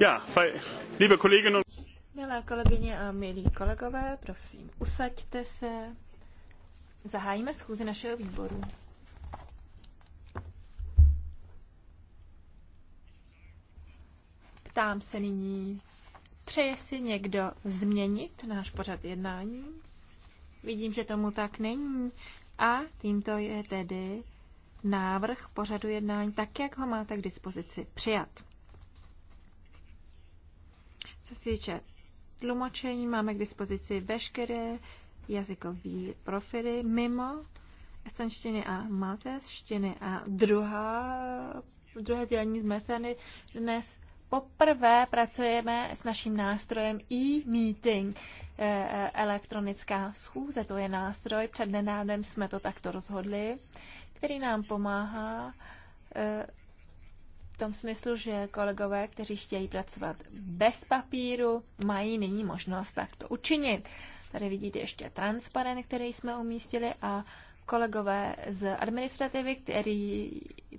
Ja, liebe Kolleginnen Milé kolegyně a milí kolegové, prosím, usaďte se. Zahájíme schůzi našeho výboru. Ptám se nyní, přeje si někdo změnit náš pořad jednání? Vidím, že tomu tak není. A tímto je tedy návrh pořadu jednání tak, jak ho máte k dispozici, přijat. Co se týče tlumočení, máme k dispozici veškeré jazykové profily mimo estonštiny a maltéštiny a druhá, druhé dělení z mé strany dnes poprvé pracujeme s naším nástrojem e-meeting, eh, eh, elektronická schůze, to je nástroj, před nenádem jsme to takto rozhodli, který nám pomáhá eh, v tom smyslu, že kolegové, kteří chtějí pracovat bez papíru, mají nyní možnost takto učinit. Tady vidíte ještě transparent, který jsme umístili a kolegové z administrativy, který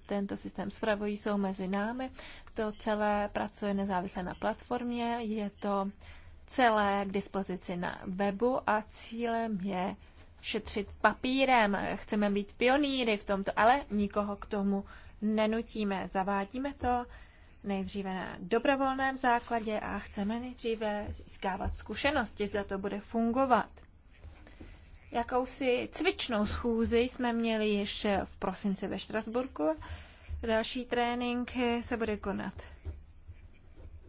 tento systém spravují, jsou mezi námi. To celé pracuje nezávisle na platformě, je to celé k dispozici na webu a cílem je šetřit papírem. Chceme být pionýry v tomto, ale nikoho k tomu nenutíme, zavádíme to nejdříve na dobrovolném základě a chceme nejdříve získávat zkušenosti, zda to bude fungovat. Jakousi cvičnou schůzi jsme měli již v prosinci ve Štrasburku. Další trénink se bude konat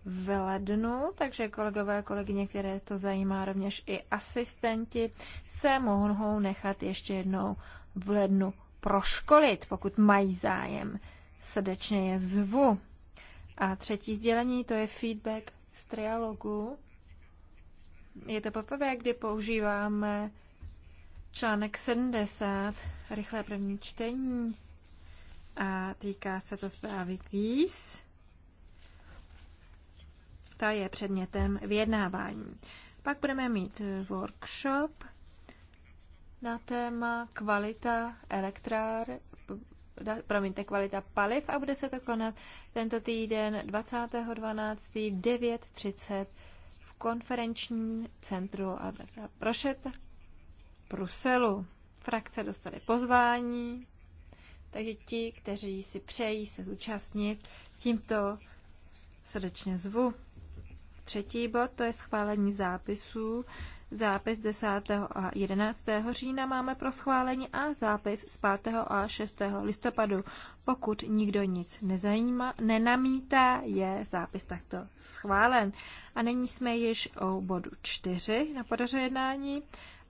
v lednu, takže kolegové a kolegyně, které to zajímá, rovněž i asistenti, se mohou nechat ještě jednou v lednu proškolit, pokud mají zájem. Srdečně je zvu. A třetí sdělení, to je feedback z trialogu. Je to poprvé, kdy používáme článek 70, rychlé první čtení. A týká se to zprávy kvíz. Ta je předmětem vyjednávání. Pak budeme mít workshop na téma kvalita elektrár, promiňte, kvalita paliv a bude se to konat tento týden 20.12. 9.30 v konferenčním centru a Prošet Bruselu. Frakce dostali pozvání, takže ti, kteří si přejí se zúčastnit, tímto srdečně zvu. Třetí bod, to je schválení zápisů Zápis 10. a 11. října máme pro schválení a zápis z 5. a 6. listopadu. Pokud nikdo nic nezajímá, nenamítá, je zápis takto schválen. A nyní jsme již o bodu 4 na podaře jednání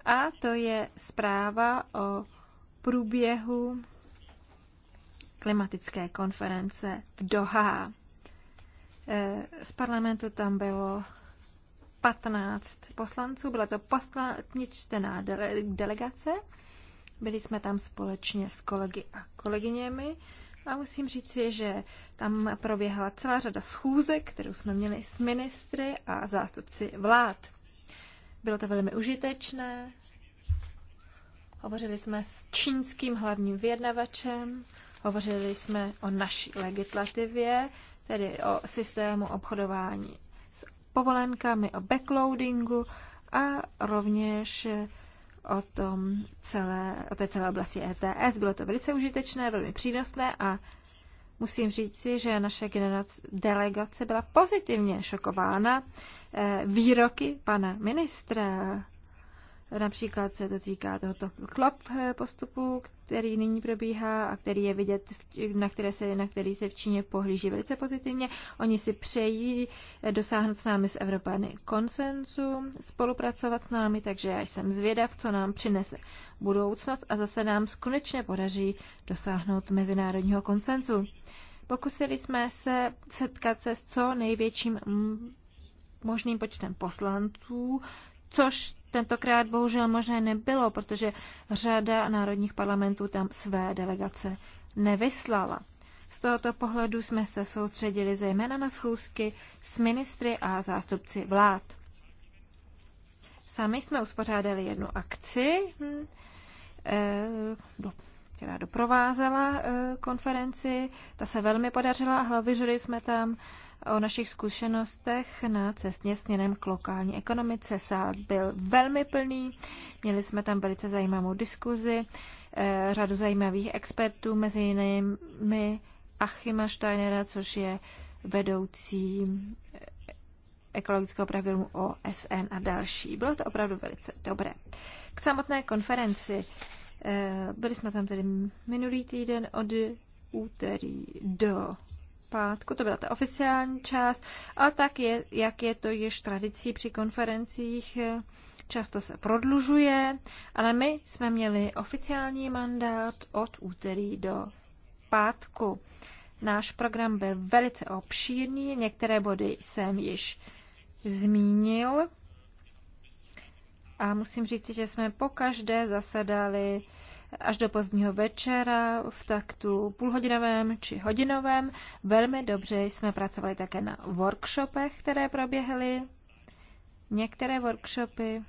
a to je zpráva o průběhu klimatické konference v Doha. Eh, z parlamentu tam bylo 15 poslanců, byla to poslední čtená delegace. Byli jsme tam společně s kolegy a kolegyněmi a musím říci, že tam proběhla celá řada schůzek, kterou jsme měli s ministry a zástupci vlád. Bylo to velmi užitečné. Hovořili jsme s čínským hlavním vyjednavačem, hovořili jsme o naší legislativě, tedy o systému obchodování povolenkami, o backloadingu a rovněž o, tom celé, o té celé oblasti ETS. Bylo to velice užitečné, velmi přínosné a musím si, že naše delegace byla pozitivně šokována eh, výroky pana ministra Například se to týká tohoto klop eh, postupu, který nyní probíhá a který je vidět, na, které se, na který se v Číně pohlíží velice pozitivně. Oni si přejí eh, dosáhnout s námi s Evropany konsenzu, spolupracovat s námi, takže já jsem zvědav, co nám přinese budoucnost a zase nám konečně podaří dosáhnout mezinárodního konsenzu. Pokusili jsme se setkat se s co největším možným počtem poslanců, což tentokrát bohužel možné nebylo, protože řada národních parlamentů tam své delegace nevyslala. Z tohoto pohledu jsme se soustředili zejména na schůzky s ministry a zástupci vlád. Sami jsme uspořádali jednu akci, hm, eh, která doprovázela eh, konferenci. Ta se velmi podařila a hlavy jsme tam o našich zkušenostech na cestě směrem k lokální ekonomice. Sál byl velmi plný, měli jsme tam velice zajímavou diskuzi, eh, řadu zajímavých expertů, mezi jinými Achima Steinera, což je vedoucí eh, ekologického programu OSN a další. Bylo to opravdu velice dobré. K samotné konferenci. Eh, byli jsme tam tedy minulý týden od úterý do pátku, to byla ta oficiální část, a tak je, jak je to již tradicí při konferencích, eh, často se prodlužuje, ale my jsme měli oficiální mandát od úterý do pátku. Náš program byl velice obšírný, některé body jsem již zmínil. A musím říct, že jsme po každé zasedali až do pozdního večera v taktu půlhodinovém či hodinovém. Velmi dobře jsme pracovali také na workshopech, které proběhly. Některé workshopy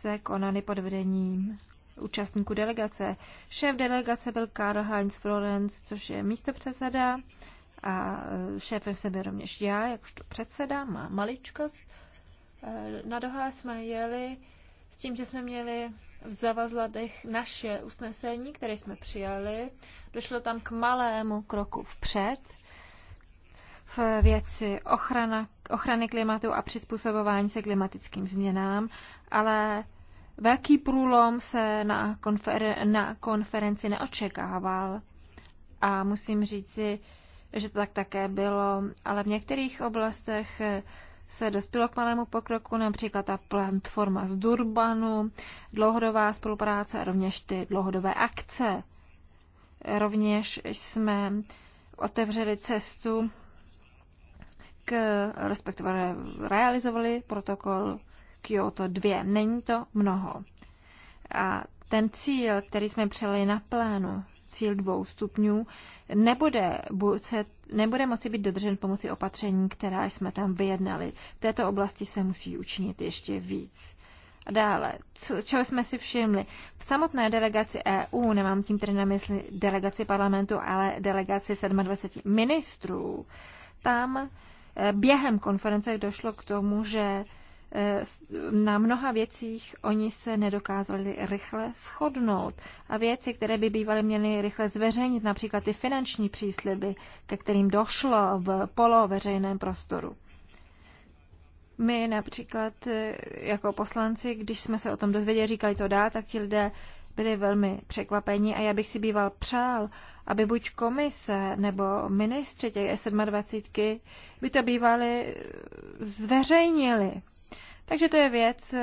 se konaly pod vedením účastníků delegace. Šéf delegace byl Karl Heinz Florenz, což je předseda, a e, šéfem jsem byl rovněž já, jakožto předseda, má maličkost. E, na Doha jsme jeli s tím, že jsme měli v zavazladech naše usnesení, které jsme přijali. Došlo tam k malému kroku vpřed v věci ochrana, ochrany klimatu a přizpůsobování se klimatickým změnám, ale velký průlom se na, konfer, na konferenci neočekával. A musím říci, že to tak také bylo, ale v některých oblastech se dospělo k malému pokroku, například ta platforma z Durbanu, dlouhodobá spolupráce a rovněž ty dlouhodobé akce. Rovněž jsme otevřeli cestu k, respektive realizovali protokol Kyoto 2. Není to mnoho. A ten cíl, který jsme přeli na plénu, cíl dvou stupňů nebude, se, nebude moci být dodržen pomocí opatření, která jsme tam vyjednali. V této oblasti se musí učinit ještě víc. A dále, co, čeho jsme si všimli? V samotné delegaci EU, nemám tím tedy na mysli delegaci parlamentu, ale delegaci 27 ministrů, tam eh, během konference došlo k tomu, že na mnoha věcích oni se nedokázali rychle shodnout. A věci, které by bývaly měly rychle zveřejnit, například ty finanční přísliby, ke kterým došlo v poloveřejném prostoru. My například eh, jako poslanci, když jsme se o tom dozvěděli, říkali to dá, tak ti lidé byli velmi překvapeni a já bych si býval přál, aby buď komise nebo ministři těch 27 by to bývali eh, zveřejnili. Takže to je věc,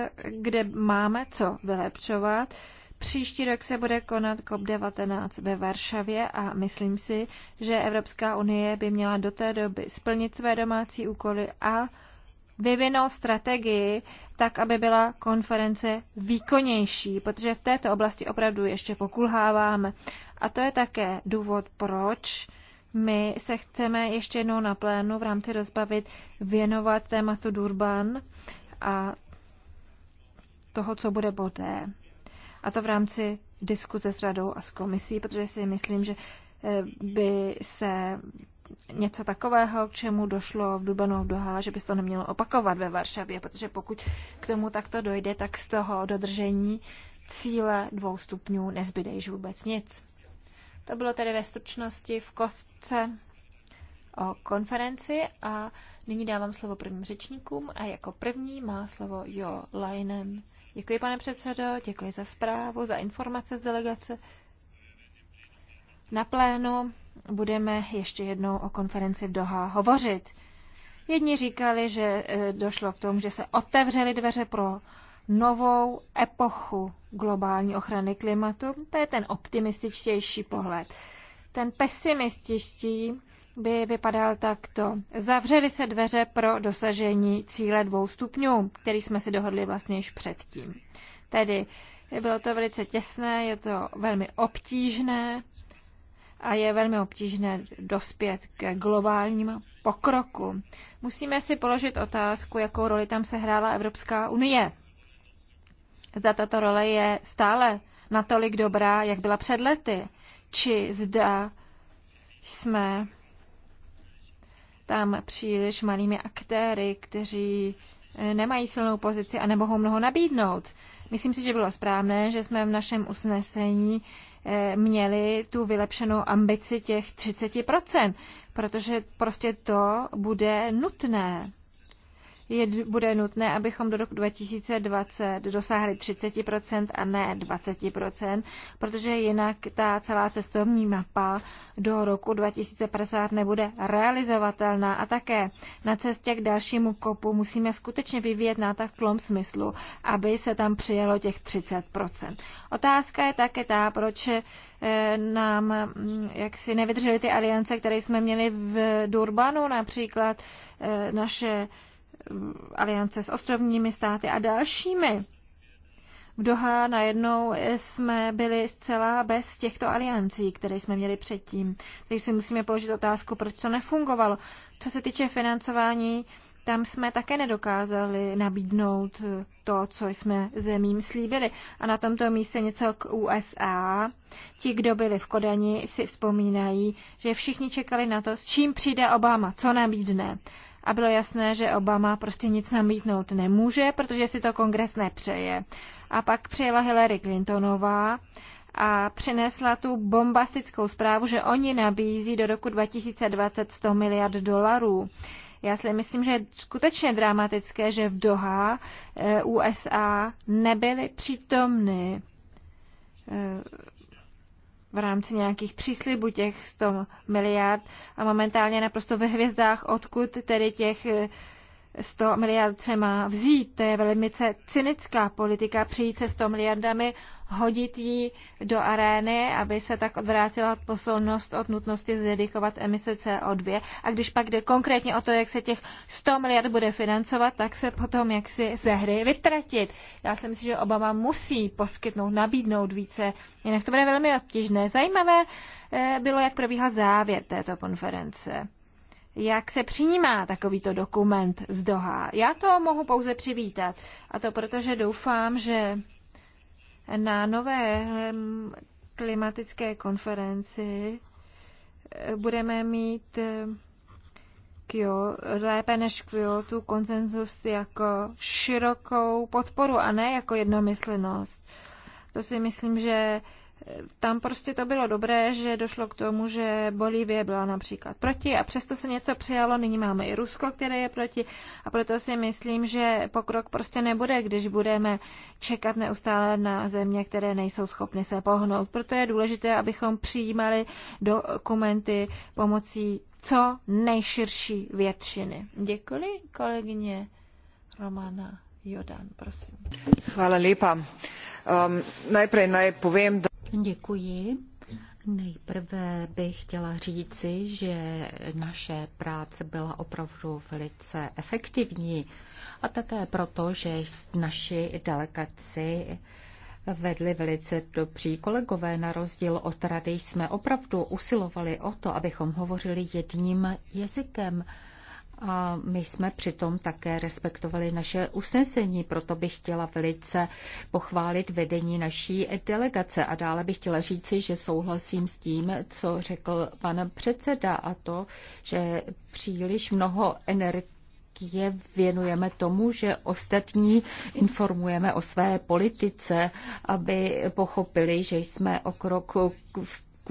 kde máme co vylepšovat. Příští rok se bude konat COP19 ve Varšavě a myslím si, že Evropská unie by měla do té doby splnit své domácí úkoly a vyvinout strategii tak, aby byla konference výkonnější, protože v této oblasti opravdu ještě pokulháváme. A to je také důvod, proč my se chceme ještě jednou na plénu v rámci rozbavit věnovat tématu Durban, a toho, co bude poté. A to v rámci diskuze s radou a s komisí, protože si myslím, že eh, by se něco takového, k čemu došlo v Dubanu v Doha, že by se to nemělo opakovat ve Varšavě, protože pokud k tomu takto dojde, tak z toho dodržení cíle dvou stupňů nezbyde již vůbec nic. To bylo tedy ve stručnosti v kostce o konferenci a nyní dávám slovo prvním řečníkům a jako první má slovo Jo Leinen. Děkuji, pane předsedo, děkuji za zprávu, za informace z delegace. Na plénu budeme ještě jednou o konferenci v Doha hovořit. Jedni říkali, že e, došlo k tomu, že se otevřely dveře pro novou epochu globální ochrany klimatu. To je ten optimističtější pohled. Ten pesimističtí by vypadal takto. Zavřely se dveře pro dosažení cíle dvou stupňů, který jsme si dohodli vlastně již předtím. Tedy bylo to velice těsné, je to velmi obtížné a je velmi obtížné dospět k globálním pokroku. Musíme si položit otázku, jakou roli tam sehrála Evropská unie. Zda tato role je stále natolik dobrá, jak byla před lety, či zda jsme tam příliš malými aktéry, kteří eh, nemají silnou pozici a nemohou mnoho nabídnout. Myslím si, že bylo správné, že jsme v našem usnesení eh, měli tu vylepšenou ambici těch 30%, protože prostě to bude nutné je, bude nutné, abychom do roku 2020 dosáhli 30% a ne 20%, protože jinak ta celá cestovní mapa do roku 2050 nebude realizovatelná. A také na cestě k dalšímu kopu musíme skutečně vyvíjet nátak v tom smyslu, aby se tam přijelo těch 30%. Otázka je také ta, proč eh, nám mm, jak si nevydržely ty aliance, které jsme měli v Durbanu například, eh, naše aliance s ostrovními státy a dalšími. V Doha najednou jsme byli zcela bez těchto aliancí, které jsme měli předtím. Takže si musíme položit otázku, proč to nefungovalo. Co se týče financování, tam jsme také nedokázali nabídnout to, co jsme zemím slíbili. A na tomto místě něco k USA. Ti, kdo byli v Kodani, si vzpomínají, že všichni čekali na to, s čím přijde Obama, co nabídne a bylo jasné, že Obama prostě nic namítnout nemůže, protože si to kongres nepřeje. A pak přijela Hillary Clintonová a přinesla tu bombastickou zprávu, že oni nabízí do roku 2020 100 miliard dolarů. Já si myslím, že je skutečně dramatické, že v Doha eh, USA nebyly přítomny eh, v rámci nějakých příslibů těch 100 miliard a momentálně naprosto ve hvězdách, odkud tedy těch eh, 100 miliard třema vzít. To je velmi cynická politika přijít se 100 miliardami, hodit ji do arény, aby se tak odvrátila pozornost od nutnosti zredikovat emise CO2. A když pak jde konkrétně o to, jak se těch 100 miliard bude financovat, tak se potom jaksi ze hry vytratit. Já si myslím, že Obama musí poskytnout, nabídnout více, jinak to bude velmi obtížné. Zajímavé eh, bylo, jak probíhá závěr této konference jak se přijímá takovýto dokument z Doha. Já to mohu pouze přivítat. A to protože doufám, že na nové hm, klimatické konferenci eh, budeme mít eh, kjo, lépe než tu koncenzus jako širokou podporu a ne jako jednomyslnost. To si myslím, že tam prostě to bylo dobré, že došlo k tomu, že Bolívie byla například proti a přesto se něco přijalo. Nyní máme i Rusko, které je proti a proto si myslím, že pokrok prostě nebude, když budeme čekat neustále na země, které nejsou schopny se pohnout. Proto je důležité, abychom přijímali dokumenty pomocí co nejširší většiny. Děkuji kolegyně Romana Jodan, prosím. Hvala lepa. Um, najprej naj povem, da Děkuji. Nejprve bych chtěla říci, že naše práce byla opravdu velice efektivní a také proto, že naši delegaci vedli velice dobří kolegové. Na rozdíl od rady jsme opravdu usilovali o to, abychom hovořili jedním jazykem. A my jsme přitom také respektovali naše usnesení, proto bych chtěla velice pochválit vedení naší delegace. A dále bych chtěla říci, že souhlasím s tím, co řekl pan předseda, a to, že příliš mnoho energie je věnujeme tomu, že ostatní informujeme o své politice, aby pochopili, že jsme o krok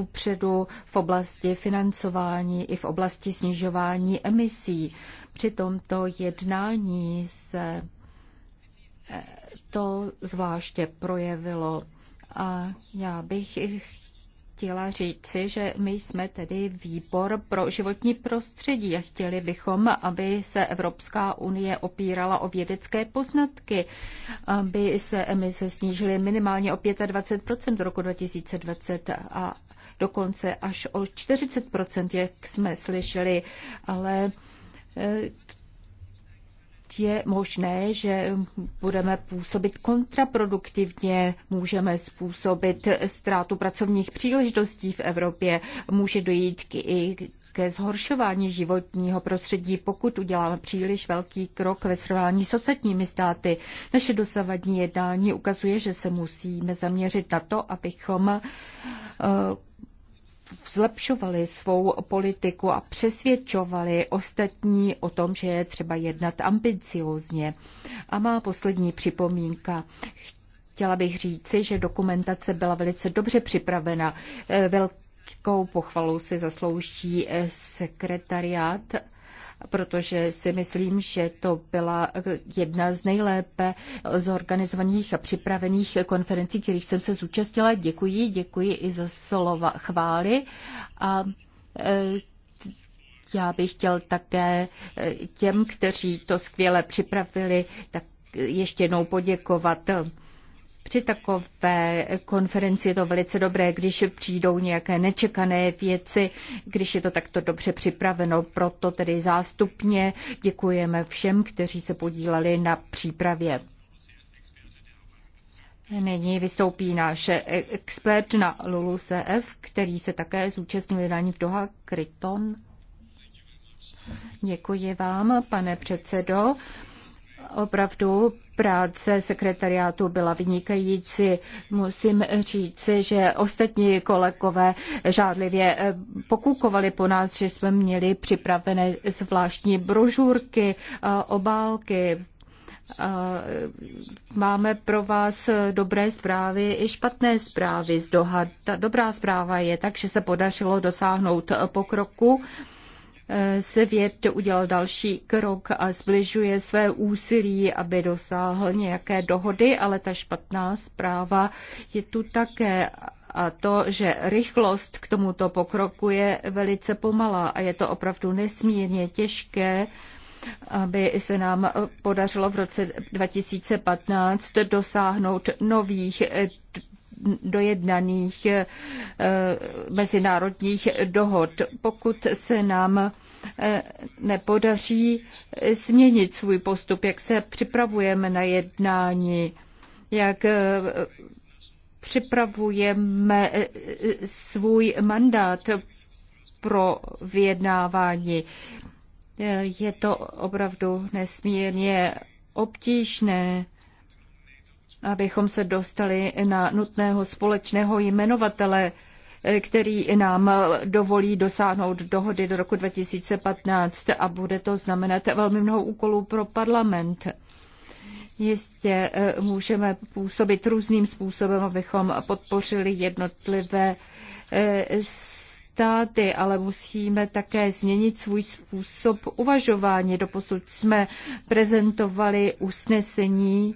předu v oblasti financování i v oblasti snižování emisí. Při tomto jednání se eh, to zvláště projevilo. A já bych chtěla říci, že my jsme tedy výbor pro životní prostředí a chtěli bychom, aby se Evropská unie opírala o vědecké poznatky, aby se emise snížily minimálně o 25 do roku 2020 a dokonce až o 40 jak jsme slyšeli, ale e, je možné, že budeme působit kontraproduktivně, můžeme způsobit ztrátu pracovních příležitostí v Evropě, může dojít k i ke zhoršování životního prostředí, pokud uděláme příliš velký krok ve srovnání s ostatními státy. Naše dosavadní jednání ukazuje, že se musíme zaměřit na to, abychom e, zlepšovali svou politiku a přesvědčovali ostatní o tom, že je třeba jednat ambiciózně. A má poslední připomínka. Chtěla bych říci, že dokumentace byla velice dobře připravena. Velkou pochvalu si zaslouží sekretariát protože si myslím, že to byla jedna z nejlépe zorganizovaných a připravených konferencí, kterých jsem se zúčastnila. Děkuji, děkuji i za slova chvály. A e, já bych chtěl také e, těm, kteří to skvěle připravili, tak ještě jednou poděkovat. Při takové konferenci je to velice dobré, když přijdou nějaké nečekané věci, když je to takto dobře připraveno. Proto tedy zástupně děkujeme všem, kteří se podíleli na přípravě. Nyní vystoupí náš expert na LULUCF, který se také zúčastnil jednání v Doha Kryton. Děkuji vám, pane předsedo. Opravdu práce sekretariátu byla vynikající. Musím říct, že ostatní kolegové žádlivě eh, pokukovali po nás, že jsme měli připravené zvláštní brožurky, obálky, eh, Máme pro vás dobré zprávy i špatné zprávy z Doha. Ta dobrá zpráva je tak, že se podařilo dosáhnout pokroku svět udělal další krok a zbližuje své úsilí, aby dosáhl nějaké dohody, ale ta špatná zpráva je tu také a to, že rychlost k tomuto pokroku je velice pomalá a je to opravdu nesmírně těžké, aby se nám podařilo v roce 2015 dosáhnout nových dojednaných eh, mezinárodních dohod. Pokud se nám eh, nepodaří změnit svůj postup, jak se připravujeme na jednání, jak eh, připravujeme svůj mandát pro vyjednávání. Je to opravdu nesmírně obtížné abychom se dostali na nutného společného jmenovatele, který nám dovolí dosáhnout dohody do roku 2015 a bude to znamenat velmi mnoho úkolů pro parlament. Jistě eh, můžeme působit různým způsobem, abychom podpořili jednotlivé eh, státy, ale musíme také změnit svůj způsob uvažování. Doposud jsme prezentovali usnesení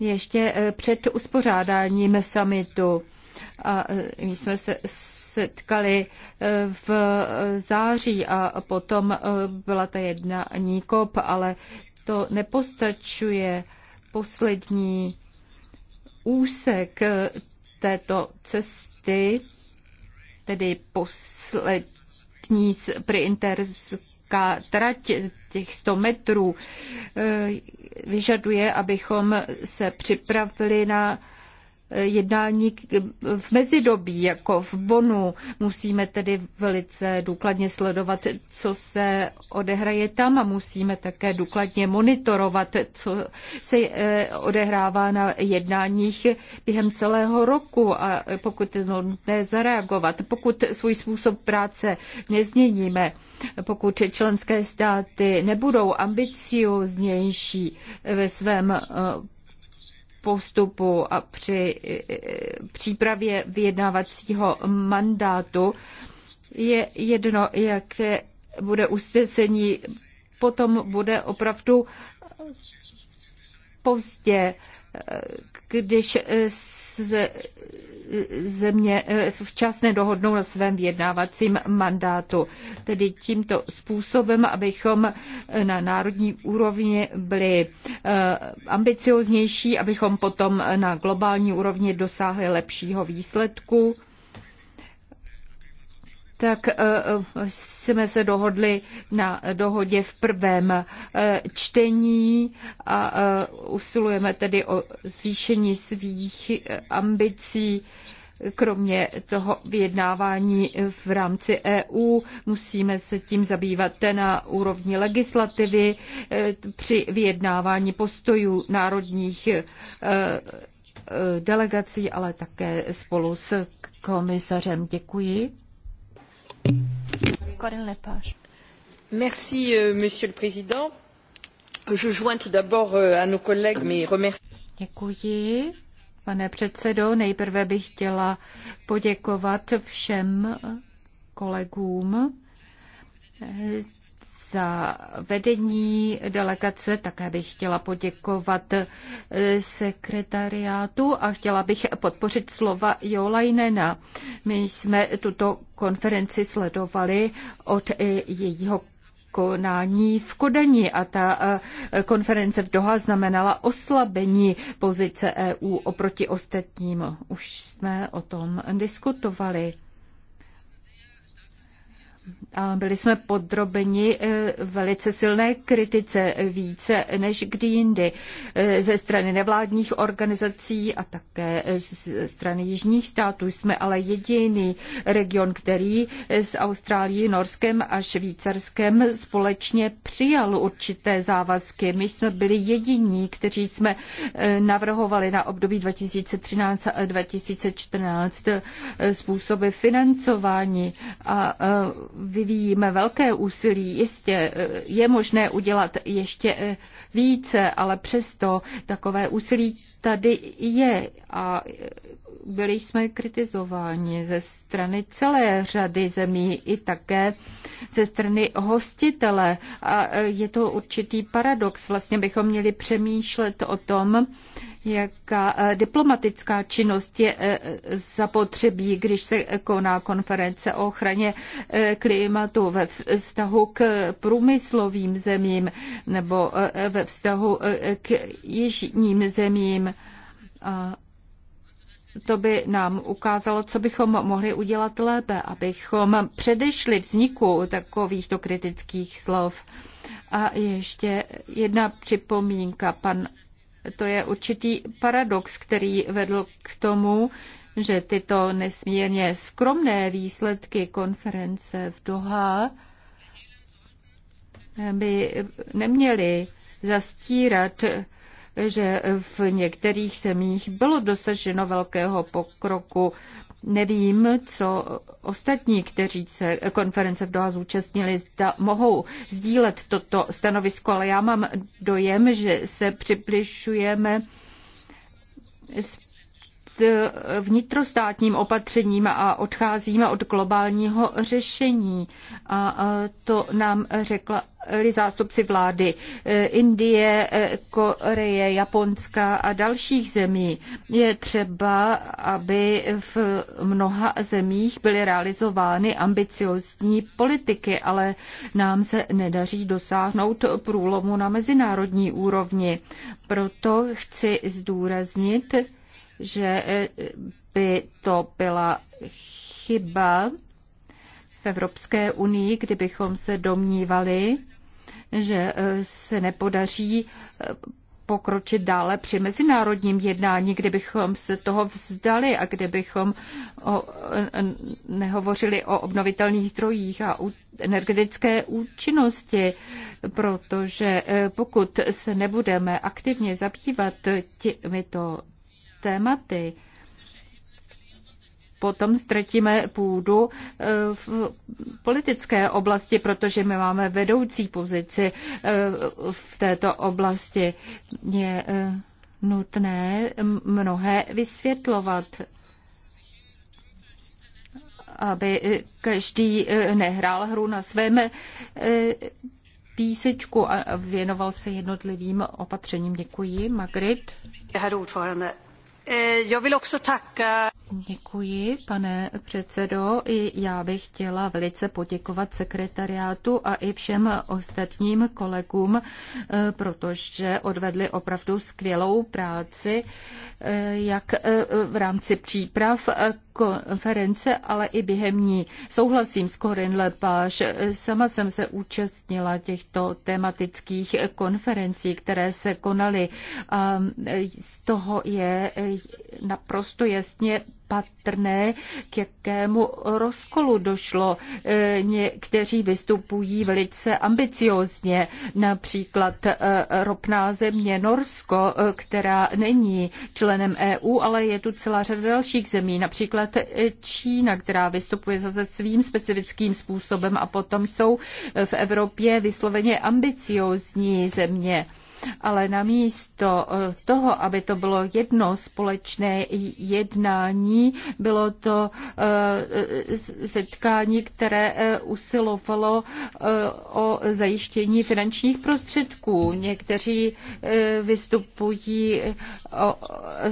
ještě eh, před uspořádáním summitu. A eh, jsme se setkali eh, v září a potom byla ta jedna níkop, ale to nepostačuje poslední úsek této cesty, tedy poslední sprinterské Baltská trať těch 100 metrů eh, vyžaduje, abychom se připravili na jednání v mezidobí, jako v Bonu. Musíme tedy velice důkladně sledovat, co se odehraje tam a musíme také důkladně monitorovat, co se eh, odehrává na jednáních během celého roku a pokud je nutné zareagovat, pokud svůj způsob práce nezměníme, pokud členské státy nebudou ambicioznější ve svém eh, postupu a při eh, přípravě vyjednávacího mandátu je jedno, jaké bude usnesení, potom bude opravdu pozdě, eh, když se země eh, včas nedohodnou na svém vyjednávacím mandátu. Tedy tímto způsobem, abychom eh, na národní úrovni byli eh, ambicioznější, abychom potom na globální úrovni dosáhli lepšího výsledku tak eh, eh, jsme se dohodli na dohodě v prvém eh, čtení a usilujeme tedy o zvýšení svých ambicí. Kromě toho vyjednávání v rámci EU musíme se tím zabývat na úrovni legislativy při vyjednávání postojů národních delegací, ale také spolu s komisařem. Děkuji. Euh, monsieur le président. Je joins tout d'abord euh, à nos collègues mes remerciements. Děkuji. Pane nejprve bych chtěla poděkovat všem kolegům za vedení delegace. Také bych chtěla poděkovat eh, sekretariátu a chtěla bych podpořit slova Jolajnena. My jsme tuto konferenci sledovali od eh, jejího konání v Kodani a ta eh, konference v Doha znamenala oslabení pozice EU oproti ostatním. Už jsme o tom diskutovali byli jsme podrobeni e, velice silné kritice e, více než kdy jindy e, ze strany nevládních organizací a také ze strany jižních států. Jsme ale jediný region, který s Austrálií, Norskem a Švýcarskem společně přijal určité závazky. My jsme byli jediní, kteří jsme navrhovali na období 2013 a 2014 způsoby financování a vyvíjíme velké úsilí. Jistě e, je možné udělat ještě e, více, ale přesto takové úsilí tady je a e, byli jsme kritizováni ze strany celé řady zemí i také ze strany hostitele. A e, je to určitý paradox. Vlastně bychom měli přemýšlet o tom, jaká e, diplomatická činnost je e, zapotřebí, když se koná konference o ochraně klimatu ve vztahu k průmyslovým zemím nebo ve vztahu k jižním zemím. A to by nám ukázalo, co bychom mohli udělat lépe, abychom předešli vzniku takovýchto kritických slov. A ještě jedna připomínka, pan, to je určitý paradox, který vedl k tomu, že tyto nesmírně skromné výsledky konference v Doha by neměly zastírat že v některých zemích bylo dosaženo velkého pokroku. Nevím, co ostatní, kteří se konference v Doha zúčastnili, zda mohou sdílet toto stanovisko, ale já mám dojem, že se přibližujeme Eh, vnitrostátním opatřením a odcházíme od globálního řešení. A eh, to nám řekla zástupci vlády eh, Indie, Koreje, Japonska a dalších zemí. Je třeba, aby v mnoha zemích byly realizovány ambiciozní politiky, ale nám se nedaří dosáhnout průlomu na mezinárodní úrovni. Proto chci zdůraznit, že e, by to byla chyba v Evropské unii, kdybychom se domnívali, že e, se nepodaří e, pokročit dále při mezinárodním jednání, kdybychom se toho vzdali a kdybychom o, nehovořili o obnovitelných zdrojích a energetické účinnosti, protože pokud se nebudeme aktivně zabývat těmito tématy. Potom ztratíme půdu eh, v politické oblasti, protože my máme vedoucí pozici eh, v této oblasti. Je eh, nutné mnohé vysvětlovat aby každý nehrál hru na svém písečku a věnoval se jednotlivým opatřením. Děkuji, Magrit. Eh, Děkuji, pane předsedo. I já bych chtěla velice poděkovat sekretariátu a i všem ostatním kolegům, eh, protože odvedli opravdu skvělou práci, eh, jak v rámci příprav, konference, ale i během ní. Souhlasím s Corinne Lepage. Sama jsem se účastnila těchto tematických konferencí, které se konaly. z toho je naprosto jasně patrné, k jakému rozkolu došlo. E, někteří vystupují velice ambiciozně, například e, ropná země Norsko, e, která není členem EU, ale je tu celá řada dalších zemí, například Čína, která vystupuje zase svým specifickým způsobem a potom jsou v Evropě vysloveně ambiciozní země ale namísto eh, toho, aby to bylo jedno společné jednání, bylo to eh, setkání, které eh, usilovalo o zajištění finančních prostředků. Někteří vystupují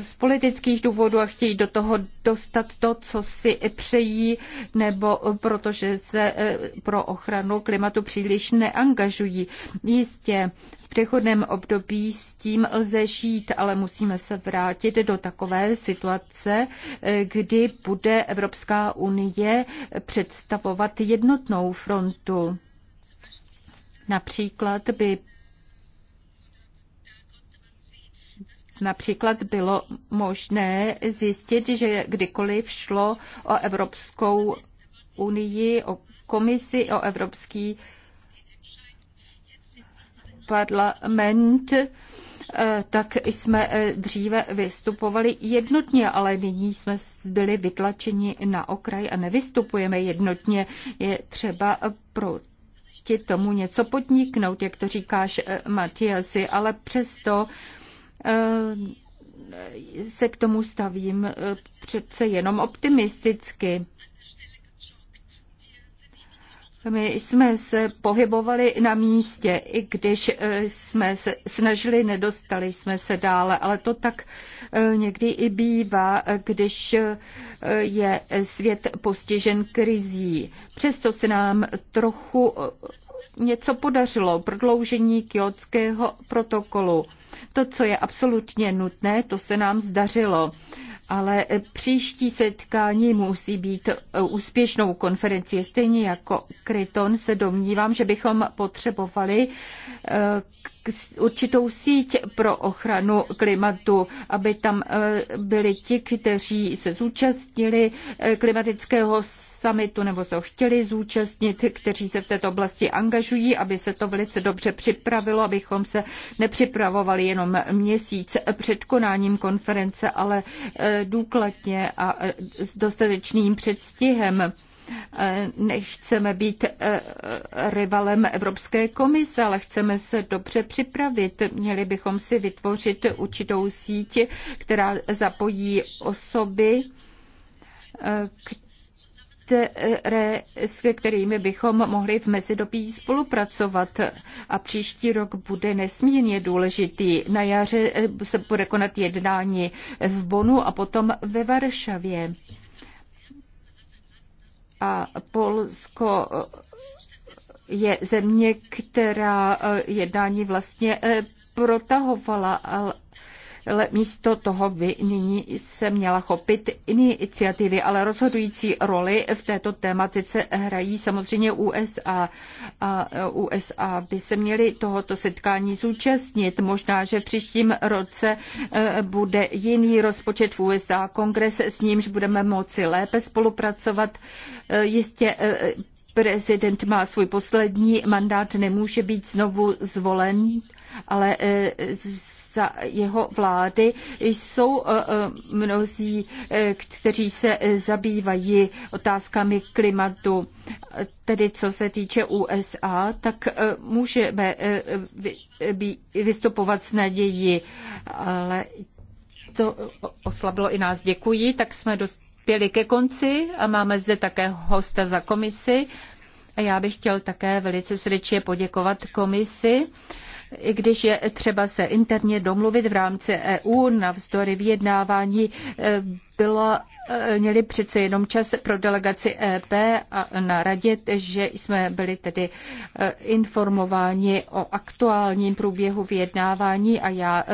z politických důvodů a chtějí do toho dostat to, co si přejí, nebo protože se pro ochranu klimatu příliš neangažují. Jistě přechodném období s tím lze žít, ale musíme se vrátit do takové situace, eh, kdy bude Evropská unie představovat jednotnou frontu. Například by Například bylo možné zjistit, že kdykoliv šlo o Evropskou unii, o komisi, o Evropský parlament, eh, tak jsme eh, dříve vystupovali jednotně, ale nyní jsme byli vytlačeni na okraj a nevystupujeme jednotně. Je třeba pro ti tomu něco podniknout, jak to říkáš, eh, Matiasi, ale přesto se k tomu stavím přece jenom optimisticky. My jsme se pohybovali na místě, i když eh, jsme se snažili, nedostali jsme se dále, ale to tak eh, někdy i bývá, eh, když je svět postižen krizí. Přesto se nám trochu něco podařilo, prodloužení kiotského protokolu. To, co je absolutně nutné, to se nám zdařilo ale příští setkání musí být eh, úspěšnou konferenci. Stejně jako Kryton se domnívám, že bychom potřebovali eh, určitou síť pro ochranu klimatu, aby tam e, byli ti, kteří se zúčastnili e, klimatického summitu nebo se ho chtěli zúčastnit, kteří se v této oblasti angažují, aby se to velice dobře připravilo, abychom se nepřipravovali jenom měsíc před konáním konference, ale e, důkladně a s dostatečným předstihem Eh, nechceme být eh, rivalem Evropské komise, ale chceme se dobře připravit. Měli bychom si vytvořit určitou síť, která zapojí osoby, eh, které, s kterými bychom mohli v mezidobí spolupracovat. A příští rok bude nesmírně důležitý. Na jaře se bude konat jednání v Bonu a potom ve Varšavě. A Polsko eh, je země, která eh, jednání vlastně eh, protahovala, ale ale místo toho by nyní se měla chopit iniciativy, ale rozhodující roli v této tématice hrají samozřejmě USA. A USA e, by se měly tohoto setkání zúčastnit. Možná, že v příštím roce e, bude jiný rozpočet v USA, kongres s nímž budeme moci lépe spolupracovat. E, jistě Prezident má svůj poslední mandát, nemůže být znovu zvolen, ale za jeho vlády jsou eh, eh, mnozí, eh, kteří se zabývají otázkami klimatu. Tedy co se týče USA, tak můžeme vystupovat s naději, ale to oslabilo i nás. Děkuji, tak jsme dospěli ke konci a máme zde také hosta za komisi. A já bych chtěl také velice srdečně poděkovat komisi i když je třeba se interně domluvit v rámci EU na vzdory vyjednávání, eh, bylo eh, měli přece jenom čas pro delegaci EP a na radě, že jsme byli tedy eh, informováni o aktuálním průběhu vyjednávání a já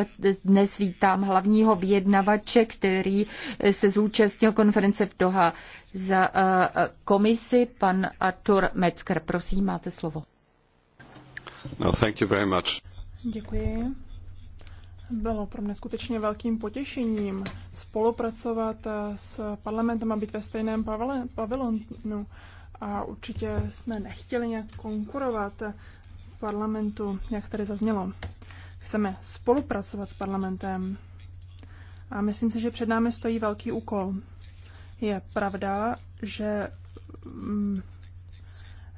dnes vítám hlavního vyjednavače, který se zúčastnil konference v Doha za komisi, pan Artur Metzger. Prosím, máte slovo. No, thank you very much. Děkuji. Bylo pro mě skutečně velkým potěšením spolupracovat s parlamentem a být ve stejném pavilonu. A určitě jsme nechtěli nějak konkurovat parlamentu, jak tady zaznělo. Chceme spolupracovat s parlamentem. A myslím si, že před námi stojí velký úkol. Je pravda, že mm,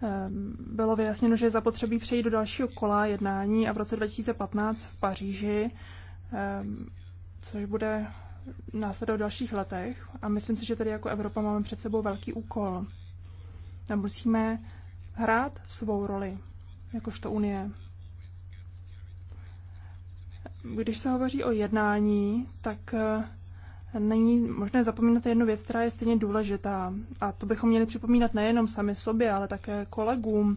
Ehm, bylo vyjasněno, že je zapotřebí přejít do dalšího kola jednání a v roce 2015 v Paříži, ehm, což bude následovat v dalších letech. A myslím si, že tady jako Evropa máme před sebou velký úkol. A musíme hrát svou roli, jakožto Unie. Když se hovoří o jednání, tak eh, není možné zapomínat jednu věc, která je stejně důležitá. A to bychom měli připomínat nejenom sami sobě, ale také kolegům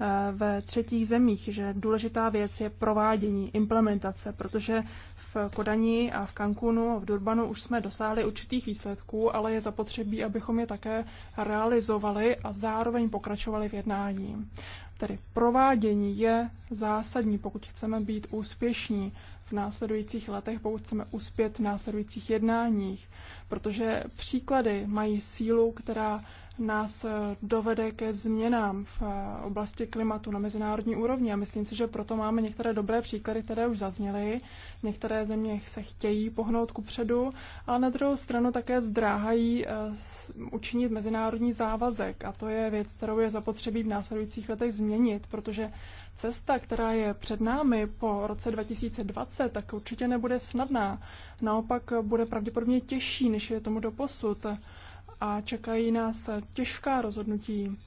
eh, ve třetích zemích, že důležitá věc je provádění, implementace, protože v Kodani a v Cancunu a v Durbanu už jsme dosáhli určitých výsledků, ale je zapotřebí, abychom je také realizovali a zároveň pokračovali v jednání. Tedy provádění je zásadní, pokud chceme být úspěšní v následujících letech, pokud chceme uspět v následujících jednáních, protože příklady mají sílu, která nás eh, dovede ke změnám v eh, oblasti klimatu na mezinárodní úrovni. A myslím si, že proto máme některé dobré příklady, které už zazněly. Některé země se chtějí pohnout ku předu, ale na druhou stranu také zdráhají eh, učinit mezinárodní závazek. A to je věc, kterou je zapotřebí v následujících letech změnit změnit, protože cesta, která je před námi po roce 2020, tak určitě nebude snadná. Naopak bude pravděpodobně těžší, než je tomu doposud. A čekají nás těžká rozhodnutí.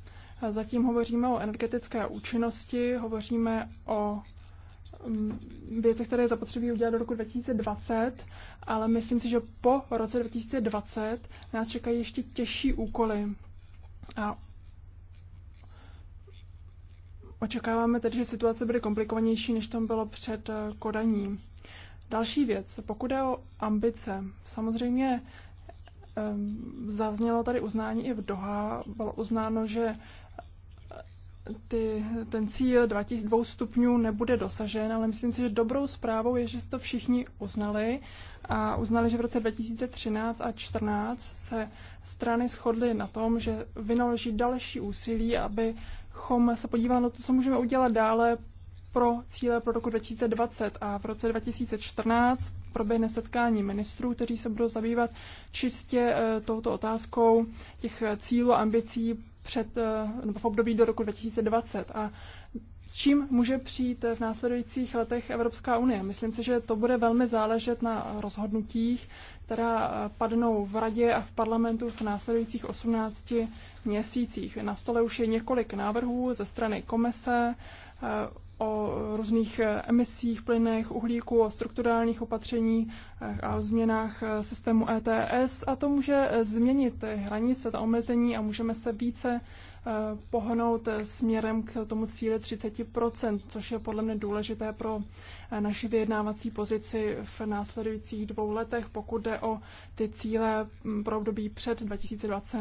Zatím hovoříme o energetické účinnosti, hovoříme o mm, věcech, které je zapotřebí udělat do roku 2020, ale myslím si, že po roce 2020 nás čekají ještě těžší úkoly. A Očekáváme tedy, že situace bude komplikovanější, než tam bylo před eh, kodaním. Další věc, pokud je o ambice, samozřejmě ehm, zaznělo tady uznání i v Doha, bylo uznáno, že eh, ty, ten cíl 2 stupňů nebude dosažen, ale myslím si, že dobrou zprávou je, že to všichni uznali a uznali, že v roce 2013 a 2014 se strany shodly na tom, že vynaloží další úsilí, aby bychom se podívali na to, co můžeme udělat dále pro cíle pro roku 2020 a v roce 2014 proběhne setkání ministrů, kteří se budou zabývat čistě eh, touto otázkou těch eh, cílů a ambicí před, eh, nebo v období do roku 2020. A s čím může přijít v následujících letech Evropská unie. Myslím si, že to bude velmi záležet na rozhodnutích, která eh, padnou v radě a v parlamentu v následujících 18 měsících. Na stole už je několik návrhů ze strany komise eh, o různých eh, emisích, plynech, uhlíku, o strukturálních opatření a o změnách systému ETS a to může změnit hranice, ta omezení a můžeme se více Eh, pohnout směrem k tomu cíli 30%, což je podle mě důležité pro eh, naši vyjednávací pozici v následujících dvou letech, pokud jde o ty cíle mm, pro období před 2020.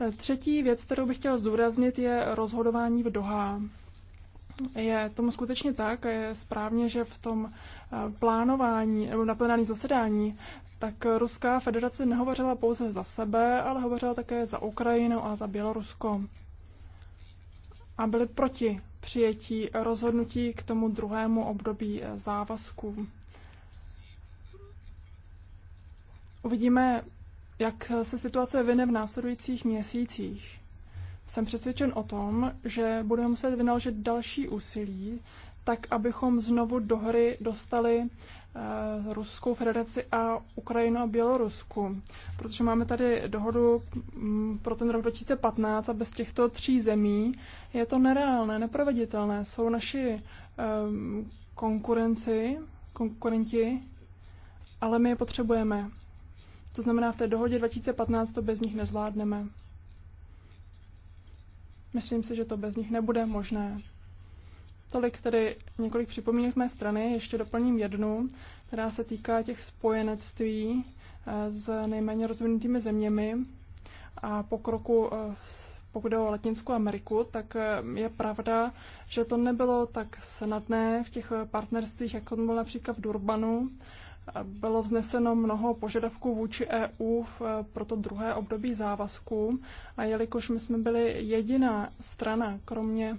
Eh, třetí věc, kterou bych chtěla zdůraznit, je rozhodování v Doha. Je tomu skutečně tak a je správně, že v tom plánování nebo na zasedání tak Ruská federace nehovořila pouze za sebe, ale hovořila také za Ukrajinu a za Bělorusko. A byli proti přijetí rozhodnutí k tomu druhému období eh, závazků. Uvidíme, jak se situace vyne v následujících měsících. Jsem přesvědčen o tom, že budeme muset vynaložit další úsilí, tak abychom znovu do hry dostali eh, Ruskou federaci a Ukrajinu a Bělorusku. Protože máme tady dohodu mm, pro ten rok 2015 a bez těchto tří zemí je to nereálné, neproveditelné. Jsou naši um, konkurenci, konkurenti, ale my je potřebujeme. To znamená, v té dohodě 2015 to bez nich nezvládneme. Myslím si, že to bez nich nebude možné. Tolik tedy několik připomínek z mé strany, ještě doplním jednu, která se týká těch spojenectví eh, s nejméně rozvinutými zeměmi a pokroku eh, pokud jde o Latinskou Ameriku, tak eh, je pravda, že to nebylo tak snadné v těch partnerstvích, jako to bylo například v Durbanu. Bylo vzneseno mnoho požadavků vůči EU pro to druhé období závazků a jelikož my jsme byli jediná strana, kromě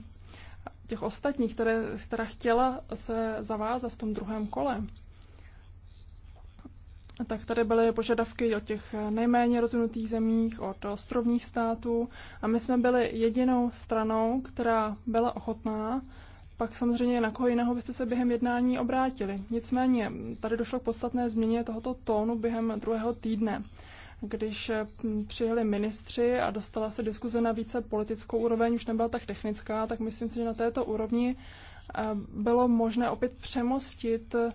těch ostatních, které, která chtěla se zavázat v tom druhém kole, tak tady byly požadavky od těch nejméně rozvinutých zemích, od ostrovních států a my jsme byli jedinou stranou, která byla ochotná. Pak samozřejmě na koho jiného byste se během jednání obrátili. Nicméně tady došlo k podstatné změně tohoto tónu během druhého týdne když eh, přijeli ministři a dostala se diskuze na více politickou úroveň, už nebyla tak technická, tak myslím si, že na této úrovni eh, bylo možné opět přemostit eh,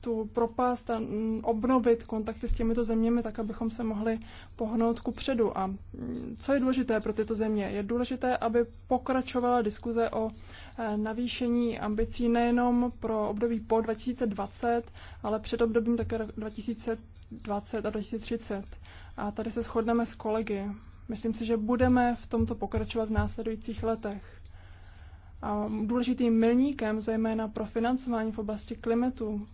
tu propast a mm, obnovit kontakty s těmito zeměmi, tak abychom se mohli pohnout ku předu. A mm, co je důležité pro tyto země? Je důležité, aby pokračovala diskuze o navýšení ambicí nejenom pro období po 2020, ale před obdobím také 2030 2020 a 2030. A tady se shodneme s kolegy. Myslím si, že budeme v tomto pokračovat v následujících letech. A důležitým milníkem, zejména pro financování v oblasti klimatu,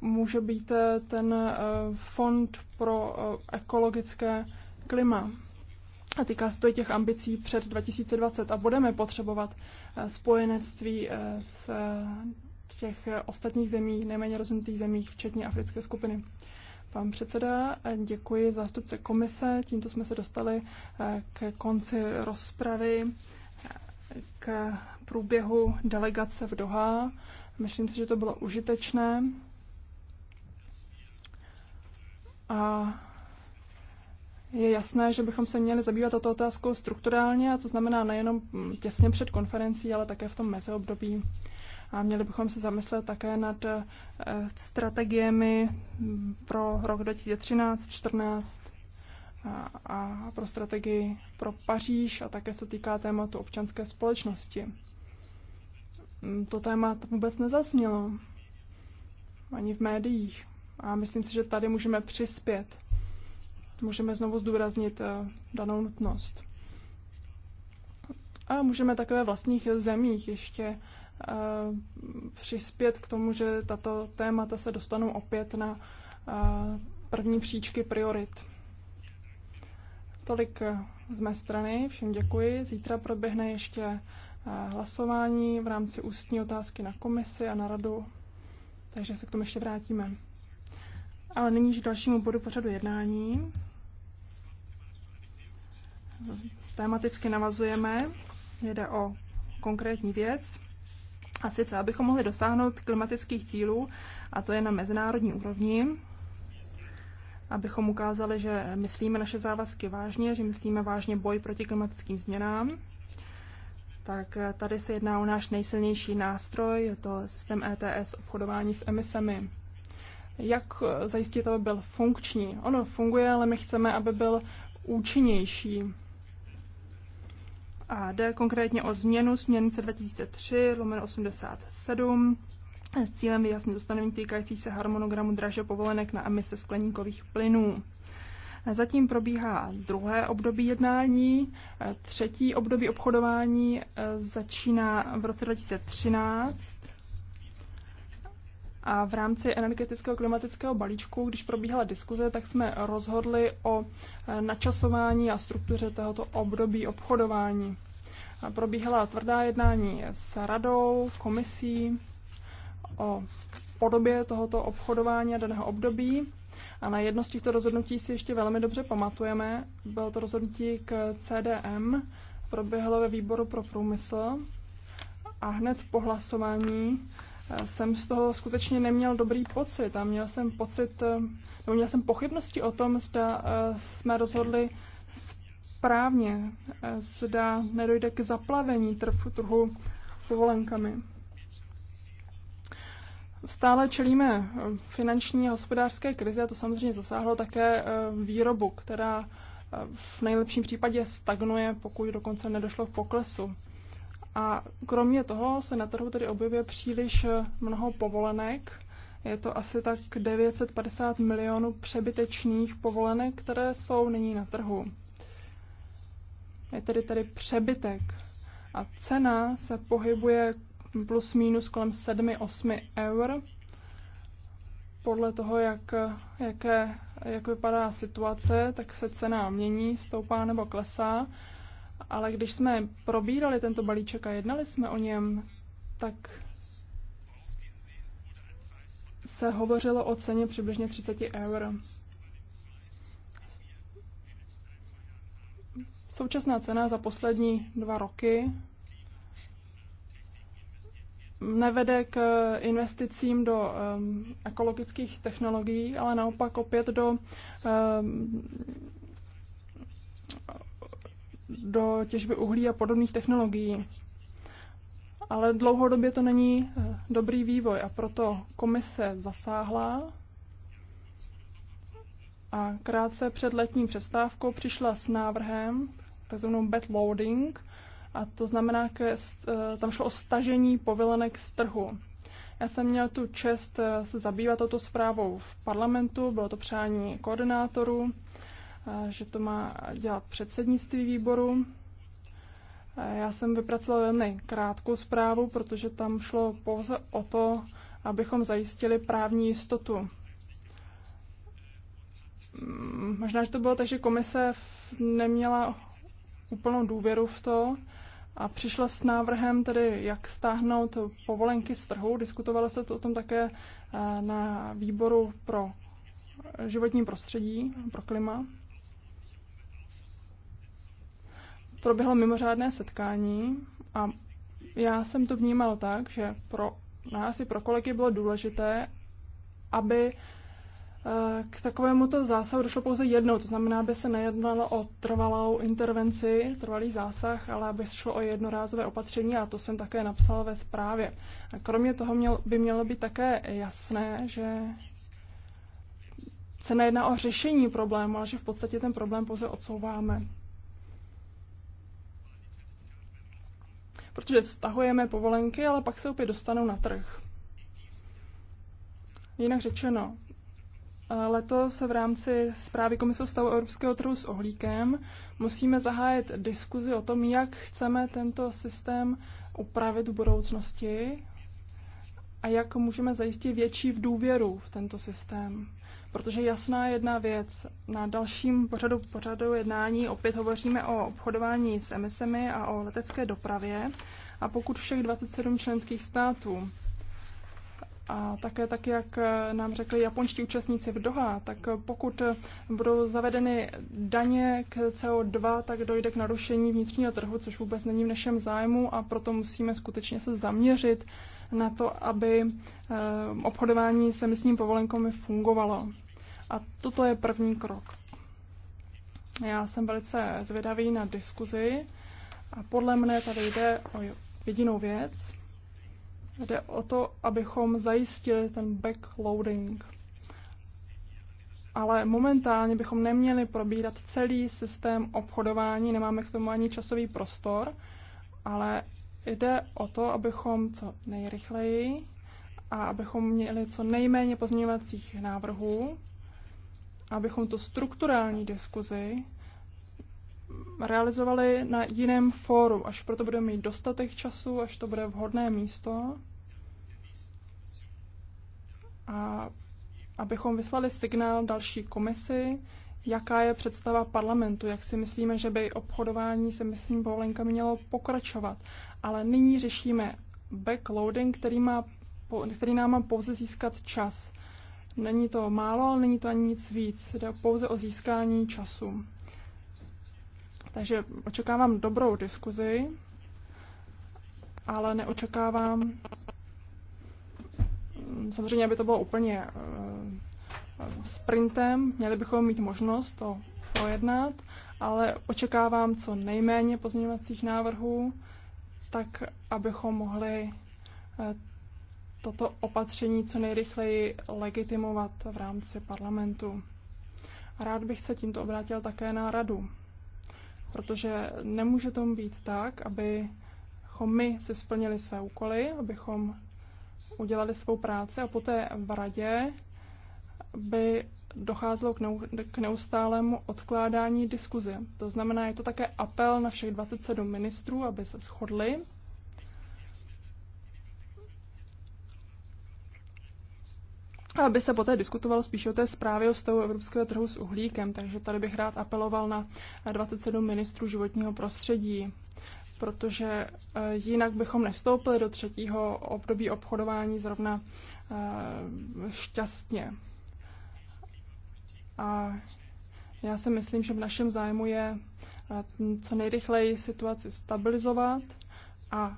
může být eh, ten eh, fond pro eh, ekologické klima. A týká se to i těch ambicí před 2020 a budeme potřebovat spojenectví s těch eh, ostatních zemích, nejméně rozvinutých zemích, včetně africké skupiny. Pán předseda, eh, děkuji zástupce komise. Tímto jsme se dostali eh, k konci rozpravy, k průběhu delegace v Doha. Myslím si, že to bylo užitečné. A je jasné, že bychom se měli zabývat toto otázkou strukturálně, a to znamená nejenom těsně před konferencí, ale také v tom meziobdobí a měli bychom se zamyslet také nad eh, strategiemi pro rok 2013, 14 a, a pro strategii pro Paříž a také se týká tématu občanské společnosti. Mm, to téma vůbec nezasnělo ani v médiích a myslím si, že tady můžeme přispět. Můžeme znovu zdůraznit eh, danou nutnost. A můžeme takové vlastních zemích ještě Eh, přispět k tomu, že tato témata se dostanou opět na eh, první příčky priorit. Tolik eh, z mé strany, všem děkuji. Zítra proběhne ještě hlasování v rámci ústní otázky na komisi a na radu, takže se k tomu ještě vrátíme. Ale nyní k dalšímu bodu pořadu jednání. Tématicky navazujeme, jde o konkrétní věc. A sice, abychom mohli dosáhnout klimatických cílů, a to je na mezinárodní úrovni, abychom ukázali, že myslíme naše závazky vážně, že myslíme vážně boj proti klimatickým změnám, tak eh, tady se jedná o náš nejsilnější nástroj, je to systém ETS obchodování s emisemi. Jak eh, zajistit, aby byl funkční? Ono funguje, ale my chceme, aby byl účinnější a jde konkrétně o změnu směrnice 2003 lomeno 87 s cílem vyjasnit ustanovení týkající se harmonogramu draže povolenek na emise skleníkových plynů. Zatím probíhá druhé období jednání. Třetí období obchodování eh, začíná v roce 2013 a v rámci energetického klimatického balíčku, když probíhala diskuze, tak jsme rozhodli o eh, načasování a struktuře tohoto období obchodování. Probíhala tvrdá jednání s radou, komisí o podobě tohoto obchodování a daného období. A na jedno z těchto rozhodnutí si ještě velmi dobře pamatujeme. Bylo to rozhodnutí k CDM, proběhlo ve výboru pro průmysl a hned po hlasování jsem z toho skutečně neměl dobrý pocit a měl jsem pocit, eh, nebo měl jsem pochybnosti o tom, zda eh, jsme rozhodli správně, eh, zda nedojde k zaplavení trhu, trhu povolenkami. Stále čelíme finanční a hospodářské krizi a to samozřejmě zasáhlo také výrobu, která v nejlepším případě stagnuje, pokud dokonce nedošlo k poklesu. A kromě toho se na trhu tedy objevuje příliš eh, mnoho povolenek. Je to asi tak 950 milionů přebytečných povolenek, které jsou nyní na trhu. Je tedy tady přebytek. A cena se pohybuje plus minus kolem 7-8 eur podle toho, jak, jaké, jak vypadá situace, tak se cena mění, stoupá nebo klesá. Ale když jsme probírali tento balíček a jednali jsme o něm, tak se hovořilo o ceně přibližně 30 eur. Současná cena za poslední dva roky nevede k investicím do um, ekologických technologií, ale naopak opět do um, do těžby uhlí a podobných technologií. Ale dlouhodobě to není eh, dobrý vývoj a proto komise zasáhla a krátce před letní přestávkou přišla s návrhem, takzvanou loading, a to znamená, že eh, tam šlo o stažení povolenek z trhu. Já jsem měl tu čest eh, se zabývat touto zprávou v parlamentu, bylo to přání koordinátorů že to má dělat předsednictví výboru. Já jsem vypracovala velmi krátkou zprávu, protože tam šlo pouze o to, abychom zajistili právní jistotu. Mm, možná, že to bylo tak, že komise neměla úplnou důvěru v to a přišla s návrhem tedy, jak stáhnout povolenky z trhu. Diskutovalo se to o tom také eh, na výboru pro životní prostředí, pro klima. proběhlo mimořádné setkání a já jsem to vnímal tak, že pro nás i pro kolegy bylo důležité, aby eh, k takovému to zásahu došlo pouze jednou, to znamená, aby se nejednalo o trvalou intervenci, trvalý zásah, ale aby šlo o jednorázové opatření a to jsem také napsal ve zprávě. A kromě toho měl, by mělo být také jasné, že se nejedná o řešení problému, ale že v podstatě ten problém pouze odsouváme. protože stahujeme povolenky, ale pak se opět dostanou na trh. Jinak řečeno, eh, letos v rámci zprávy Komise stavu Evropského trhu s ohlíkem musíme zahájit diskuzi o tom, jak chceme tento systém upravit v budoucnosti a jak můžeme zajistit větší v důvěru v tento systém. Protože jasná jedna věc, na dalším pořadu pořadu jednání opět hovoříme o obchodování s emisemi a o letecké dopravě a pokud všech 27 členských států a také tak, jak eh, nám řekli japonští účastníci v Doha, tak eh, pokud eh, budou zavedeny daně k CO2, tak dojde k narušení vnitřního trhu, což vůbec není v našem zájmu a proto musíme skutečně se zaměřit na to, aby obchodování se emisním povolenkami fungovalo. A toto je první krok. Já jsem velice zvědavý na diskuzi a podle mne tady jde o jedinou věc, Jde o to, abychom zajistili ten backloading. Ale momentálně bychom neměli probírat celý systém obchodování, nemáme k tomu ani časový prostor, ale jde o to, abychom co nejrychleji a abychom měli co nejméně pozměňovacích návrhů, abychom tu strukturální diskuzi realizovali na jiném fóru, až proto budeme mít dostatek času, až to bude vhodné místo a abychom vyslali signál další komisi, jaká je představa parlamentu, jak si myslíme, že by obchodování se myslím povolenkami mělo pokračovat. Ale nyní řešíme backloading, který, má, který nám má pouze získat čas. Není to málo, ale není to ani nic víc. Jde pouze o získání času. Takže očekávám dobrou diskuzi, ale neočekávám samozřejmě, aby to bylo úplně eh, sprintem, měli bychom mít možnost to projednat, ale očekávám co nejméně pozměňovacích návrhů, tak abychom mohli eh, toto opatření co nejrychleji legitimovat v rámci parlamentu. Rád bych se tímto obrátil také na radu, protože nemůže tomu být tak, abychom my si splnili své úkoly, abychom udělali svou práci a poté v radě by docházelo k neustálému odkládání diskuze. To znamená, je to také apel na všech 27 ministrů, aby se shodli. A aby se poté diskutovalo spíše o té zprávě o stavu evropského trhu s uhlíkem. Takže tady bych rád apeloval na 27 ministrů životního prostředí, protože eh, jinak bychom nevstoupili do třetího období obchodování zrovna eh, šťastně. A já si myslím, že v našem zájmu je eh, co nejrychleji situaci stabilizovat a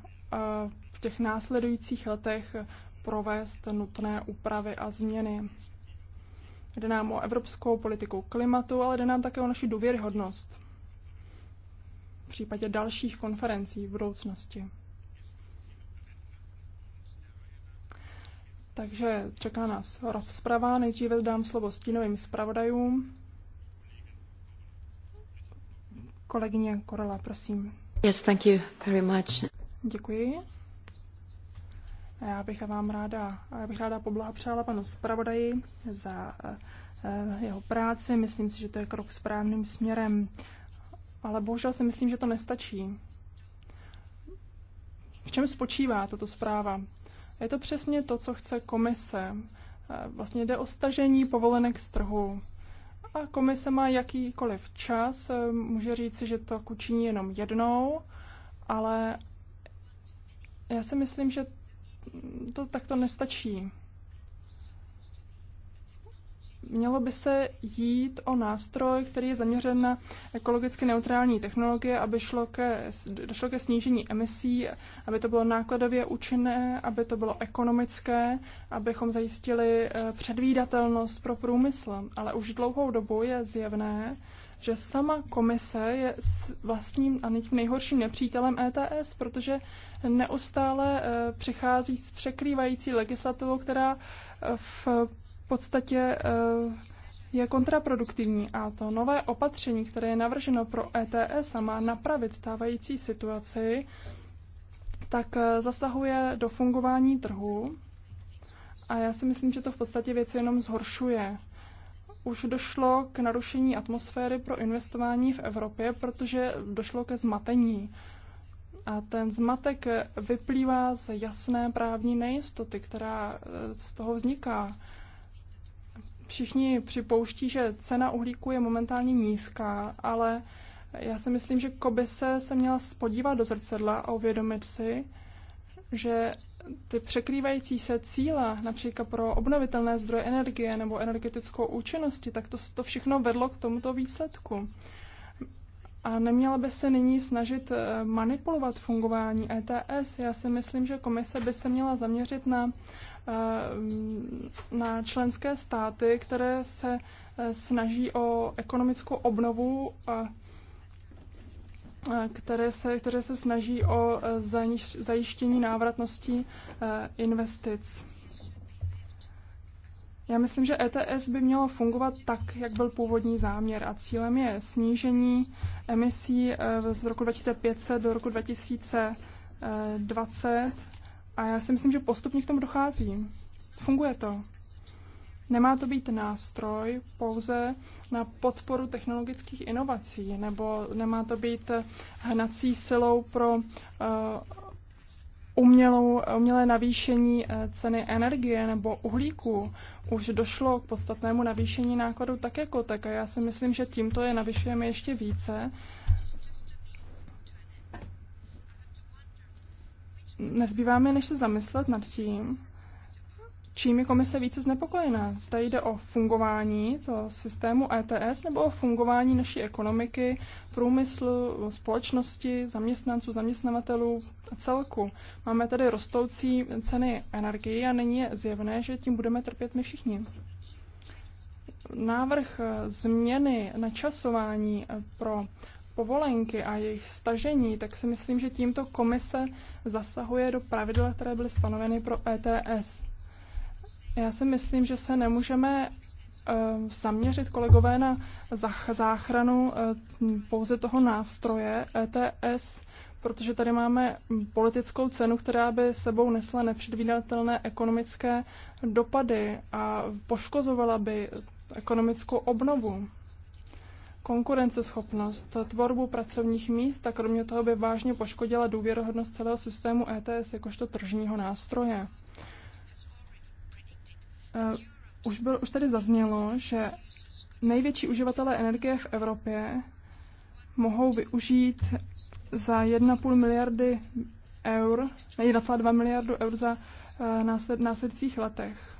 v těch následujících letech provést nutné úpravy a změny. Jde nám o evropskou politiku klimatu, ale jde nám také o naši důvěryhodnost případě dalších konferencí v budoucnosti. Takže čeká nás rozprava. Nejdříve dám slovo stínovým zpravodajům. Kolegyně Korela, prosím. Yes, thank you very much. Děkuji. Já bych vám ráda, já bych ráda poblahopřála panu zpravodaji za eh, jeho práci. Myslím si, že to je krok správným směrem ale bohužel si myslím, že to nestačí. V čem spočívá tato zpráva? Je to přesně to, co chce komise. Eh, vlastně jde o stažení povolenek z trhu. A komise má jakýkoliv čas, eh, může říci, že to učiní jenom jednou, ale já si myslím, že to takto nestačí mělo by se jít o nástroj, který je zaměřen na ekologicky neutrální technologie, aby šlo ke, došlo ke snížení emisí, aby to bylo nákladově účinné, aby to bylo ekonomické, abychom zajistili eh, předvídatelnost pro průmysl. Ale už dlouhou dobu je zjevné, že sama komise je vlastním a nejhorším nepřítelem ETS, protože neustále eh, přichází s překrývající legislativou, která eh, v podstatě eh, je kontraproduktivní a to nové opatření, které je navrženo pro ETS a má napravit stávající situaci, tak eh, zasahuje do fungování trhu a já si myslím, že to v podstatě věci jenom zhoršuje. Už došlo k narušení atmosféry pro investování v Evropě, protože došlo ke zmatení. A ten zmatek vyplývá z jasné právní nejistoty, která eh, z toho vzniká. Všichni připouští, že cena uhlíku je momentálně nízká, ale já si myslím, že komise se měla spodívat do zrcadla a uvědomit si, že ty překrývající se cíle, například pro obnovitelné zdroje energie nebo energetickou účinnosti, tak to, to všechno vedlo k tomuto výsledku. A neměla by se nyní snažit eh, manipulovat fungování ETS. Já si myslím, že komise by se měla zaměřit na Eh, na členské státy, které se eh, snaží o ekonomickou obnovu, které se, které se snaží o eh, zajištění návratnosti investic. Já myslím, že ETS by mělo fungovat tak, jak byl původní záměr a cílem je snížení emisí z roku 2500 do roku 2020 a já si myslím, že postupně k tomu dochází. Funguje to. Nemá to být nástroj pouze na podporu technologických inovací, nebo nemá to být hnací silou pro uh, umělou, umělé navýšení eh, ceny energie nebo uhlíku. Už došlo k podstatnému navýšení nákladů tak jako tak a já si myslím, že tímto je navyšujeme ještě více nezbývá mi než se zamyslet nad tím, čím je komise více znepokojená. Zda jde o fungování toho systému ETS nebo o fungování naší ekonomiky, průmyslu, společnosti, zaměstnanců, zaměstnavatelů a celku. Máme tady rostoucí ceny energie a není je zjevné, že tím budeme trpět my všichni. Návrh změny načasování pro povolenky a jejich stažení, tak si myslím, že tímto komise zasahuje do pravidel, které byly stanoveny pro ETS. Já si myslím, že se nemůžeme eh, zaměřit kolegové na záchranu eh, pouze toho nástroje ETS, protože tady máme politickou cenu, která by sebou nesla nepředvídatelné ekonomické dopady a poškozovala by ekonomickou obnovu konkurenceschopnost, tvorbu pracovních míst a kromě toho by vážně poškodila důvěrohodnost celého systému ETS jakožto tržního nástroje. Eh, už, byl, už tady zaznělo, že největší uživatelé energie v Evropě mohou využít za 1,5 miliardy eur, 1,2 miliardu eur za uh, následujících letech.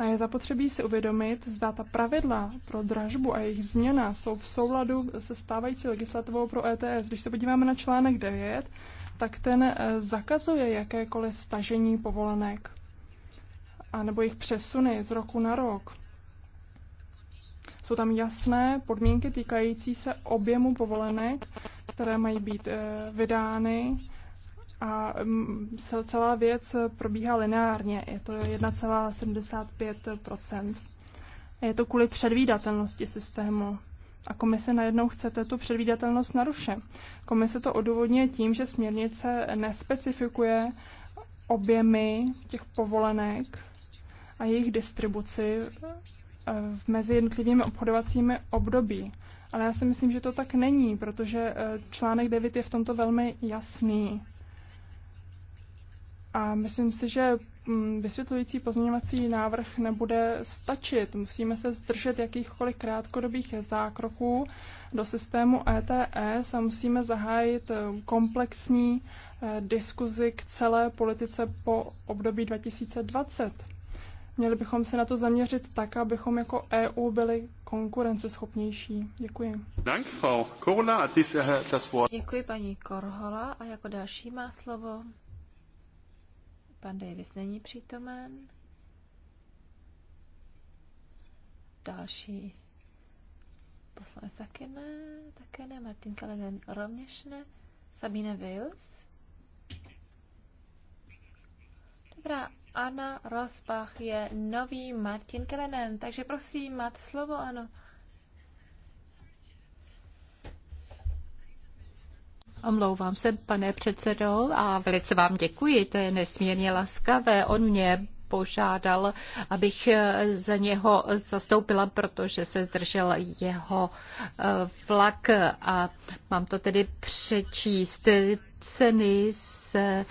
A je zapotřebí si uvědomit, zda ta pravidla pro dražbu a jejich změna jsou v souladu se stávající legislativou pro ETS. Když se podíváme na článek 9, tak ten eh, zakazuje jakékoliv stažení povolenek a nebo jejich přesuny z roku na rok. Jsou tam jasné podmínky týkající se objemu povolenek, které mají být eh, vydány a mm, celá věc probíhá lineárně. Je to 1,75 Je to kvůli předvídatelnosti systému. A komise najednou chce tu předvídatelnost narušit. Komise to odůvodňuje tím, že směrnice nespecifikuje objemy těch povolenek a jejich distribuci eh, mezi jednotlivými obchodovacími období. Ale já si myslím, že to tak není, protože eh, článek 9 je v tomto velmi jasný. A myslím si, že mm, vysvětlující pozměňovací návrh nebude stačit. Musíme se zdržet jakýchkoliv krátkodobých zákroků do systému ETS a musíme zahájit eh, komplexní eh, diskuzi k celé politice po období 2020. Měli bychom se na to zaměřit tak, abychom jako EU byli konkurenceschopnější. Děkuji. Äh, Děkuji paní Korhola a jako další má slovo Pan Davis není přítomen. Další poslanec také ne, také ne. Martin Kalegen rovněž ne. Sabine Wills. Dobrá, Anna Rosbach je novým Martin Kelenem, takže prosím, máte slovo, ano. Omlouvám se, pane předsedo, a velice vám děkuji, to je nesmírně laskavé. On mě požádal, abych za něho zastoupila, protože se zdržel jeho eh, vlak a mám to tedy přečíst ceny se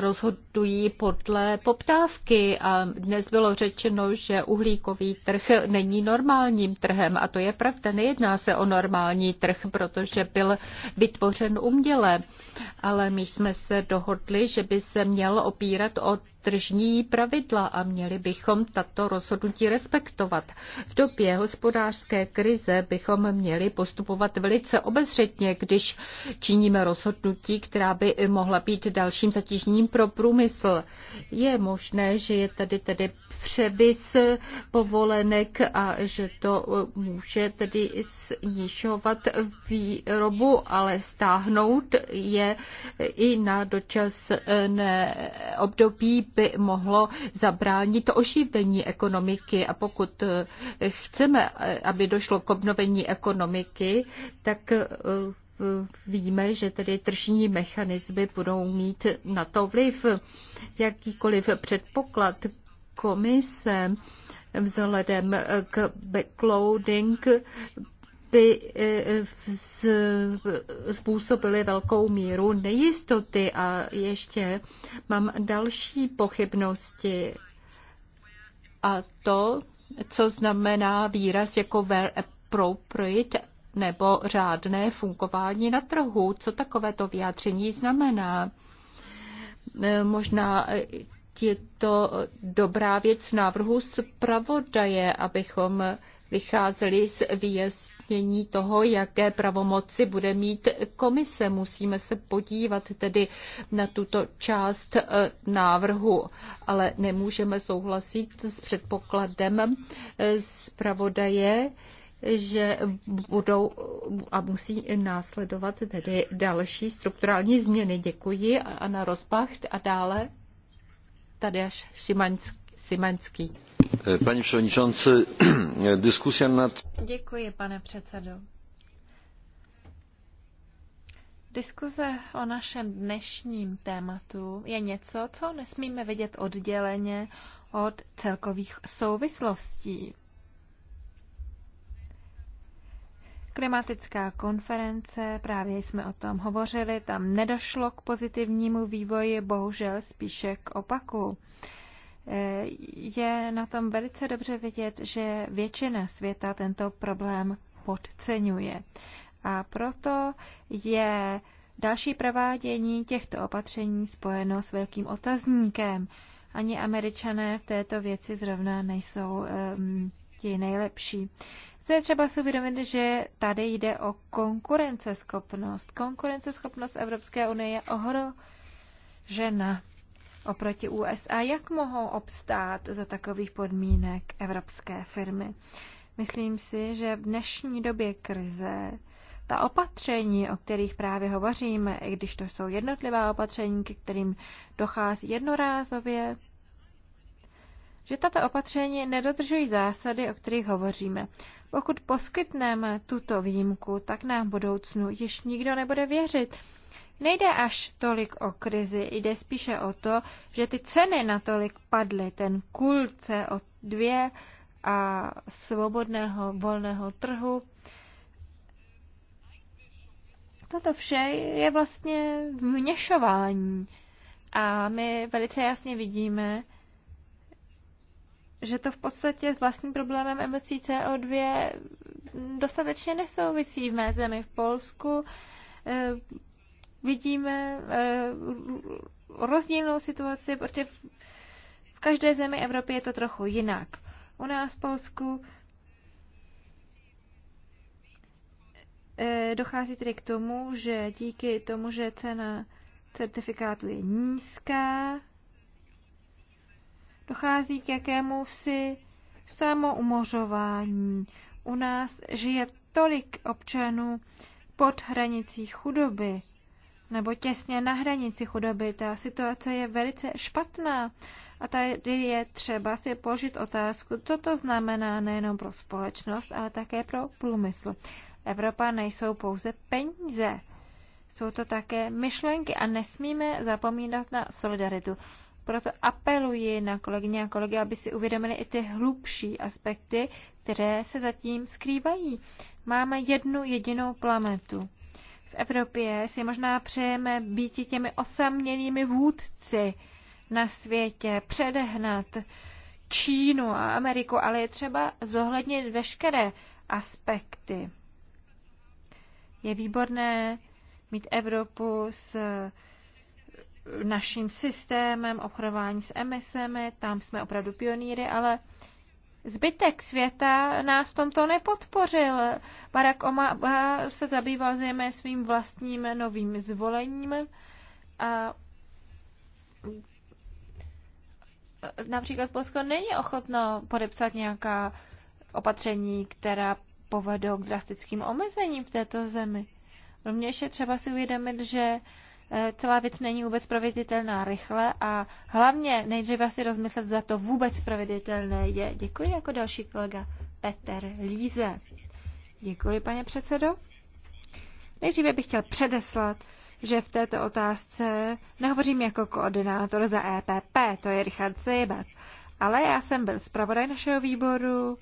rozhodují podle poptávky a dnes bylo řečeno, že uhlíkový trh není normálním trhem a to je pravda, nejedná se o normální trh, protože byl vytvořen uměle, ale my jsme se dohodli, že by se měl opírat o tržní pravidla a měli bychom tato rozhodnutí respektovat. V době hospodářské krize bychom měli postupovat velice obezřetně, když činíme rozhodnutí, která by mohla být dalším zatížením pro průmysl. Je možné, že je tady tedy přebys povolenek a že to eh, může tedy snižovat výrobu, ale stáhnout je i na dočasné období by mohlo zabránit oživení ekonomiky a pokud eh, chceme, eh, aby došlo k obnovení ekonomiky, tak víme, že tedy tržní mechanismy budou mít na to vliv. Jakýkoliv předpoklad komise vzhledem k backloading by eh, způsobily velkou míru nejistoty. A ještě mám další pochybnosti. A to, co znamená výraz jako where appropriate nebo řádné fungování na trhu. Co takovéto vyjádření znamená? E, možná e, je to dobrá věc v návrhu zpravodaje, abychom vycházeli z vyjasnění toho, jaké pravomoci bude mít komise. Musíme se podívat tedy na tuto část e, návrhu, ale nemůžeme souhlasit s předpokladem zpravodaje, že budou a musí následovat tedy další strukturální změny. Děkuji. a na Rozpacht a dále tady až Simanský. Pani předsedající, diskusia nad... Děkuji, pane předsedo. Diskuze o našem dnešním tématu je něco, co nesmíme vidět odděleně od celkových souvislostí. Klimatická konference, právě jsme o tom hovořili, tam nedošlo k pozitivnímu vývoji, bohužel spíše k opaku. E, je na tom velice dobře vidět, že většina světa tento problém podceňuje. A proto je další provádění těchto opatření spojeno s velkým otazníkem. Ani američané v této věci zrovna nejsou um, ti nejlepší. Zde je třeba si uvědomit, že tady jde o konkurenceschopnost. Konkurenceschopnost Evropské unie je ohrožena oproti USA. Jak mohou obstát za takových podmínek evropské firmy? Myslím si, že v dnešní době krize ta opatření, o kterých právě hovoříme, i když to jsou jednotlivá opatření, ke kterým dochází jednorázově, že tato opatření nedodržují zásady, o kterých hovoříme. Pokud poskytneme tuto výjimku, tak nám v budoucnu již nikdo nebude věřit. Nejde až tolik o krizi, jde spíše o to, že ty ceny natolik padly, ten kulce o dvě a svobodného volného trhu. Toto vše je vlastně vměšování. A my velice jasně vidíme, že to v podstatě s vlastním problémem emocí CO2 dostatečně nesouvisí v mé zemi. V Polsku eh, vidíme eh, rozdílnou situaci, protože v každé zemi Evropy je to trochu jinak. U nás v Polsku eh, dochází tedy k tomu, že díky tomu, že cena certifikátu je nízká, dochází k jakému si samoumořování. U nás žije tolik občanů pod hranicí chudoby nebo těsně na hranici chudoby. Ta situace je velice špatná a tady je třeba si položit otázku, co to znamená nejenom pro společnost, ale také pro průmysl. Evropa nejsou pouze peníze. Jsou to také myšlenky a nesmíme zapomínat na solidaritu. Proto apeluji na kolegyně a kolegy, aby si uvědomili i ty hlubší aspekty, které se zatím skrývají. Máme jednu jedinou planetu. V Evropě si možná přejeme být těmi osamělými vůdci na světě, předehnat Čínu a Ameriku, ale je třeba zohlednit veškeré aspekty. Je výborné mít Evropu s naším systémem obchodování s emisemi, tam jsme opravdu pionýry, ale zbytek světa nás v tomto nepodpořil. Barack Obama se zabýval zejména svým vlastním novým zvolením a například Polsko není ochotno podepsat nějaká opatření, která povedou k drastickým omezením v této zemi. Rovněž je třeba si uvědomit, že Eh, celá věc není vůbec proveditelná rychle a hlavně nejdříve si rozmyslet, za to vůbec proveditelné je. Děkuji jako další kolega Petr Líze. Děkuji, pane předsedo. Nejdříve bych chtěl předeslat, že v této otázce nehovořím jako koordinátor za EPP, to je Richard Seibert, ale já jsem byl zpravodaj našeho výboru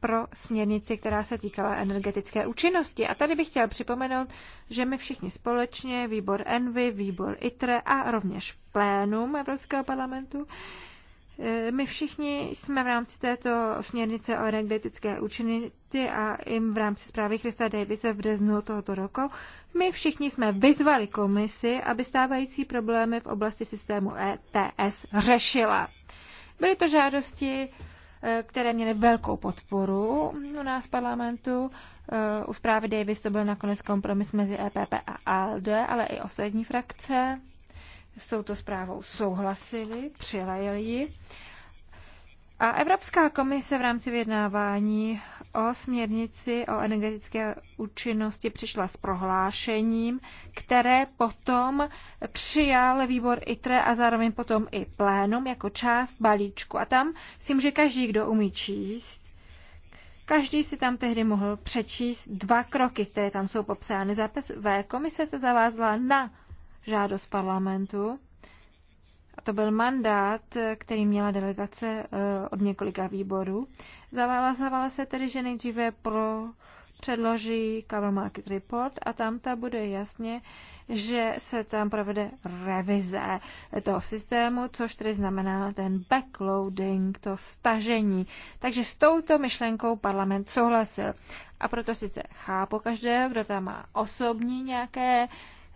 pro směrnici, která se týkala energetické účinnosti. A tady bych chtěl připomenout, že my všichni společně, výbor Envy, výbor ITRE a rovněž plénum Evropského parlamentu, eh, my všichni jsme v rámci této směrnice o energetické účinnosti a i v rámci zprávy Christa Davise v březnu tohoto roku, my všichni jsme vyzvali komisi, aby stávající problémy v oblasti systému ETS řešila. Byly to žádosti Eh, které měly velkou podporu u nás v parlamentu. Eh, u zprávy Davis to byl nakonec kompromis mezi EPP a ALDE, ale i ostatní frakce s touto zprávou souhlasili, přijali ji. A Evropská komise v rámci vyjednávání o směrnici o energetické účinnosti přišla s prohlášením, které potom přijal výbor ITRE a zároveň potom i plénum jako část balíčku. A tam si že každý, kdo umí číst, Každý si tam tehdy mohl přečíst dva kroky, které tam jsou popsány. Za komise se zavázla na žádost parlamentu, a to byl mandát, který měla delegace eh, od několika výborů. Zavázala se tedy, že nejdříve pro předloží Cover Market Report a tam ta bude jasně, že se tam provede revize toho systému, což tedy znamená ten backloading, to stažení. Takže s touto myšlenkou parlament souhlasil. A proto sice chápu každého, kdo tam má osobní nějaké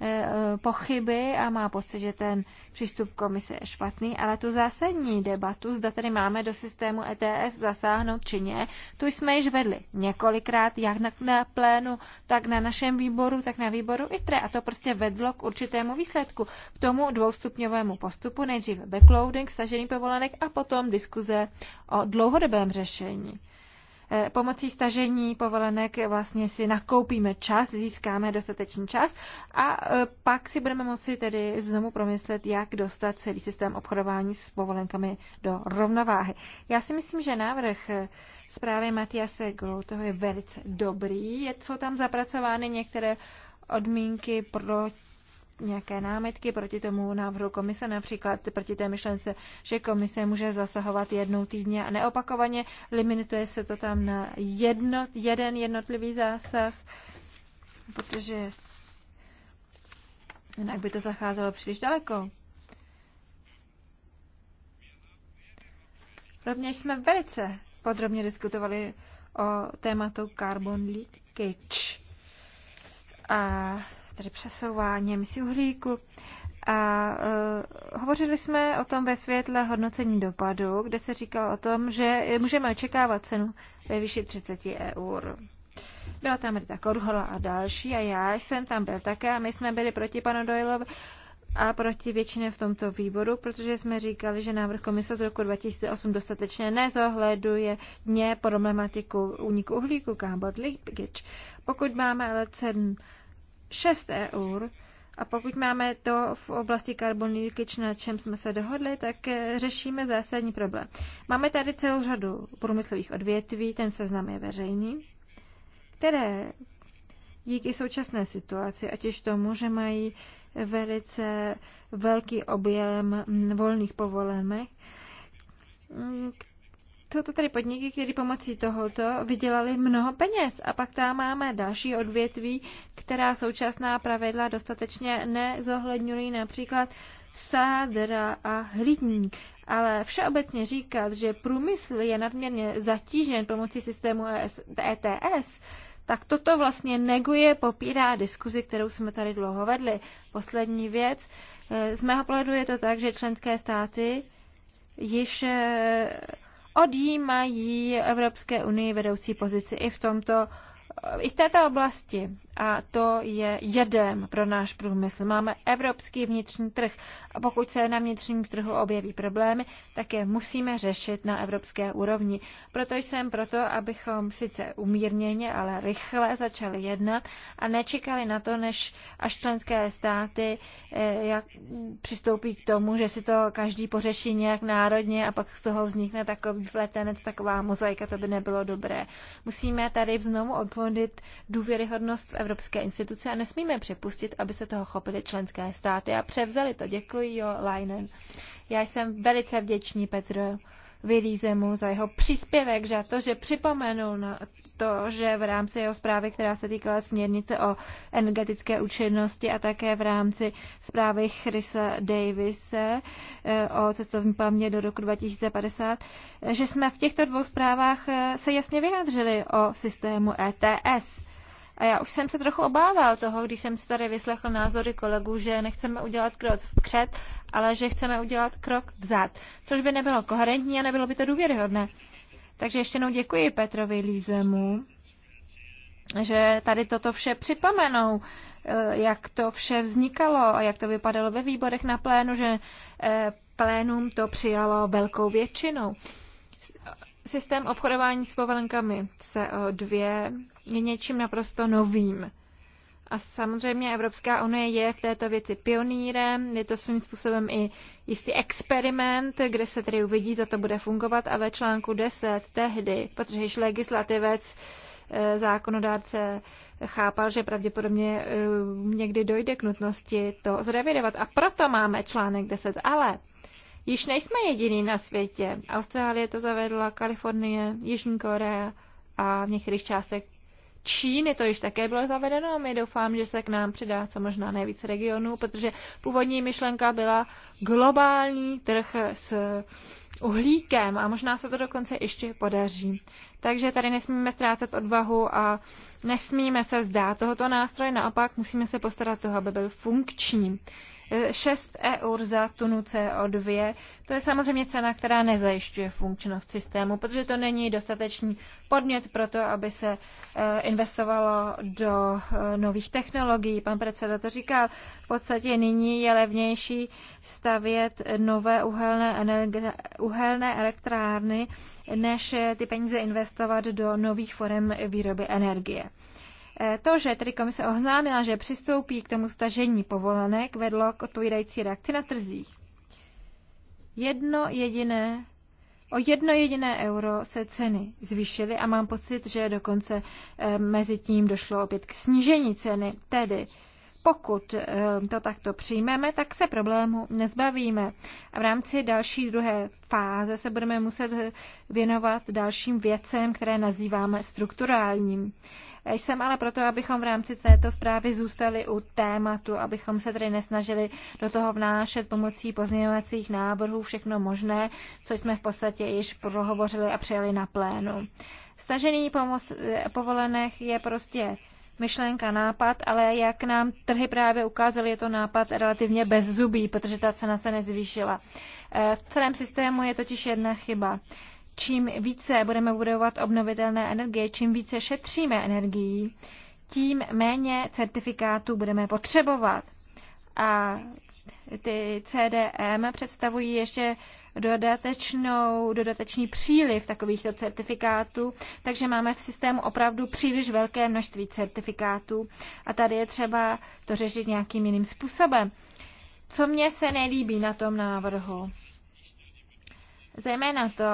Eh, eh, pochyby a má pocit, že ten přístup komise je špatný, ale tu zásadní debatu, zda tady máme do systému ETS zasáhnout či ne, tu jsme již vedli několikrát, jak na, na plénu, tak na našem výboru, tak na výboru ITRE a to prostě vedlo k určitému výsledku, k tomu dvoustupňovému postupu, nejdříve backloading, stažení povolenek a potom diskuze o dlouhodobém řešení. Eh, pomocí stažení povolenek vlastně si nakoupíme čas, získáme dostatečný čas a eh, pak si budeme moci tedy znovu promyslet, jak dostat celý systém obchodování s povolenkami do rovnováhy. Já si myslím, že návrh eh, zprávy Matiase toho je velice dobrý. Jsou tam zapracovány některé odmínky pro nějaké námitky proti tomu návrhu komise, například proti té myšlence, že komise může zasahovat jednou týdně a neopakovaně, limituje se to tam na jedno, jeden jednotlivý zásah, protože jinak by to zacházelo příliš daleko. Rovněž jsme velice podrobně diskutovali o tématu Carbon Leakage. A tedy přesouvání emisí uhlíku. A uh, hovořili jsme o tom ve světle hodnocení dopadu, kde se říkalo o tom, že můžeme očekávat cenu ve výši 30 eur. Byla tam Rita Korhola a další a já jsem tam byl také a my jsme byli proti panu Doylovi a proti většině v tomto výboru, protože jsme říkali, že návrh komise z roku 2008 dostatečně nezohleduje mě problematiku úniku uhlíku Kábor Pokud máme ale cen 6 eur. A pokud máme to v oblasti karbonikič, na čem jsme se dohodli, tak eh, řešíme zásadní problém. Máme tady celou řadu průmyslových odvětví, ten seznam je veřejný, které díky současné situaci, ať už tomu, že mají velice velký objem volných povolenek, jsou to tady podniky, které pomocí tohoto vydělali mnoho peněz. A pak tam máme další odvětví, která současná pravidla dostatečně nezohledňují, například sádra a hlídník. Ale všeobecně říkat, že průmysl je nadměrně zatížen pomocí systému ETS, e tak toto vlastně neguje, popírá diskuzi, kterou jsme tady dlouho vedli. Poslední věc. Z mého pohledu je to tak, že členské státy již eh, odjímají Evropské unii vedoucí pozici i v tomto i v této oblasti a to je jedem pro náš průmysl. Máme evropský vnitřní trh a pokud se na vnitřním trhu objeví problémy, tak je musíme řešit na evropské úrovni. Proto jsem proto, abychom sice umírněně, ale rychle začali jednat a nečekali na to, než až členské státy eh, jak přistoupí k tomu, že si to každý pořeší nějak národně a pak z toho vznikne takový fletenec, taková mozaika, to by nebylo dobré. Musíme tady znovu odpovědět důvěryhodnost v Evropě evropské instituce a nesmíme připustit, aby se toho chopili členské státy a převzali to. Děkuji, Jo Leinen. Já jsem velice vděčný Petro Vilízemu za jeho příspěvek, že to, že připomenul na to, že v rámci jeho zprávy, která se týkala směrnice o energetické účinnosti a také v rámci zprávy Chrisa Davise eh, o cestovní pamě do roku 2050, eh, že jsme v těchto dvou zprávách eh, se jasně vyjádřili o systému ETS. A já už jsem se trochu obával toho, když jsem si tady vyslechl názory kolegů, že nechceme udělat krok vpřed, ale že chceme udělat krok vzad, což by nebylo koherentní a nebylo by to důvěryhodné. Takže ještě jednou děkuji Petrovi Lízemu, že tady toto vše připomenou, eh, jak to vše vznikalo a jak to vypadalo ve výborech na plénu, že eh, plénum to přijalo velkou většinou. Systém obchodování s povolenkami CO2 eh, je něčím naprosto novým. A samozřejmě Evropská unie je v této věci pionýrem, je to svým způsobem i jistý experiment, kde se tedy uvidí, za to bude fungovat a ve článku 10 tehdy, protože již legislativec eh, zákonodárce chápal, že pravděpodobně eh, někdy dojde k nutnosti to zrevidovat. A proto máme článek 10. Ale Již nejsme jediný na světě. Austrálie to zavedla, Kalifornie, Jižní Korea a v některých částech Číny to již také bylo zavedeno a my doufám, že se k nám přidá co možná nejvíce regionů, protože původní myšlenka byla globální trh s uhlíkem a možná se to dokonce ještě podaří. Takže tady nesmíme ztrácet odvahu a nesmíme se zdát tohoto nástroje, naopak musíme se postarat toho, aby byl funkční. 6 eur za tunu CO2. To je samozřejmě cena, která nezajišťuje funkčnost systému, protože to není dostatečný podnět pro to, aby se eh, investovalo do eh, nových technologií. Pan předseda to říkal, v podstatě nyní je levnější stavět nové uhelné, uhelné elektrárny, než ty peníze investovat do nových forem výroby energie. E, to, že tedy komise oznámila, že přistoupí k tomu stažení povolenek, vedlo k odpovídající reakci na trzích. Jedno jediné, o jedno jediné euro se ceny zvýšily a mám pocit, že dokonce e, mezi tím došlo opět k snížení ceny. Tedy pokud e, to takto přijmeme, tak se problému nezbavíme. A v rámci další druhé fáze se budeme muset věnovat dalším věcem, které nazýváme strukturálním. Jsem ale proto, abychom v rámci této zprávy zůstali u tématu, abychom se tedy nesnažili do toho vnášet pomocí pozměňovacích návrhů všechno možné, co jsme v podstatě již prohovořili a přijali na plénu. Stažení pomoc, eh, povolených je prostě myšlenka, nápad, ale jak nám trhy právě ukázaly, je to nápad relativně bez zubí, protože ta cena se nezvýšila. Eh, v celém systému je totiž jedna chyba čím více budeme budovat obnovitelné energie, čím více šetříme energií, tím méně certifikátů budeme potřebovat. A ty CDM představují ještě dodatečnou, dodatečný příliv takovýchto certifikátů, takže máme v systému opravdu příliš velké množství certifikátů a tady je třeba to řešit nějakým jiným způsobem. Co mě se nelíbí na tom návrhu? Zejména to,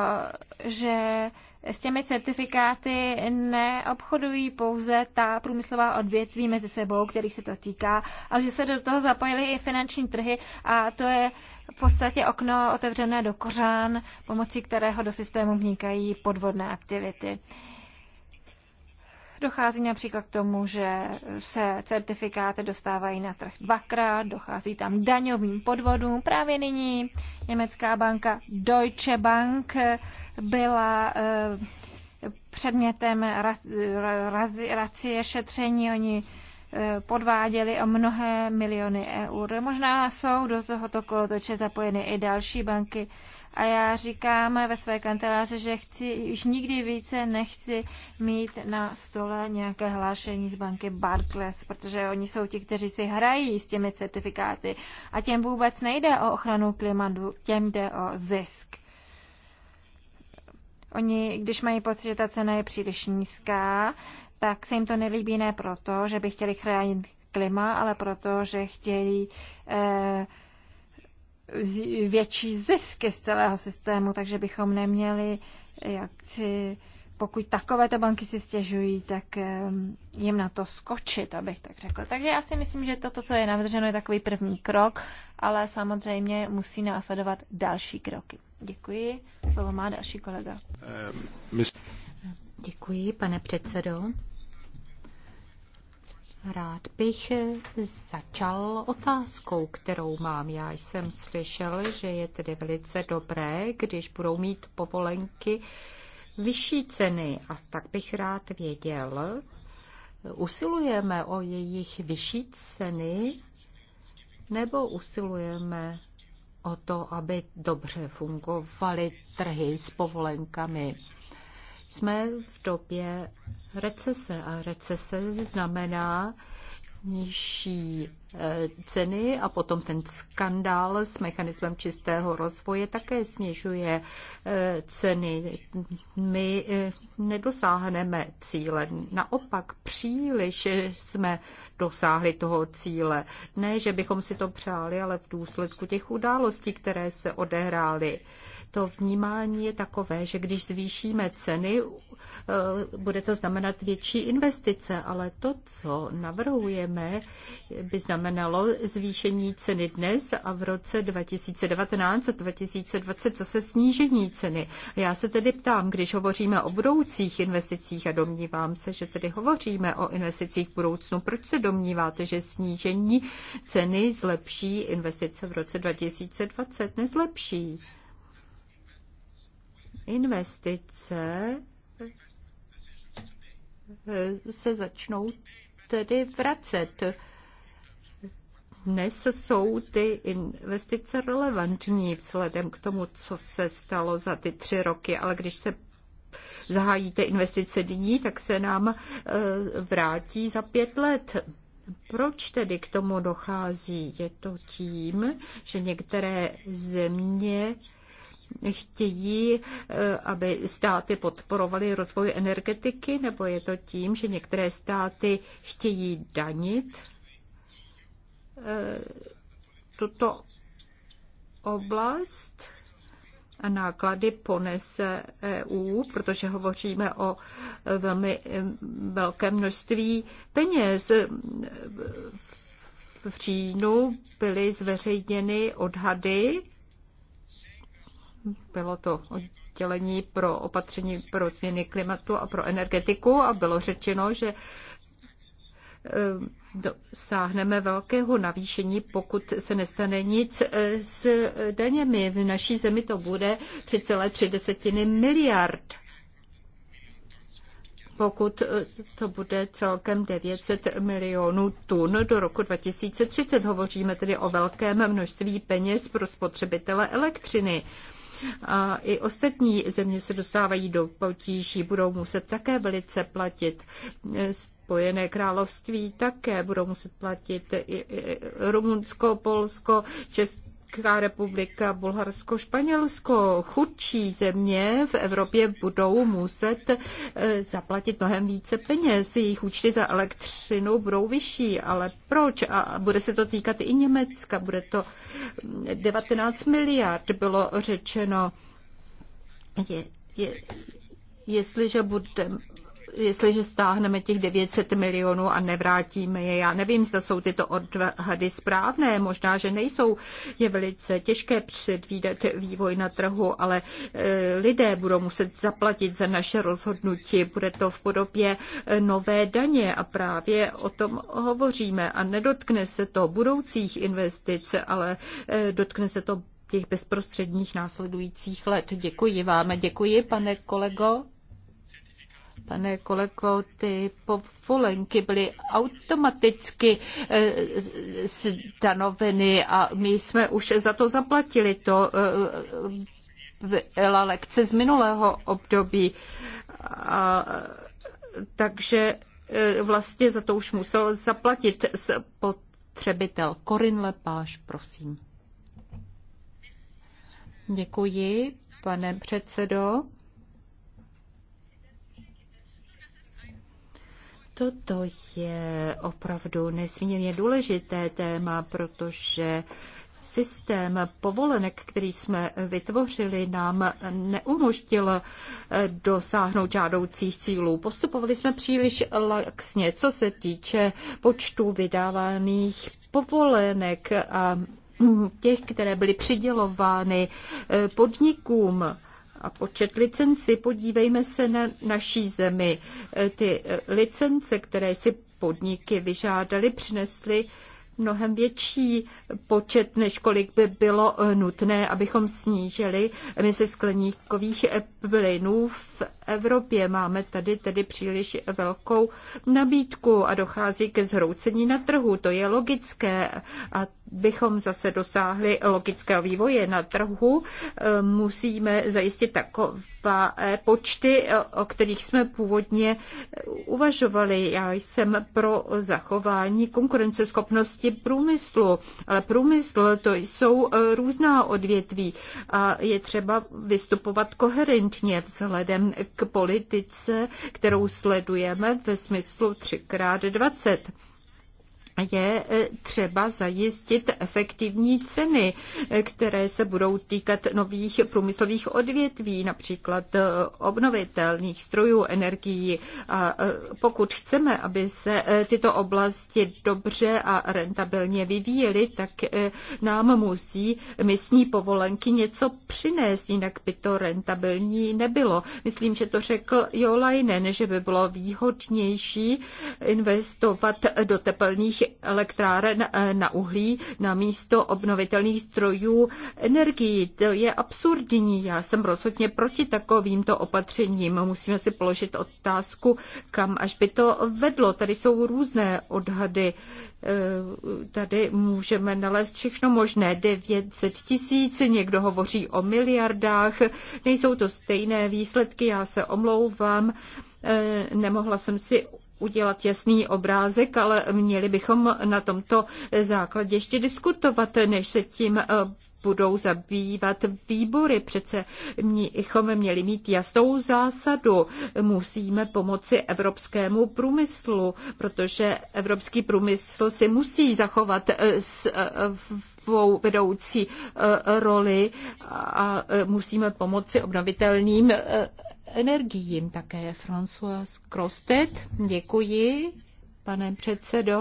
že s těmi certifikáty neobchodují pouze ta průmyslová odvětví mezi sebou, kterých se to týká, ale že se do toho zapojily i finanční trhy a to je v podstatě okno otevřené do kořán, pomocí kterého do systému vnikají podvodné aktivity. Dochází například k tomu, že se certifikáty dostávají na trh dvakrát, dochází tam daňovým podvodům. Právě nyní německá banka Deutsche Bank byla eh, předmětem racie šetření. Oni eh, podváděli o mnohé miliony eur. Možná jsou do tohoto kolotoče zapojeny i další banky. A já říkám ve své kanceláři, že chci, už nikdy více nechci mít na stole nějaké hlášení z banky Barclays, protože oni jsou ti, kteří si hrají s těmi certifikáty. A těm vůbec nejde o ochranu klimatu, těm jde o zisk. Oni, když mají pocit, že ta cena je příliš nízká, tak se jim to nelíbí ne proto, že by chtěli chránit klima, ale proto, že chtějí eh, větší zisky z celého systému, takže bychom neměli, jak si, pokud takovéto banky si stěžují, tak jim na to skočit, abych tak řekl. Takže já si myslím, že toto, co je navrženo, je takový první krok, ale samozřejmě musí následovat další kroky. Děkuji. Slovo má další kolega. Děkuji, pane předsedo. Rád bych eh, začal otázkou, kterou mám. Já jsem slyšel, že je tedy velice dobré, když budou mít povolenky vyšší ceny. A tak bych rád věděl, usilujeme o jejich vyšší ceny nebo usilujeme o to, aby dobře fungovaly trhy s povolenkami. Jsme v době recese a recese znamená nižší Eh, ceny a potom ten skandál s mechanismem čistého rozvoje také snižuje eh, ceny. My eh, nedosáhneme cíle. Naopak příliš jsme dosáhli toho cíle. Ne, že bychom si to přáli, ale v důsledku těch událostí, které se odehrály. To vnímání je takové, že když zvýšíme ceny, bude to znamenat větší investice, ale to, co navrhujeme, by znamenalo, znamenalo zvýšení ceny dnes a v roce 2019 a 2020 zase snížení ceny. Já se tedy ptám, když hovoříme o budoucích investicích a domnívám se, že tedy hovoříme o investicích v budoucnu, proč se domníváte, že snížení ceny zlepší investice v roce 2020? Nezlepší. Investice eh, se začnou tedy vracet dnes jsou ty investice relevantní vzhledem k tomu, co se stalo za ty tři roky, ale když se zahájíte investice nyní, tak se nám e, vrátí za pět let. Proč tedy k tomu dochází? Je to tím, že některé země chtějí, e, aby státy podporovaly rozvoj energetiky, nebo je to tím, že některé státy chtějí danit Eh, tuto oblast a náklady ponese EU, protože hovoříme o eh, velmi velké množství peněz. Eh, v říjnu byly zveřejněny odhady, bylo to oddělení pro opatření pro změny klimatu a pro energetiku a bylo řečeno, že Eh, dosáhneme velkého navýšení, pokud se nestane nic eh, s daněmi. V naší zemi to bude 3,3 miliard pokud eh, to bude celkem 900 milionů tun do roku 2030. Hovoříme tedy o velkém množství peněz pro spotřebitele elektřiny. A I ostatní země se dostávají do potíží, budou muset také velice platit. Spojené království také budou muset platit Rumunsko, Polsko, Česká republika, Bulharsko, Španělsko, chudší země v Evropě budou muset e, zaplatit mnohem více peněz. Jejich účty za elektřinu budou vyšší, ale proč? A bude se to týkat i Německa, bude to 19 mm, miliard, bylo řečeno. Je, je, jestliže budeme jestliže stáhneme těch 900 milionů a nevrátíme je. Já nevím, zda jsou tyto odhady správné, možná, že nejsou. Je velice těžké předvídat vývoj na trhu, ale eh, lidé budou muset zaplatit za naše rozhodnutí. Bude to v podobě eh, nové daně a právě o tom hovoříme. A nedotkne se to budoucích investic, ale eh, dotkne se to těch bezprostředních následujících let. Děkuji vám. Děkuji, pane kolego. Pane kolego, ty povolenky byly automaticky eh, stanoveny a my jsme už za to zaplatili. To eh, byla lekce z minulého období. A, takže eh, vlastně za to už musel zaplatit spotřebitel. Korin Lepáš, prosím. Děkuji, pane předsedo. Toto je opravdu nesmírně důležité téma, protože systém povolenek, který jsme vytvořili, nám neumožnil eh, dosáhnout žádoucích cílů. Postupovali jsme příliš laxně, co se týče počtu vydávaných povolenek a těch, které byly přidělovány eh, podnikům a počet licenci. Podívejme se na naší zemi. E, ty licence, které si podniky vyžádaly, přinesly mnohem větší počet, než kolik by bylo e, nutné, abychom snížili emise skleníkových e, plynů v Evropě. Máme tady tedy příliš velkou nabídku a dochází ke zhroucení na trhu. To je logické a bychom zase dosáhli logického vývoje na trhu, eh, musíme zajistit takové eh, počty, eh, o kterých jsme původně uvažovali. Já jsem pro zachování konkurenceschopnosti průmyslu, ale průmysl to jsou různá odvětví a je třeba vystupovat koherentně vzhledem k politice, kterou sledujeme ve smyslu 3x20 je e, třeba zajistit efektivní ceny, e, které se budou týkat nových průmyslových odvětví, například e, obnovitelných strojů energií. A pokud chceme, aby se tyto oblasti dobře a rentabilně vyvíjely, tak nám musí místní povolenky něco přinést, jinak by to rentabilní nebylo. Myslím, že to řekl Jolajnen, že by bylo výhodnější investovat do tepelných elektráren eh, na uhlí na místo obnovitelných zdrojů energií. To je absurdní. Já jsem rozhodně proti takovýmto opatřením. Musíme si položit otázku, kam až by to vedlo. Tady jsou různé odhady. Eh, tady můžeme nalézt všechno možné. 900 tisíc, někdo hovoří o miliardách. Nejsou to stejné výsledky, já se omlouvám eh, nemohla jsem si udělat jasný obrázek, ale měli bychom na tomto základě ještě diskutovat, než se tím eh, budou zabývat výbory. Přece bychom měli mít jasnou zásadu. Musíme pomoci evropskému průmyslu, protože evropský průmysl si musí zachovat eh, eh, svou vedoucí roli a musíme pomoci obnovitelným energiím také. François Krostet, děkuji, pane předsedo.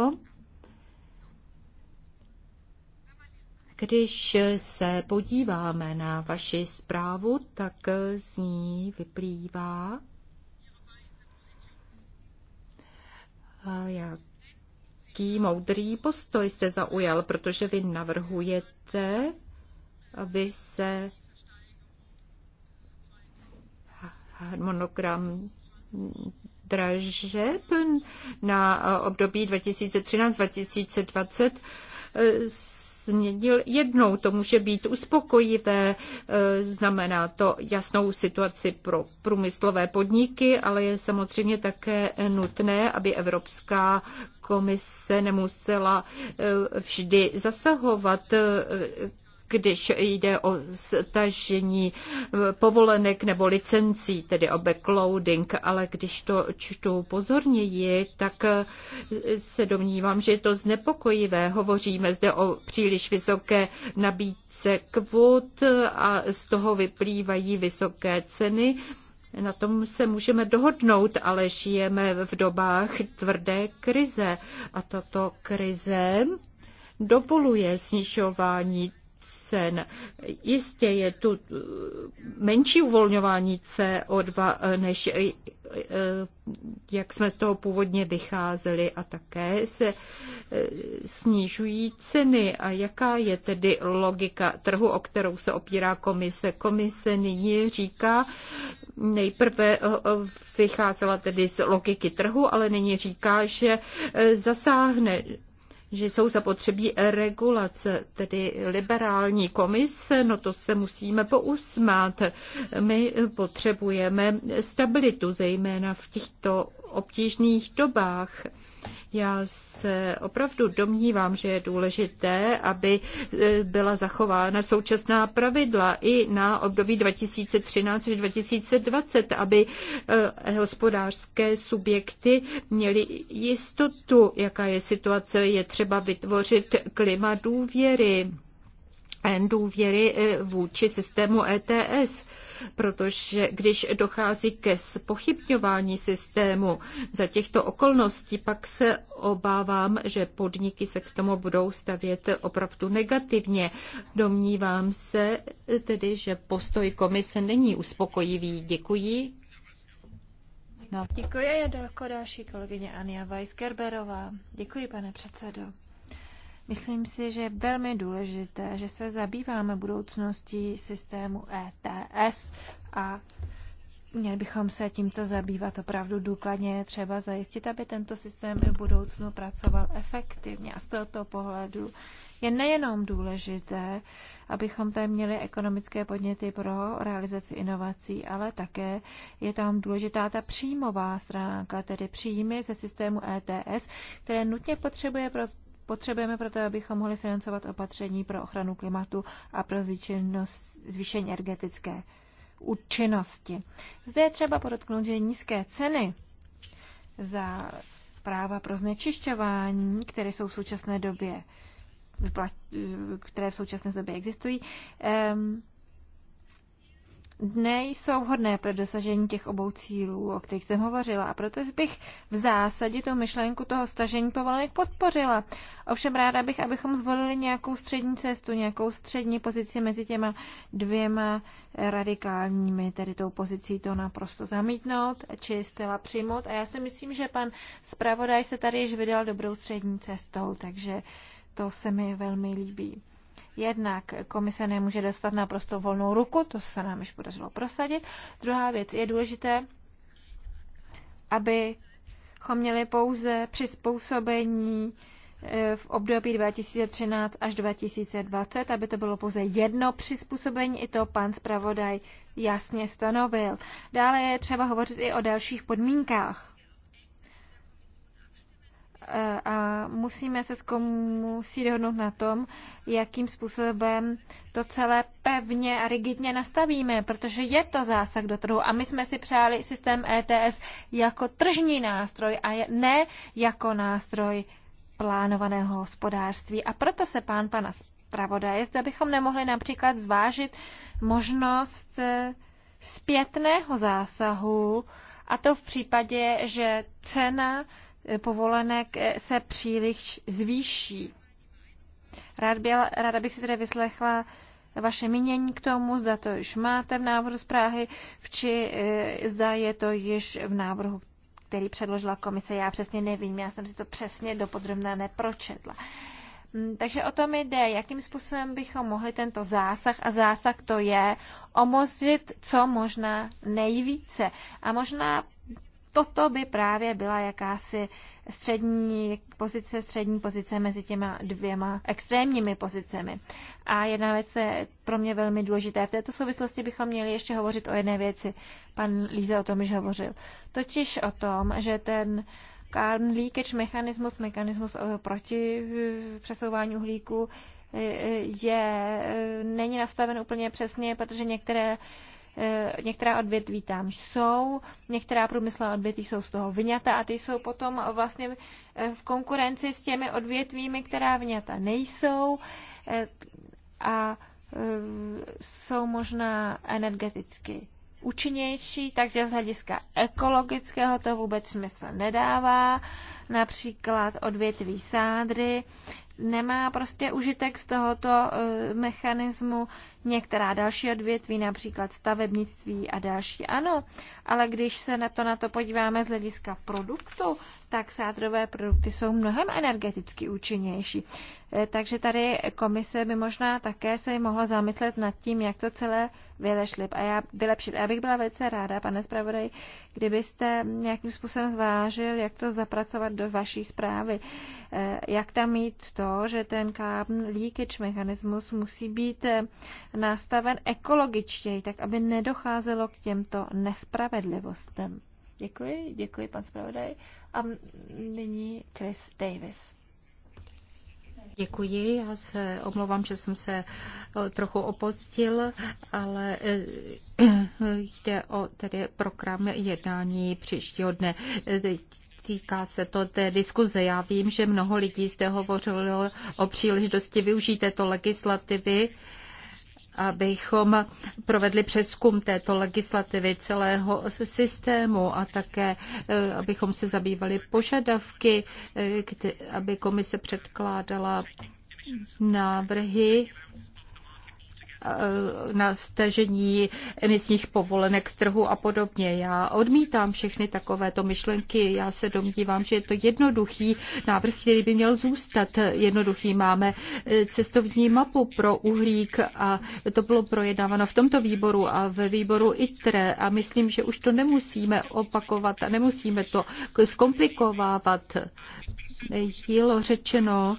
Když se podíváme na vaši zprávu, tak z ní vyplývá, jaký moudrý postoj jste zaujal, protože vy navrhujete, aby se harmonogram dražeb na období 2013-2020 eh, změnil jednou. To může být uspokojivé, eh, znamená to jasnou situaci pro průmyslové podniky, ale je samozřejmě také nutné, aby Evropská komise nemusela eh, vždy zasahovat když jde o stažení povolenek nebo licencí, tedy o backloading, ale když to čtu pozorněji, tak se domnívám, že je to znepokojivé. Hovoříme zde o příliš vysoké nabídce kvot a z toho vyplývají vysoké ceny. Na tom se můžeme dohodnout, ale žijeme v dobách tvrdé krize a tato krize dovoluje snižování cen. Jistě je tu menší uvolňování CO2, eh, než eh, eh, jak jsme z toho původně vycházeli a také se snižují ceny. A jaká je tedy logika trhu, o kterou se opírá komise? Komise nyní říká, nejprve vycházela tedy z logiky trhu, ale nyní říká, že zasáhne že jsou zapotřebí regulace, tedy liberální komise, no to se musíme pousmát. My potřebujeme stabilitu, zejména v těchto obtížných dobách. Já se opravdu domnívám, že je důležité, aby e, byla zachována současná pravidla i na období 2013 až 2020, aby e, hospodářské subjekty měly jistotu, jaká je situace. Je třeba vytvořit klima důvěry důvěry eh, vůči systému ETS, protože když dochází ke spochybňování systému za těchto okolností, pak se obávám, že podniky se k tomu budou stavět opravdu negativně. Domnívám se tedy, že postoj komise není uspokojivý. Děkuji. No. Děkuji, je další kolegyně Ania Weisgerberová. Děkuji, pane předsedo. Myslím si, že je velmi důležité, že se zabýváme budoucností systému ETS a Měli bychom se tímto zabývat opravdu důkladně, je třeba zajistit, aby tento systém i v budoucnu pracoval efektivně. A z tohoto pohledu je nejenom důležité, abychom tady měli ekonomické podněty pro realizaci inovací, ale také je tam důležitá ta příjmová stránka, tedy příjmy ze systému ETS, které nutně potřebuje pro Potřebujeme proto, abychom mohli financovat opatření pro ochranu klimatu a pro zvýšení energetické účinnosti. Zde je třeba podotknout, že nízké ceny za práva pro znečišťování, které jsou v současné době které v současné době existují, dny jsou vhodné pro dosažení těch obou cílů, o kterých jsem hovořila. A proto bych v zásadě tu myšlenku toho stažení povolenek podpořila. Ovšem ráda bych, abychom zvolili nějakou střední cestu, nějakou střední pozici mezi těma dvěma radikálními, tedy tou pozicí to naprosto zamítnout, či zcela přijmout. A já si myslím, že pan zpravodaj se tady již vydal dobrou střední cestou, takže to se mi velmi líbí. Jednak komise nemůže dostat naprosto volnou ruku, to se nám již podařilo prosadit. Druhá věc je důležité, abychom měli pouze přizpůsobení e, v období 2013 až 2020, aby to bylo pouze jedno přizpůsobení, i to pan zpravodaj jasně stanovil. Dále je třeba hovořit i o dalších podmínkách a musíme se musí dohodnout na tom, jakým způsobem to celé pevně a rigidně nastavíme, protože je to zásah do trhu a my jsme si přáli systém ETS jako tržní nástroj a ne jako nástroj plánovaného hospodářství. A proto se pán pana zpravodaje, zda bychom nemohli například zvážit možnost eh, zpětného zásahu, a to v případě, že cena Eh, povolenek eh, se příliš zvýší. Rád byla ráda bych si tedy vyslechla vaše mínění k tomu, zda to již máte v návrhu zprávy, či eh, zda je to již v návrhu, který předložila komise. Já přesně nevím, já jsem si to přesně dopodrobná nepročetla. Mm, takže o tom jde, jakým způsobem bychom mohli tento zásah, a zásah to je, omozit co možná nejvíce. A možná toto by právě byla jakási střední pozice, střední pozice mezi těma dvěma extrémními pozicemi. A jedna věc je pro mě velmi důležitá. V této souvislosti bychom měli ještě hovořit o jedné věci. Pan Líze o tom již hovořil. Totiž o tom, že ten carbon leakage mechanismus, mechanismus eh, proti eh, přesouvání uhlíku eh, je, není nastaven úplně přesně, protože některé Eh, některá odvětví tam jsou, některá průmyslová odvětví jsou z toho vyňata a ty jsou potom vlastně eh, v konkurenci s těmi odvětvími, která vyňata nejsou eh, a jsou možná energeticky účinnější, takže z hlediska ekologického to vůbec smysl nedává. Například odvětví sádry nemá prostě užitek z tohoto mechanismu, Některá další odvětví, například stavebnictví a další, ano. Ale když se na to, na to podíváme z hlediska produktu, tak sádrové produkty jsou mnohem energeticky účinnější. Eh, takže tady komise by možná také se mohla zamyslet nad tím, jak to celé vylešlip. A já, vylepšit. já bych byla velice ráda, pane zpravodaj, kdybyste nějakým způsobem zvážil, jak to zapracovat do vaší zprávy. Eh, jak tam mít to, že ten carbon leakage mechanismus musí být eh, nastaven ekologičtěji, tak aby nedocházelo k těmto nespravedlivostem. Děkuji, děkuji pan zpravodaj. A nyní Chris Davis. Děkuji, já se omlouvám, že jsem se eh, trochu opostil, ale eh, jde o tedy program jednání příštího dne týká se to té diskuze. Já vím, že mnoho lidí zde hovořilo o příležitosti využít této legislativy abychom provedli přeskum této legislativy celého systému a také, eh, abychom se zabývali požadavky, eh, aby komise předkládala návrhy Eh, na stažení emisních povolenek z trhu a podobně. Já odmítám všechny takovéto myšlenky. Já se domnívám, že je to jednoduchý návrh, který by měl zůstat jednoduchý. Máme eh, cestovní mapu pro uhlík a to bylo projednáváno v tomto výboru a ve výboru ITRE a myslím, že už to nemusíme opakovat a nemusíme to zkomplikovávat. Bylo řečeno,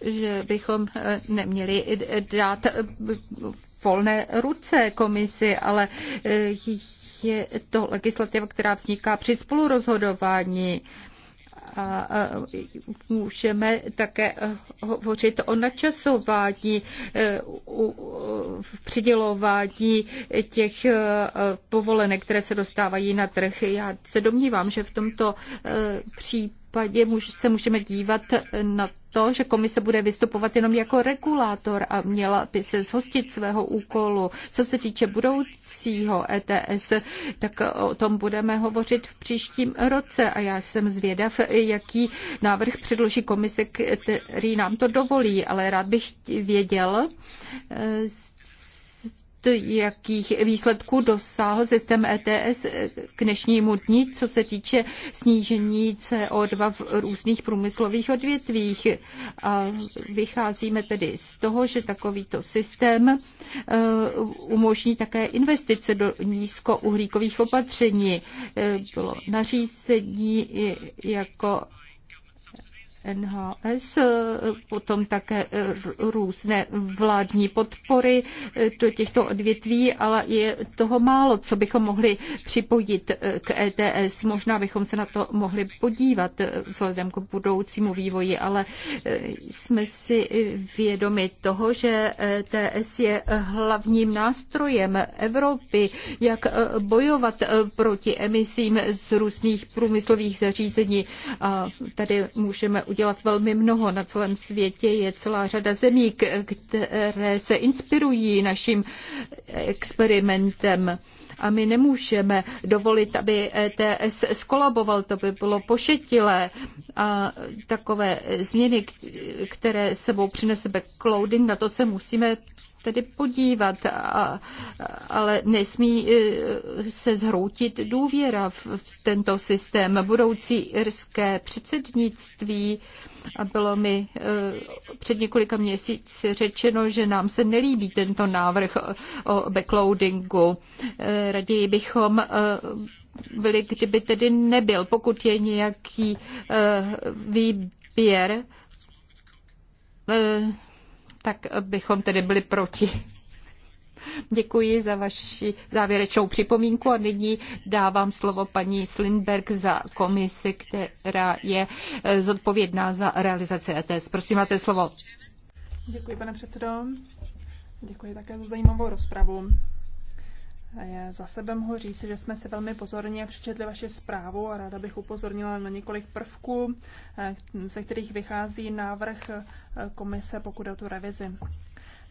že bychom eh, neměli dát eh, volné ruce komisi, ale eh, je to legislativa, která vzniká při spolurozhodování. A můžeme také hovořit o načasování, přidělování těch povolenek, které se dostávají na trh. Já se domnívám, že v tomto případě případě se můžeme dívat na to, že komise bude vystupovat jenom jako regulátor a měla by se zhostit svého úkolu. Co se týče budoucího ETS, tak o tom budeme hovořit v příštím roce a já jsem zvědav, jaký návrh předloží komise, který nám to dovolí, ale rád bych věděl, eh, jakých výsledků dosáhl systém ETS k dnešnímu dní, co se týče snížení CO2 v různých průmyslových odvětvích. A vycházíme tedy z toho, že takovýto systém e, umožní také investice do nízkouhlíkových opatření. E, bylo nařízení jako NHS, potom také různé vládní podpory do těchto odvětví, ale je toho málo, co bychom mohli připojit k ETS. Možná bychom se na to mohli podívat vzhledem k budoucímu vývoji, ale jsme si vědomi toho, že ETS je hlavním nástrojem Evropy, jak bojovat proti emisím z různých průmyslových zařízení. A tady můžeme udělat udělat velmi mnoho. Na celém světě je celá řada zemí, které se inspirují naším experimentem. A my nemůžeme dovolit, aby ETS skolaboval, to by bylo pošetilé. A takové změny, které sebou přinese backloading, na to se musíme tedy podívat, ale nesmí e, se zhroutit důvěra v tento systém. Budoucí irské předsednictví a bylo mi e, před několika měsíci řečeno, že nám se nelíbí tento návrh o backloadingu. E, raději bychom byli, kdyby tedy nebyl, pokud je nějaký výběr, tak bychom tedy byli proti. Děkuji za vaši závěrečnou připomínku a nyní dávám slovo paní Slindberg za komisi, která je eh, zodpovědná za realizaci ETS. Prosím, máte slovo. Děkuji, pane předsedo. Děkuji také za zajímavou rozpravu. Já za sebe mohu říct, že jsme se velmi pozorně přečetli vaši zprávu a ráda bych upozornila na několik prvků, eh, ze kterých vychází návrh eh, komise, pokud je o tu revizi.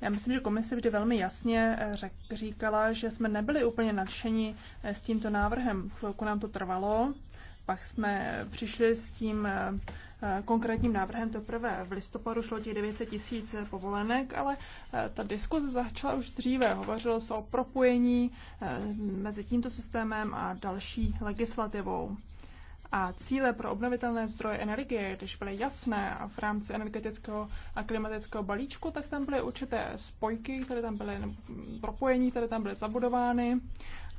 Já myslím, že komise vždy velmi jasně eh, řek, říkala, že jsme nebyli úplně nadšeni s tímto návrhem. Chvilku nám to trvalo, pak jsme přišli s tím eh, eh, konkrétním návrhem teprve v listopadu šlo těch 900 tisíc povolenek, ale eh, ta diskuze začala už dříve. Hovořilo se o propojení mezi tímto systémem a další legislativou. A cíle pro obnovitelné zdroje energie, když byly jasné a v rámci energetického a klimatického balíčku, tak tam byly určité spojky, které tam byly, propojení, které tam byly zabudovány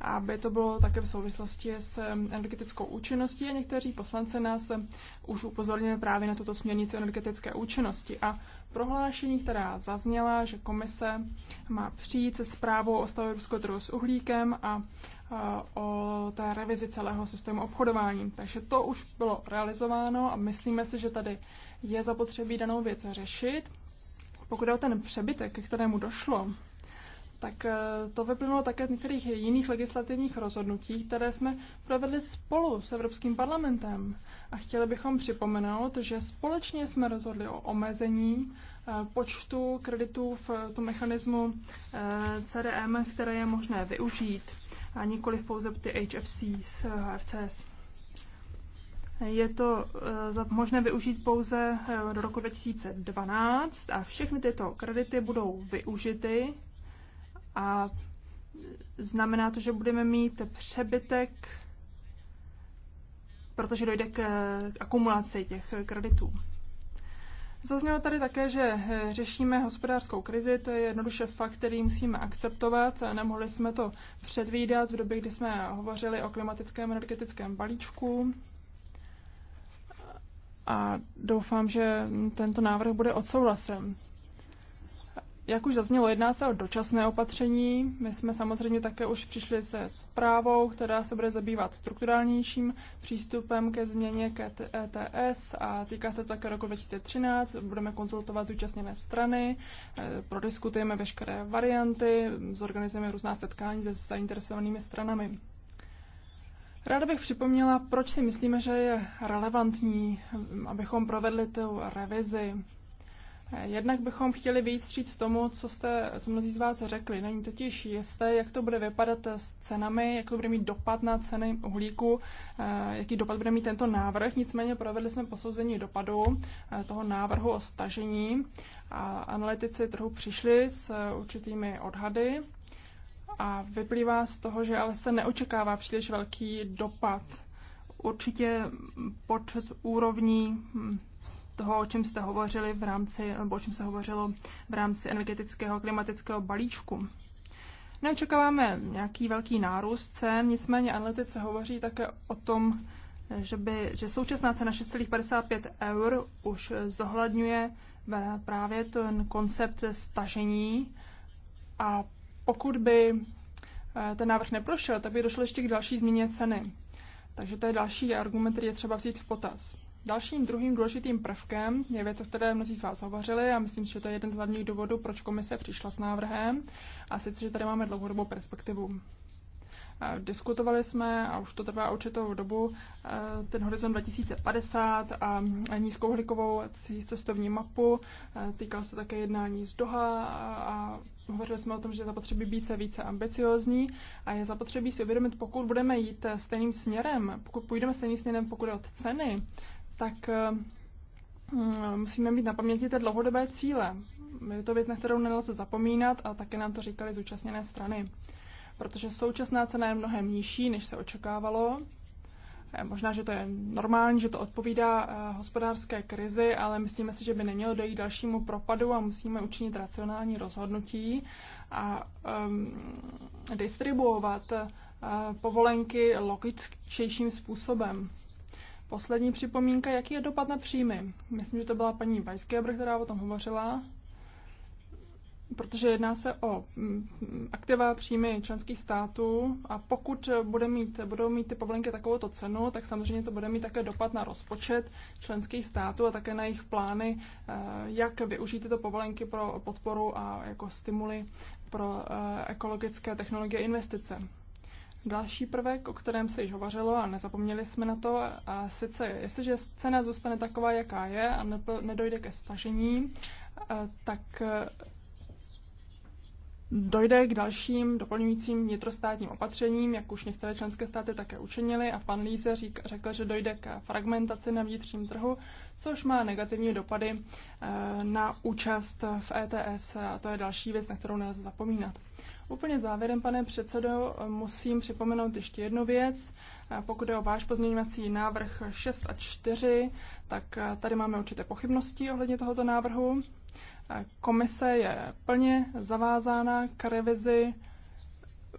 aby to bylo také v souvislosti s energetickou účinností a někteří poslanci nás už upozornili právě na tuto směrnici energetické účinnosti a prohlášení, která zazněla, že komise má přijít se zprávou o stavu ruského trhu s uhlíkem a o té revizi celého systému obchodování. Takže to už bylo realizováno a myslíme si, že tady je zapotřebí danou věc řešit. Pokud je o ten přebytek, ke kterému došlo, tak eh, to vyplynulo také z některých jiných legislativních rozhodnutí, které jsme provedli spolu s Evropským parlamentem. A chtěli bychom připomenout, že společně jsme rozhodli o omezení eh, počtu kreditů v tom mechanismu eh, CDM, které je možné využít, a nikoli pouze ty HFCs, HFCs. Je to možné využít pouze do roku 2012 a všechny tyto kredity budou využity a znamená to, že budeme mít přebytek, protože dojde k akumulaci těch kreditů. Zaznělo tady také, že řešíme hospodářskou krizi, to je jednoduše fakt, který musíme akceptovat. Nemohli jsme to předvídat v době, kdy jsme hovořili o klimatickém energetickém balíčku. A doufám, že tento návrh bude odsouhlasen. Jak už zaznělo, jedná se o dočasné opatření. My jsme samozřejmě také už přišli se zprávou, která se bude zabývat strukturálnějším přístupem ke změně k ETS e a týká se to také roku 2013. Budeme konzultovat zúčastněné strany, eh, prodiskutujeme veškeré varianty, zorganizujeme různá setkání se zainteresovanými stranami. Ráda bych připomněla, proč si myslíme, že je relevantní, abychom provedli tu revizi Jednak bychom chtěli víc říct tomu, co jste co mnozí z vás řekli. Není totiž jisté, jak to bude vypadat s cenami, jak to bude mít dopad na ceny uhlíku, eh, jaký dopad bude mít tento návrh. Nicméně provedli jsme posouzení dopadu eh, toho návrhu o stažení a analytici trhu přišli s eh, určitými odhady a vyplývá z toho, že ale se neočekává příliš velký dopad. Určitě počet úrovní hm, toho, o čem jste hovořili v rámci, nebo o čem se hovořilo v rámci energetického klimatického balíčku. Neočekáváme nějaký velký nárůst cen, nicméně analytice hovoří také o tom, že, by, že současná cena 6,55 eur už zohledňuje právě ten koncept stažení a pokud by eh, ten návrh neprošel, tak by došlo ještě k další změně ceny. Takže to je další argument, který je třeba vzít v potaz. Dalším druhým důležitým prvkem je věc, o které mnozí z vás hovořili a myslím, že to je jeden z hlavních důvodů, proč komise přišla s návrhem a sice, že tady máme dlouhodobou perspektivu. Diskutovali jsme, a už to trvá určitou dobu, e, ten horizont 2050 a nízkouhlíkovou cestovní mapu. E, týkalo se také jednání z Doha a hovořili jsme o tom, že je zapotřebí být se více ambiciozní a je zapotřebí si uvědomit, pokud budeme jít stejným směrem, pokud půjdeme stejným směrem, pokud je od ceny, tak eh, mm, musíme mít na paměti ty dlouhodobé cíle. Je to věc, na kterou nelze zapomínat a také nám to říkali zúčastněné strany. Protože současná cena je mnohem nižší, než se očekávalo. Eh, možná, že to je normální, že to odpovídá eh, hospodářské krizi, ale myslíme si, že by nemělo dojít dalšímu propadu a musíme učinit racionální rozhodnutí a um, distribuovat uh, povolenky logičtějším způsobem. Poslední připomínka, jaký je dopad na příjmy? Myslím, že to byla paní Weisgeber, která o tom hovořila, protože jedná se o mm, aktiva příjmy členských států a pokud bude mít, budou mít ty povolenky takovouto cenu, tak samozřejmě to bude mít také dopad na rozpočet členských států a také na jejich plány, eh, jak využít tyto povolenky pro podporu a jako stimuly pro eh, ekologické technologie investice. Další prvek, o kterém se již hovořilo a nezapomněli jsme na to, a sice jestliže cena zůstane taková, jaká je a nedojde ke stažení, eh, tak eh, dojde k dalším doplňujícím vnitrostátním opatřením, jak už některé členské státy také učinili a pan Líze řík, řekl, že dojde k fragmentaci na vnitřním trhu, což má negativní dopady eh, na účast v ETS a to je další věc, na kterou nelze zapomínat. Úplně závěrem, pane předsedo, musím připomenout ještě jednu věc. Pokud je o váš pozměňovací návrh 6 a 4, tak tady máme určité pochybnosti ohledně tohoto návrhu. Komise je plně zavázána k revizi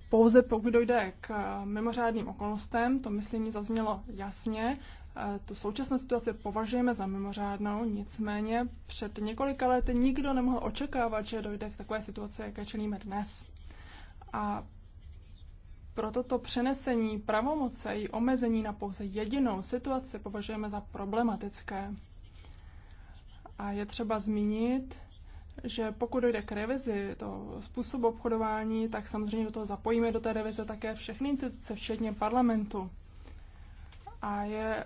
pouze pokud dojde k mimořádným okolnostem, to myslím zaznělo jasně, tu současnou situaci považujeme za mimořádnou, nicméně před několika lety nikdo nemohl očekávat, že dojde k takové situaci, jaké čelíme dnes. A proto to přenesení pravomoce i omezení na pouze jedinou situaci považujeme za problematické. A je třeba zmínit, že pokud dojde k revizi to způsob obchodování, tak samozřejmě do toho zapojíme do té revize také všechny instituce, včetně parlamentu. A je e,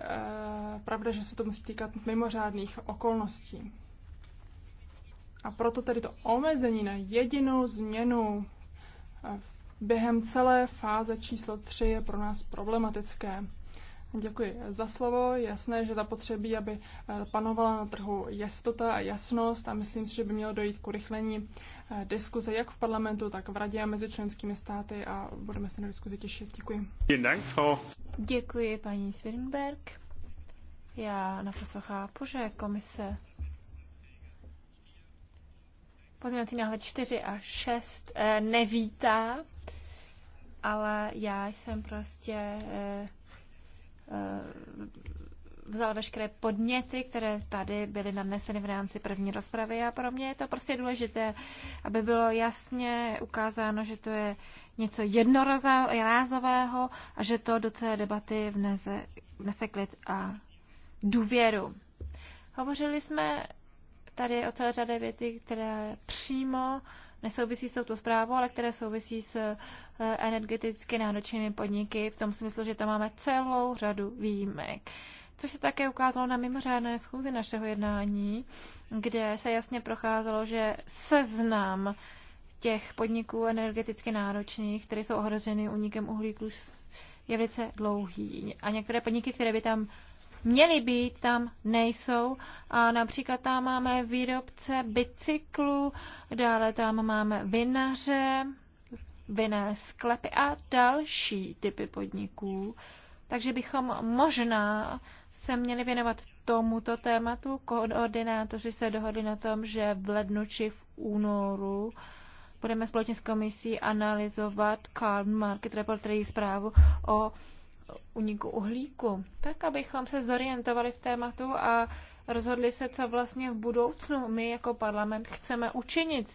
pravda, že se to musí týkat mimořádných okolností. A proto tedy to omezení na jedinou změnu během celé fáze číslo 3 je pro nás problematické. Děkuji za slovo. Jasné, že zapotřebí, aby eh, panovala na trhu jistota a jasnost a myslím si, že by mělo dojít k urychlení eh, diskuze jak v parlamentu, tak v radě a mezi členskými státy a budeme se na diskuzi těšit. Děkuji. Děkuji, paní Svinberg. Já naprosto chápu, že komise pozměňovací návrh 4 a 6 eh, nevítá, ale já jsem prostě eh, eh, vzal veškeré podněty, které tady byly nadneseny v rámci první rozpravy a pro mě je to prostě důležité, aby bylo jasně ukázáno, že to je něco jednorázového a že to do celé debaty vnese, vnese klid a důvěru. Hovořili jsme Tady je o celé řadě věty, které přímo nesouvisí s touto zprávou, ale které souvisí s eh, energeticky náročnými podniky, v tom smyslu, že tam máme celou řadu výjimek. Což se také ukázalo na mimořádné schůzi našeho jednání, kde se jasně procházelo, že seznam těch podniků energeticky náročných, které jsou ohroženy unikem uhlíku, je velice dlouhý. A některé podniky, které by tam měly být, tam nejsou. A například tam máme výrobce bicyklu, dále tam máme vinaře, vinné sklepy a další typy podniků. Takže bychom možná se měli věnovat tomuto tématu. Koordinátoři se dohodli na tom, že v lednu či v únoru budeme společně s komisí analyzovat Calm Market Report, který zprávu o uniku uhlíku, tak abychom se zorientovali v tématu a rozhodli se, co vlastně v budoucnu my jako parlament chceme učinit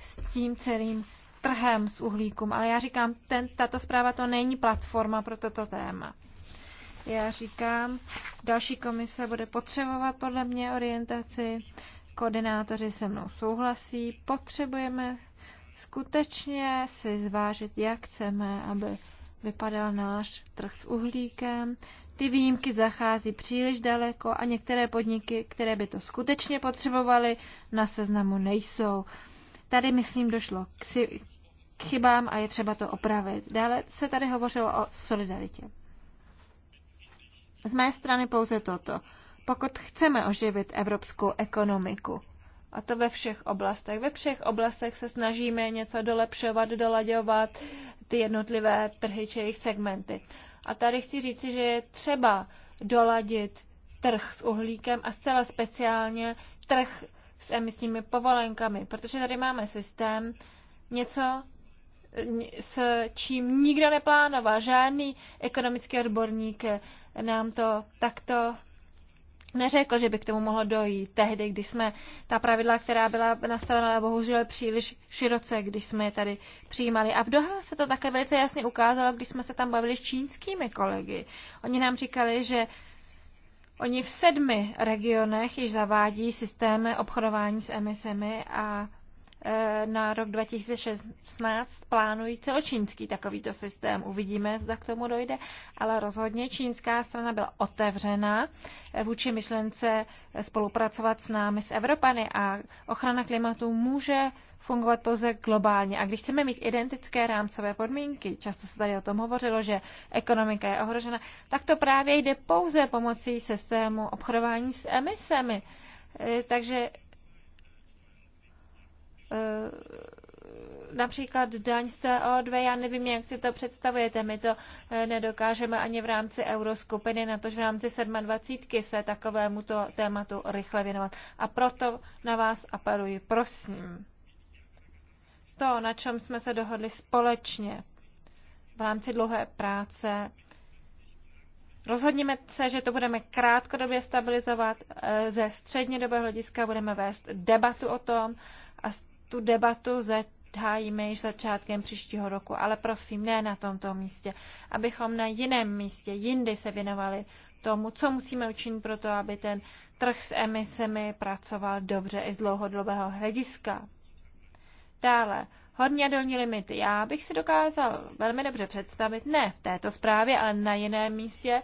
s tím celým trhem s uhlíkům. Ale já říkám, ten, tato zpráva to není platforma pro toto téma. Já říkám, další komise bude potřebovat podle mě orientaci, koordinátoři se mnou souhlasí, potřebujeme skutečně si zvážit, jak chceme, aby vypadal náš trh s uhlíkem. Ty výjimky zachází příliš daleko a některé podniky, které by to skutečně potřebovaly, na seznamu nejsou. Tady, myslím, došlo k, k chybám a je třeba to opravit. Dále se tady hovořilo o solidaritě. Z mé strany pouze toto. Pokud chceme oživit evropskou ekonomiku, a to ve všech oblastech. Ve všech oblastech se snažíme něco dolepšovat, dolaďovat ty jednotlivé trhy či jejich segmenty. A tady chci říci, že je třeba doladit trh s uhlíkem a zcela speciálně trh s emisními povolenkami, protože tady máme systém, něco, s čím nikdo neplánoval, žádný ekonomický odborník nám to takto neřekl, že by k tomu mohlo dojít tehdy, když jsme ta pravidla, která byla nastavena bohužel příliš široce, když jsme je tady přijímali. A v Doha se to také velice jasně ukázalo, když jsme se tam bavili s čínskými kolegy. Oni nám říkali, že oni v sedmi regionech již zavádí systémy obchodování s emisemi a Eh, na rok 2016 plánují celočínský takovýto systém. Uvidíme, zda k tomu dojde, ale rozhodně čínská strana byla otevřena eh, vůči myšlence spolupracovat s námi, s Evropany a ochrana klimatu může fungovat pouze globálně. A když chceme mít identické rámcové podmínky, často se tady o tom hovořilo, že ekonomika je ohrožena, tak to právě jde pouze pomocí systému obchodování s emisemi. Eh, takže Eh, například daň z CO2, já nevím, jak si to představujete, my to eh, nedokážeme ani v rámci euroskupiny, na to, že v rámci 27 se takovému to tématu rychle věnovat. A proto na vás apeluji, prosím. To, na čem jsme se dohodli společně v rámci dlouhé práce, Rozhodněme se, že to budeme krátkodobě stabilizovat, eh, ze střednědobého hlediska budeme vést debatu o tom a tu debatu zahájíme již začátkem příštího roku, ale prosím, ne na tomto místě, abychom na jiném místě, jindy se věnovali tomu, co musíme učinit pro to, aby ten trh s emisemi pracoval dobře i z dlouhodobého hlediska. Dále, horní a dolní limity. Já bych si dokázal velmi dobře představit, ne v této zprávě, ale na jiném místě,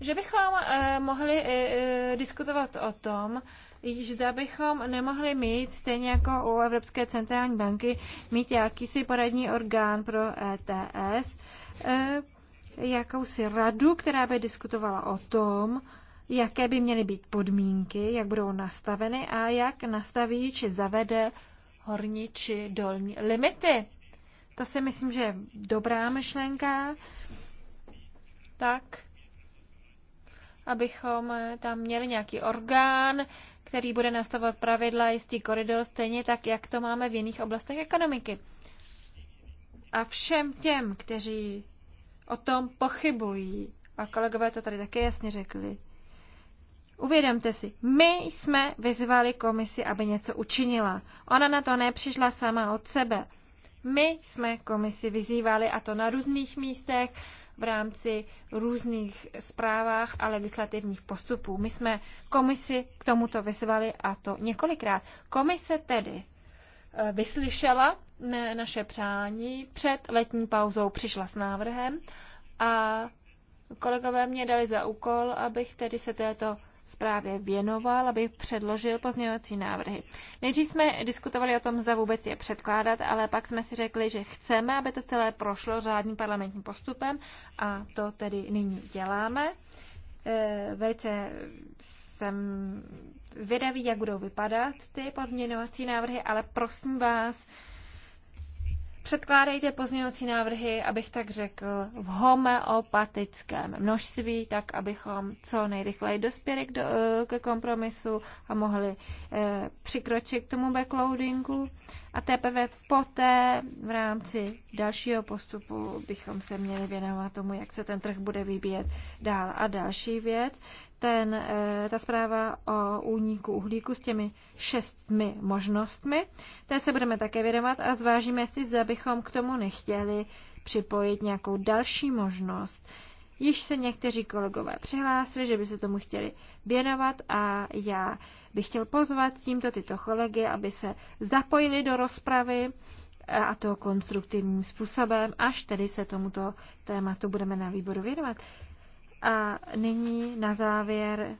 že bychom eh, mohli eh, eh diskutovat o tom, eh, zda bychom nemohli mít, stejně jako u Evropské centrální banky, mít jakýsi poradní orgán pro ETS, e, jakousi radu, která by diskutovala o tom, jaké by měly být podmínky, jak budou nastaveny a jak nastaví či zavede horní či dolní limity. To si myslím, že je dobrá myšlenka. Tak, abychom tam měli nějaký orgán, který bude nastavovat pravidla, jistý koridor, stejně tak, jak to máme v jiných oblastech ekonomiky. A všem těm, kteří o tom pochybují, a kolegové to tady také jasně řekli, Uvědomte si, my jsme vyzvali komisi, aby něco učinila. Ona na to nepřišla sama od sebe. My jsme komisi vyzývali a to na různých místech, v rámci různých zprávách a legislativních postupů. My jsme komisi k tomuto vyzvali a to několikrát. Komise tedy eh, vyslyšela naše přání, před letní pauzou přišla s návrhem a kolegové mě dali za úkol, abych tedy se této zprávě věnoval, aby předložil pozměňovací návrhy. Nejdřív jsme diskutovali o tom, zda vůbec je předkládat, ale pak jsme si řekli, že chceme, aby to celé prošlo řádným parlamentním postupem a to tedy nyní děláme. Eh, velice jsem zvědavý, jak budou vypadat ty pozměňovací návrhy, ale prosím vás, Předkládejte pozměňovací návrhy, abych tak řekl, v homeopatickém množství, tak abychom co nejrychleji dospěli k, do, ke kompromisu a mohli eh, přikročit k tomu backloadingu. A teprve poté v rámci dalšího postupu bychom se měli věnovat tomu, jak se ten trh bude vybíjet dál. A další věc, ten, eh, ta zpráva o úniku uhlíku s těmi šestmi možnostmi. Té se budeme také vědomat a zvážíme, jestli zda bychom k tomu nechtěli připojit nějakou další možnost. Již se někteří kolegové přihlásili, že by se tomu chtěli věnovat a já bych chtěl pozvat tímto tyto kolegy, aby se zapojili do rozpravy a to konstruktivním způsobem, až tedy se tomuto tématu budeme na výboru věnovat. A nyní na závěr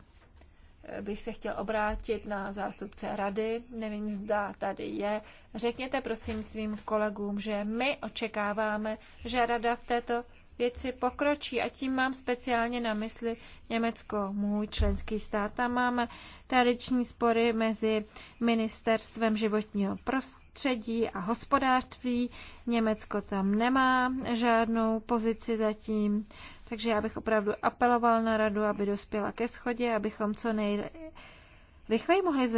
bych se chtěl obrátit na zástupce rady. Nevím, zda tady je. Řekněte prosím svým kolegům, že my očekáváme, že rada v této věci pokročí a tím mám speciálně na mysli Německo, můj členský stát. Tam máme tradiční spory mezi ministerstvem životního prostředí a hospodářství. Německo tam nemá žádnou pozici zatím. Takže já bych opravdu apeloval na radu, aby dospěla ke schodě, abychom co nejrychleji mohli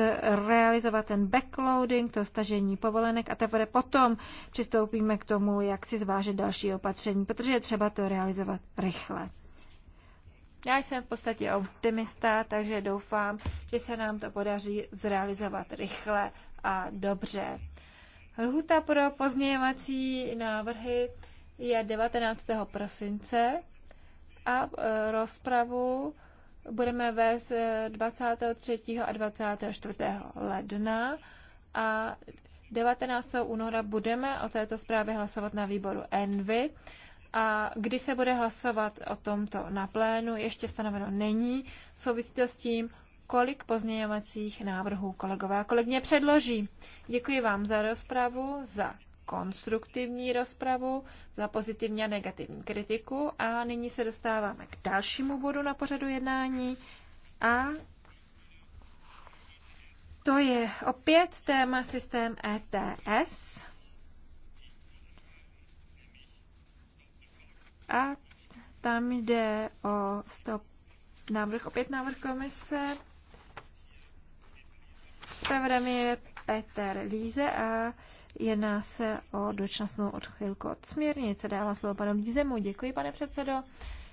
realizovat ten backloading, to stažení povolenek a teprve potom přistoupíme k tomu, jak si zvážit další opatření, protože je třeba to realizovat rychle. Já jsem v podstatě optimista, takže doufám, že se nám to podaří zrealizovat rychle a dobře. Lhuta pro pozměňovací návrhy je 19. prosince a e, rozpravu budeme vést 23. E, a 24. ledna a 19. února budeme o této zprávě hlasovat na výboru ENVY. A kdy se bude hlasovat o tomto na plénu, ještě stanoveno není. Souvisí to s tím, kolik pozměňovacích návrhů kolegové a kolegyně předloží. Děkuji vám za rozpravu, za konstruktivní rozpravu, za pozitivní a negativní kritiku a nyní se dostáváme k dalšímu bodu na pořadu jednání a to je opět téma systém ETS. A tam jde o stop návrh, opět návrh komise. Zpravodem je Petr Líze a Jedná se o dočasnou odchylku od směrnice. Dávám slovo panu Dízemu. Děkuji, pane předsedo.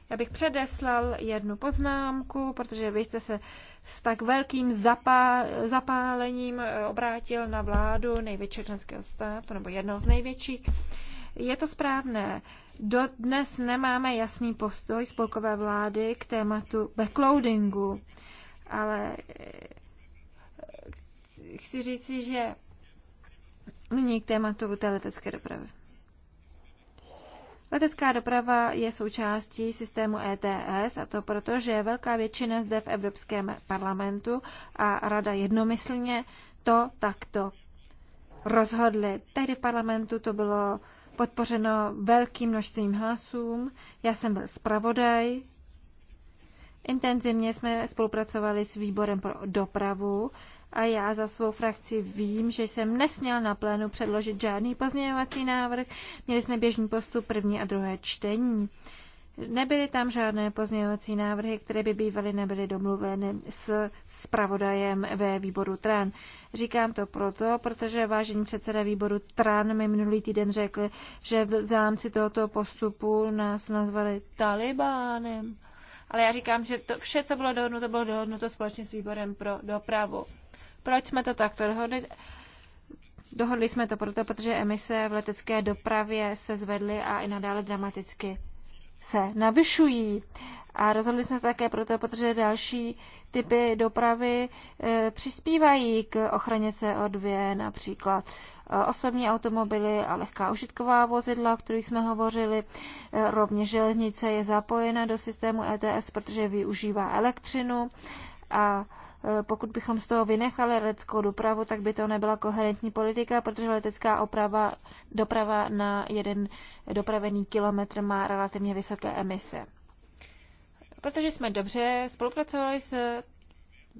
Já bych předeslal jednu poznámku, protože vy jste se s tak velkým zapá, zapálením eh, obrátil na vládu největšího členského státu, nebo jednou z největších. Je to správné. Dodnes nemáme jasný postoj spolkové vlády k tématu backloadingu, ale eh, chci říci, že Nyní k tématu té letecké dopravy. Letecká doprava je součástí systému ETS a to proto, že velká většina zde v Evropském parlamentu a rada jednomyslně to takto rozhodly. Tehdy v parlamentu to bylo podpořeno velkým množstvím hlasům. Já jsem byl zpravodaj. Intenzivně jsme spolupracovali s výborem pro dopravu a já za svou frakci vím, že jsem nesměl na plénu předložit žádný pozměňovací návrh. Měli jsme běžný postup první a druhé čtení. Nebyly tam žádné pozměňovací návrhy, které by bývaly nebyly domluveny s zpravodajem ve výboru TRAN. Říkám to proto, protože vážení předseda výboru TRAN mi minulý týden řekl, že v zámci tohoto postupu nás nazvali Talibánem. Ale já říkám, že to vše, co bylo dohodnuto, bylo dohodnuto společně s výborem pro dopravu. Proč jsme to takto dohodli? Dohodli jsme to proto, protože emise v letecké dopravě se zvedly a i nadále dramaticky se navyšují. A rozhodli jsme se také proto, protože další typy dopravy e, přispívají k ochraně CO2, například e, osobní automobily a lehká užitková vozidla, o kterých jsme hovořili. E, rovněž železnice je zapojena do systému ETS, protože využívá elektřinu a e, Eh, pokud bychom z toho vynechali leteckou dopravu, tak by to nebyla koherentní politika, protože letecká oprava, doprava na jeden dopravený kilometr má relativně vysoké emise. Protože jsme dobře spolupracovali s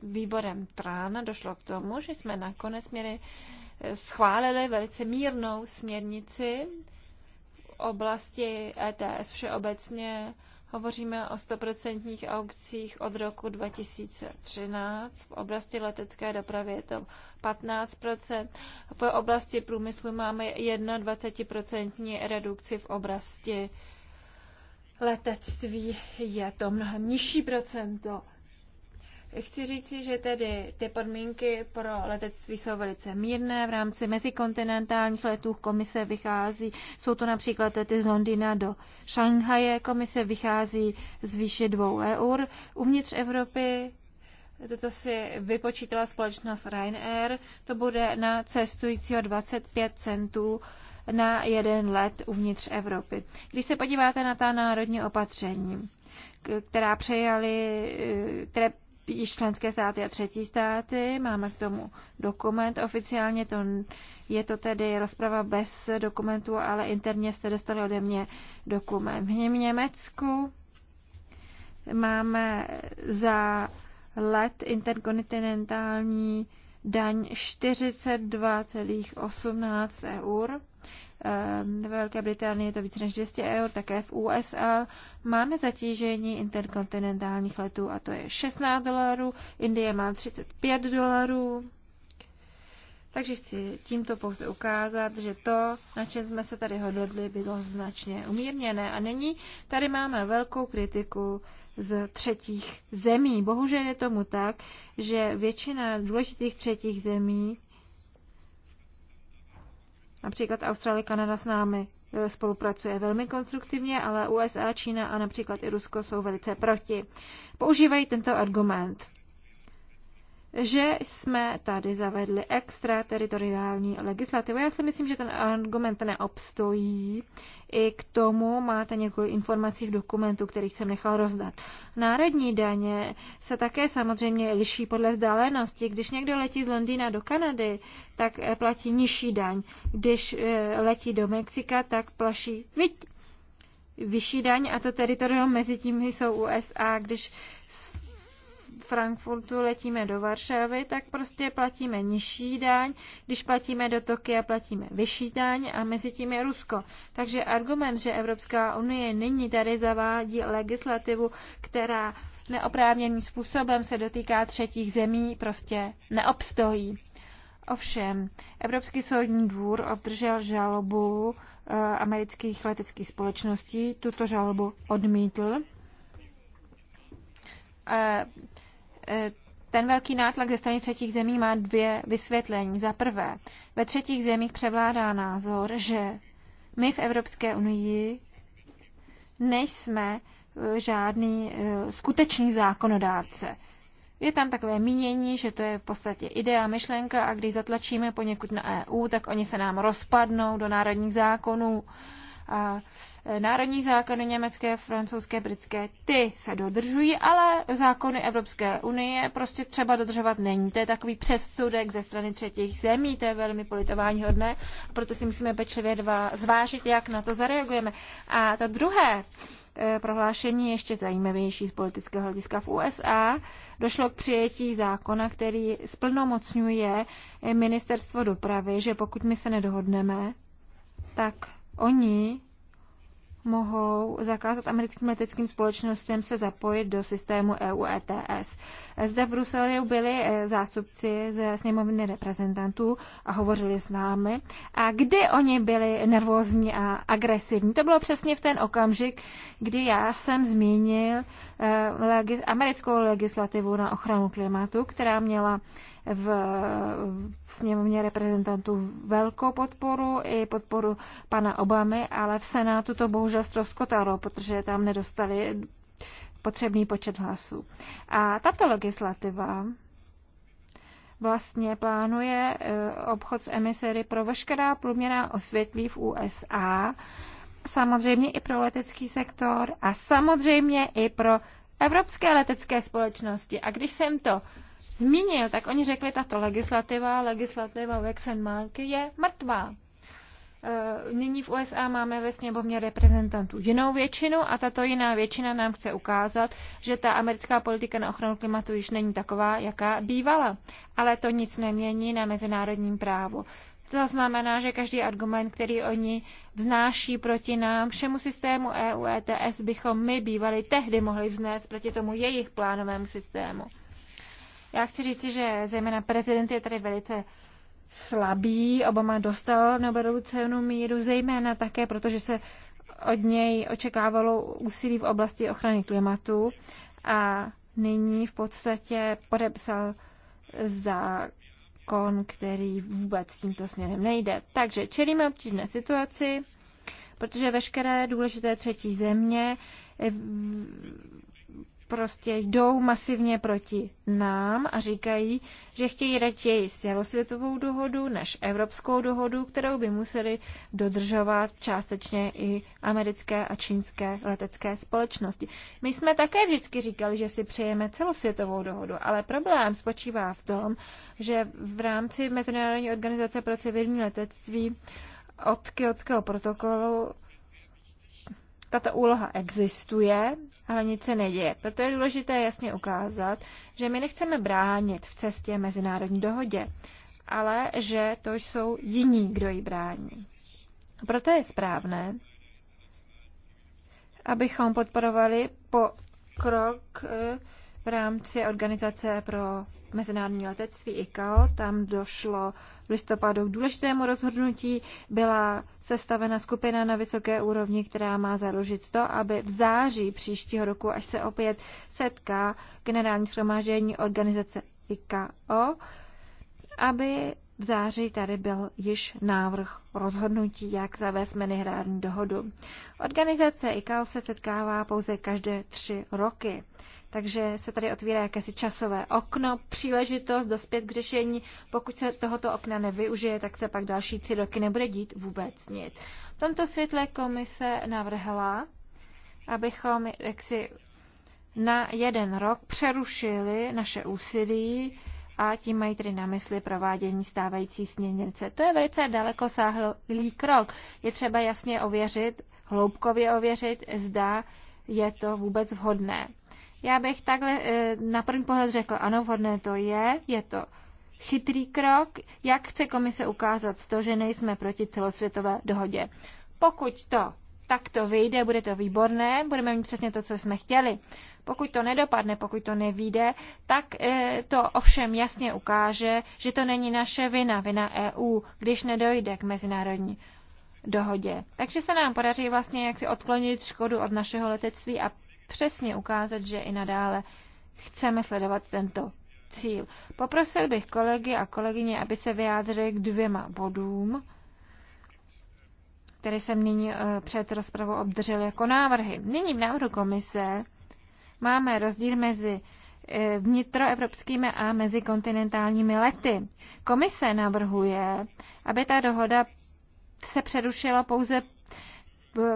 výborem TRAN, došlo k tomu, že jsme nakonec měli, eh, schválili velice mírnou směrnici v oblasti ETS všeobecně Hovoříme o 100% aukcích od roku 2013. V oblasti letecké dopravy je to 15%. V oblasti průmyslu máme 21% redukci v oblasti letectví. Je to mnohem nižší procento. Chci říci, že tedy ty podmínky pro letectví jsou velice mírné. V rámci mezikontinentálních letů komise vychází, jsou to například lety z Londýna do Šanghaje, komise vychází z výše dvou eur. Uvnitř Evropy Toto si vypočítala společnost Ryanair. To bude na cestujícího 25 centů na jeden let uvnitř Evropy. Když se podíváte na ta národní opatření, která přejali, e, které již členské státy a třetí státy. Máme k tomu dokument. Oficiálně to, je to tedy rozprava bez dokumentu, ale interně jste dostali ode mě dokument. V Německu máme za let interkontinentální daň 42,18 eur. Ehm, ve Velké Británii je to více než 200 eur, také v USA. Máme zatížení interkontinentálních letů a to je 16 dolarů, Indie má 35 dolarů. Takže chci tímto pouze ukázat, že to, na čem jsme se tady hodlili, bylo značně umírněné. A nyní tady máme velkou kritiku z třetích zemí. Bohužel je tomu tak, že většina důležitých třetích zemí Například Austrálie, Kanada s námi e, spolupracuje velmi konstruktivně, ale USA, Čína a například i Rusko jsou velice proti. Používají tento argument že jsme tady zavedli extrateritoriální legislativu. Já si myslím, že ten argument neobstojí. I k tomu máte několik informací v dokumentu, který jsem nechal rozdat. Národní daně se také samozřejmě liší podle vzdálenosti. Když někdo letí z Londýna do Kanady, tak eh, platí nižší daň. Když eh, letí do Mexika, tak plaší vyšší daň a to teritorium mezi tím jsou USA. Když Frankfurtu letíme do Varšavy, tak prostě platíme nižší daň, když platíme do Tokia, platíme vyšší daň a mezi tím je Rusko. Takže argument, že Evropská unie nyní tady zavádí legislativu, která neoprávněným způsobem se dotýká třetích zemí, prostě neobstojí. Ovšem, Evropský soudní dvůr obdržel žalobu eh, amerických leteckých společností, tuto žalobu odmítl. Eh, Eh, ten velký nátlak ze strany třetích zemí má dvě vysvětlení. Za prvé, ve třetích zemích převládá názor, že my v Evropské unii nejsme eh, žádný eh, skutečný zákonodárce. Je tam takové mínění, že to je v podstatě idea, myšlenka a když zatlačíme poněkud na EU, tak oni se nám rozpadnou do národních zákonů a e, národní zákony německé, francouzské, britské, ty se dodržují, ale zákony Evropské unie prostě třeba dodržovat není. To je takový přesudek ze strany třetích zemí, to je velmi politování hodné, proto si musíme pečlivě dva zvážit, jak na to zareagujeme. A to druhé, e, prohlášení ještě zajímavější z politického hlediska. V USA došlo k přijetí zákona, který splnomocňuje e, ministerstvo dopravy, že pokud my se nedohodneme, tak Oni mohou zakázat americkým leteckým společnostem se zapojit do systému EU ETS. Zde v Bruselu byli eh, zástupci ze sněmovny reprezentantů a hovořili s námi. A kdy oni byli nervózní a agresivní? To bylo přesně v ten okamžik, kdy já jsem zmínil eh, americkou legislativu na ochranu klimatu, která měla v sněmovně reprezentantů velkou podporu i podporu pana Obamy, ale v Senátu to bohužel ztroskotalo, protože tam nedostali potřebný počet hlasů. A tato legislativa vlastně plánuje eh, obchod s emisery pro veškerá průměrná osvětlí v USA, samozřejmě i pro letecký sektor a samozřejmě i pro evropské letecké společnosti. A když jsem to zmínil, tak oni řekli, tato legislativa, legislativa Vexen malky je mrtvá. E, nyní v USA máme ve sněmovně reprezentantů jinou většinu a tato jiná většina nám chce ukázat, že ta americká politika na ochranu klimatu již není taková, jaká bývala. Ale to nic nemění na mezinárodním právu. To znamená, že každý argument, který oni vznáší proti nám, všemu systému EU ETS, bychom my bývali tehdy mohli vznést proti tomu jejich plánovému systému. Já chci říci, že zejména prezident je tady velice slabý. Obama dostal Nobelovu cenu míru, zejména také, protože se od něj očekávalo úsilí v oblasti ochrany klimatu a nyní v podstatě podepsal zákon, který vůbec s tímto směrem nejde. Takže čelíme obtížné situaci, protože veškeré důležité třetí země prostě jdou masivně proti nám a říkají, že chtějí raději celosvětovou dohodu než evropskou dohodu, kterou by museli dodržovat částečně i americké a čínské letecké společnosti. My jsme také vždycky říkali, že si přejeme celosvětovou dohodu, ale problém spočívá v tom, že v rámci Mezinárodní organizace pro civilní letectví od Kyotského protokolu tato úloha existuje, ale nic se neděje. Proto je důležité jasně ukázat, že my nechceme bránit v cestě mezinárodní dohodě, ale že to jsou jiní, kdo ji brání. Proto je správné, abychom podporovali pokrok eh, v rámci Organizace pro mezinárodní letectví ICAO. Tam došlo v listopadu k důležitému rozhodnutí. Byla sestavena skupina na vysoké úrovni, která má založit to, aby v září příštího roku, až se opět setká generální shromáždění organizace ICAO, aby v září tady byl již návrh rozhodnutí, jak zavést mezinárodní dohodu. Organizace ICAO se setkává pouze každé tři roky. Takže se tady otvírá jakési časové okno, příležitost dospět k řešení. Pokud se tohoto okna nevyužije, tak se pak další tři roky nebude dít vůbec nic. V tomto světle komise navrhla, abychom jaksi na jeden rok přerušili naše úsilí a tím mají tedy na mysli provádění stávající směrnice. To je velice daleko sáhlý krok. Je třeba jasně ověřit, hloubkově ověřit, zda je to vůbec vhodné. Já bych takhle eh, na první pohled řekl, ano, vhodné to je, je to chytrý krok, jak chce komise ukázat to, že nejsme proti celosvětové dohodě. Pokud to tak to vyjde, bude to výborné, budeme mít přesně to, co jsme chtěli. Pokud to nedopadne, pokud to nevíde, tak eh, to ovšem jasně ukáže, že to není naše vina, vina EU, když nedojde k mezinárodní dohodě. Takže se nám podaří vlastně jaksi odklonit škodu od našeho letectví a přesně ukázat, že i nadále chceme sledovat tento cíl. Poprosil bych kolegy a kolegyně, aby se vyjádřili k dvěma bodům, které jsem nyní eh, před rozpravou obdržel jako návrhy. Nyní v návrhu komise máme rozdíl mezi eh, vnitroevropskými a mezikontinentálními lety. Komise navrhuje, aby ta dohoda se přerušila pouze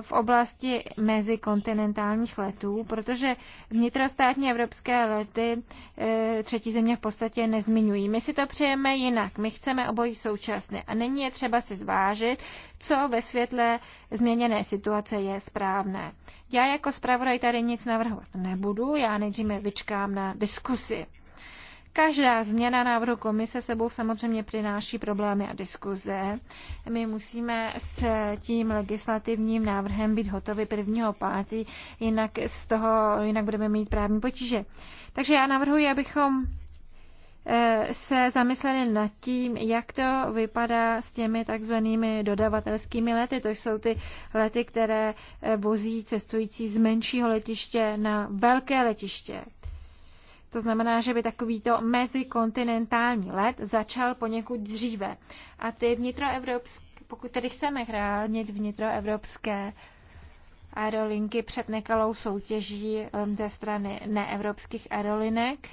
v oblasti mezikontinentálních letů, protože vnitrostátní evropské lety eh, třetí země v podstatě nezmiňují. My si to přejeme jinak, my chceme obojí současně a není je třeba si zvážit, co ve světle změněné situace je správné. Já jako zpravodaj tady nic navrhovat nebudu, já nejdříve vyčkám na diskusi. Každá změna návrhu komise sebou samozřejmě přináší problémy a diskuze. My musíme s tím legislativním návrhem být hotovi 1. pátý, jinak z toho, jinak budeme mít právní potíže. Takže já navrhuji, abychom eh, se zamysleli nad tím, jak to vypadá s těmi takzvanými dodavatelskými lety. To jsou ty lety, které eh, vozí cestující z menšího letiště na velké letiště. To znamená, že by takovýto mezikontinentální let začal poněkud dříve. A ty vnitroevropské, pokud tedy chceme chránit vnitroevropské aerolinky před nekalou soutěží ze strany neevropských aerolinek,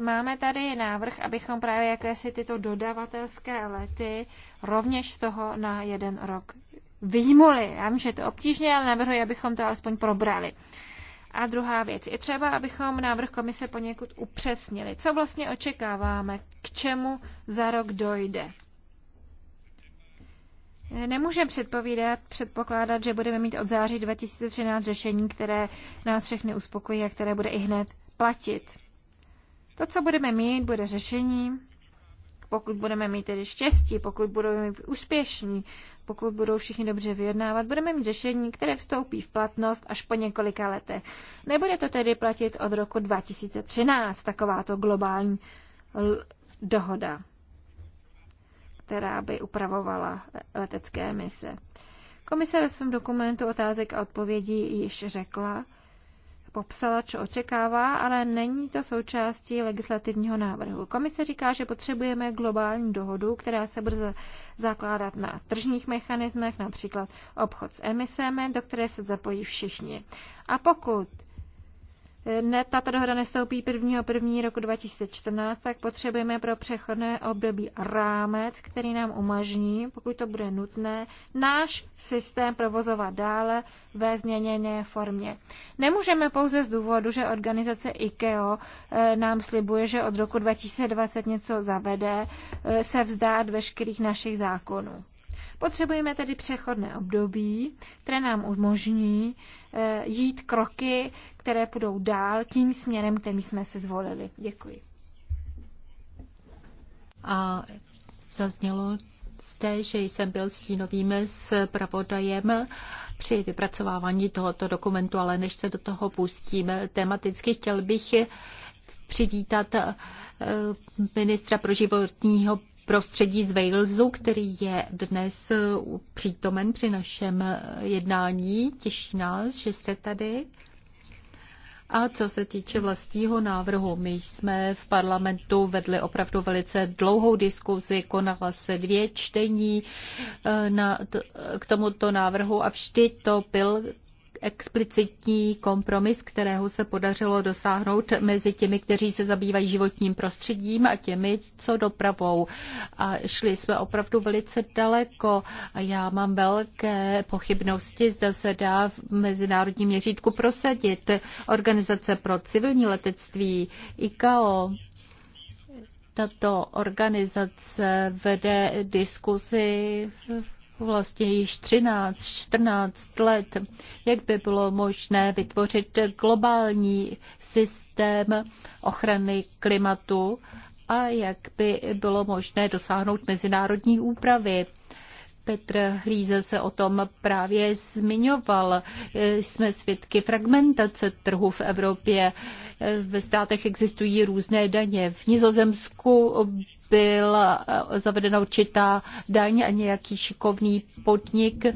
Máme tady návrh, abychom právě jakési tyto dodavatelské lety rovněž z toho na jeden rok vyjmuli. Já vím, že je to obtížně, ale navrhuji, abychom to alespoň probrali. A druhá věc, je třeba, abychom návrh komise poněkud upřesnili. Co vlastně očekáváme, k čemu za rok dojde? Nemůžeme předpovídat, předpokládat, že budeme mít od září 2013 řešení, které nás všechny uspokojí a které bude i hned platit. To, co budeme mít, bude řešení, pokud budeme mít tedy štěstí, pokud budeme mít úspěšní pokud budou všichni dobře vyjednávat, budeme mít řešení, které vstoupí v platnost až po několika letech. Nebude to tedy platit od roku 2013, takováto globální dohoda, která by upravovala letecké mise. Komise ve svém dokumentu otázek a odpovědí již řekla, popsala, co očekává, ale není to součástí legislativního návrhu. Komise říká, že potřebujeme globální dohodu, která se bude zakládat na tržních mechanismech, například obchod s emisemi, do které se zapojí všichni. A pokud ne, tato dohoda nestoupí 1. 1. roku 2014, tak potřebujeme pro přechodné období rámec, který nám umožní, pokud to bude nutné, náš systém provozovat dále ve změněné formě. Nemůžeme pouze z důvodu, že organizace IKEO eh, nám slibuje, že od roku 2020 něco zavede, eh, se vzdát veškerých našich zákonů. Potřebujeme tedy přechodné období, které nám umožní eh, jít kroky, které půjdou dál tím směrem, který jsme se zvolili. Děkuji. A zaznělo zde, že jsem byl stínovým s pravodajem při vypracovávání tohoto dokumentu, ale než se do toho pustíme tematicky, chtěl bych přivítat eh, ministra pro životního prostředí z Walesu, který je dnes eh, přítomen při našem eh, jednání. Těší nás, že jste tady. A co se týče vlastního návrhu, my jsme v parlamentu vedli opravdu velice dlouhou diskuzi, konala se dvě čtení eh, na, k tomuto návrhu a vždy to byl explicitní kompromis, kterého se podařilo dosáhnout mezi těmi, kteří se zabývají životním prostředím a těmi, co dopravou. A šli jsme opravdu velice daleko a já mám velké pochybnosti, zda se dá v mezinárodním měřítku prosadit. Organizace pro civilní letectví, ICAO, tato organizace vede diskuzi vlastně již 13-14 let, jak by bylo možné vytvořit globální systém ochrany klimatu a jak by bylo možné dosáhnout mezinárodní úpravy. Petr Hlíze se o tom právě zmiňoval. Jsme svědky fragmentace trhu v Evropě. Ve státech existují různé daně. V Nizozemsku byl eh, zavedena určitá daň a nějaký šikovný podnik eh,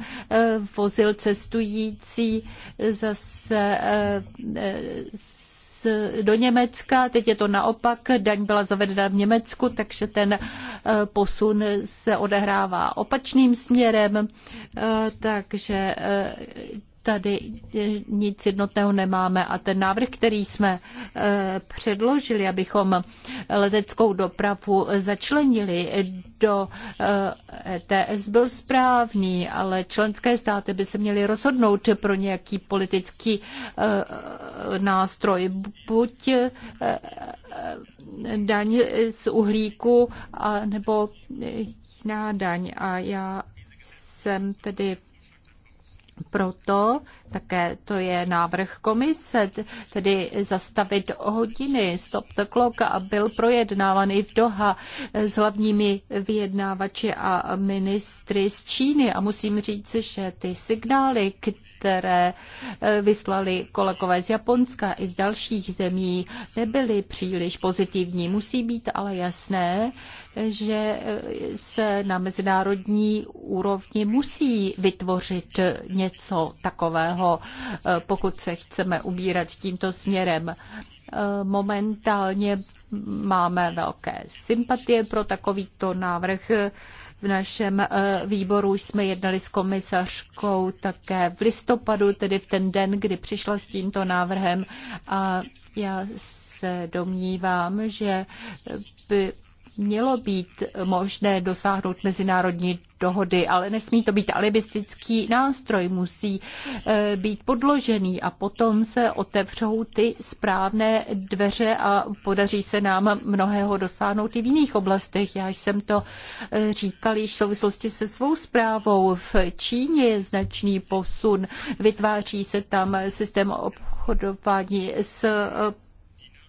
vozil cestující zase eh, do Německa, teď je to naopak, daň byla zavedena v Německu, takže ten posun se odehrává opačným směrem, takže tady nic jednotného nemáme. A ten návrh, který jsme eh, předložili, abychom leteckou dopravu začlenili do ETS, eh, e byl správný, ale členské státy by se měly rozhodnout pro nějaký politický eh, nástroj. Buď daň z uhlíku, a nebo jiná daň. A já jsem tedy proto také to je návrh komise, tedy zastavit hodiny, stop the clock a byl projednáván i v Doha s hlavními vyjednávači a ministry z Číny. A musím říct, že ty signály, které eh, vyslali kolegové z Japonska i z dalších zemí, nebyly příliš pozitivní. Musí být ale jasné, že eh, se na mezinárodní úrovni musí vytvořit něco takového, eh, pokud se chceme ubírat tímto směrem. Momentálně máme velké sympatie pro takovýto návrh v našem eh, výboru jsme jednali s komisařkou také v listopadu, tedy v ten den, kdy přišla s tímto návrhem a já se domnívám, že by mělo být možné dosáhnout mezinárodní dohody, ale nesmí to být alibistický nástroj, musí eh, být podložený a potom se otevřou ty správné dveře a podaří se nám mnohého dosáhnout i v jiných oblastech. Já jsem to eh, říkal již v souvislosti se svou zprávou. V Číně je značný posun, vytváří se tam systém obchodování s eh,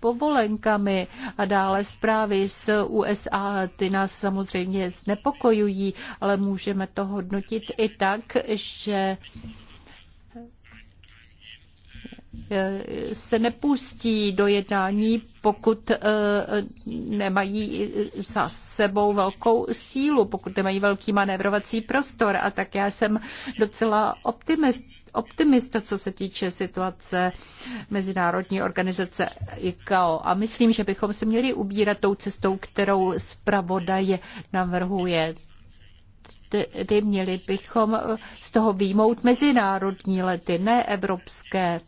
povolenkami a dále zprávy z USA. Ty nás samozřejmě znepokojují, ale můžeme to hodnotit i tak, že e, se nepustí do jednání, pokud e, nemají za sebou velkou sílu, pokud nemají velký manévrovací prostor. A tak já jsem docela optimist optimista, co se týče situace Mezinárodní organizace ICAO. A myslím, že bychom se měli ubírat tou cestou, kterou zpravodaj navrhuje tedy měli bychom eh, z toho výjmout mezinárodní lety, ne evropské.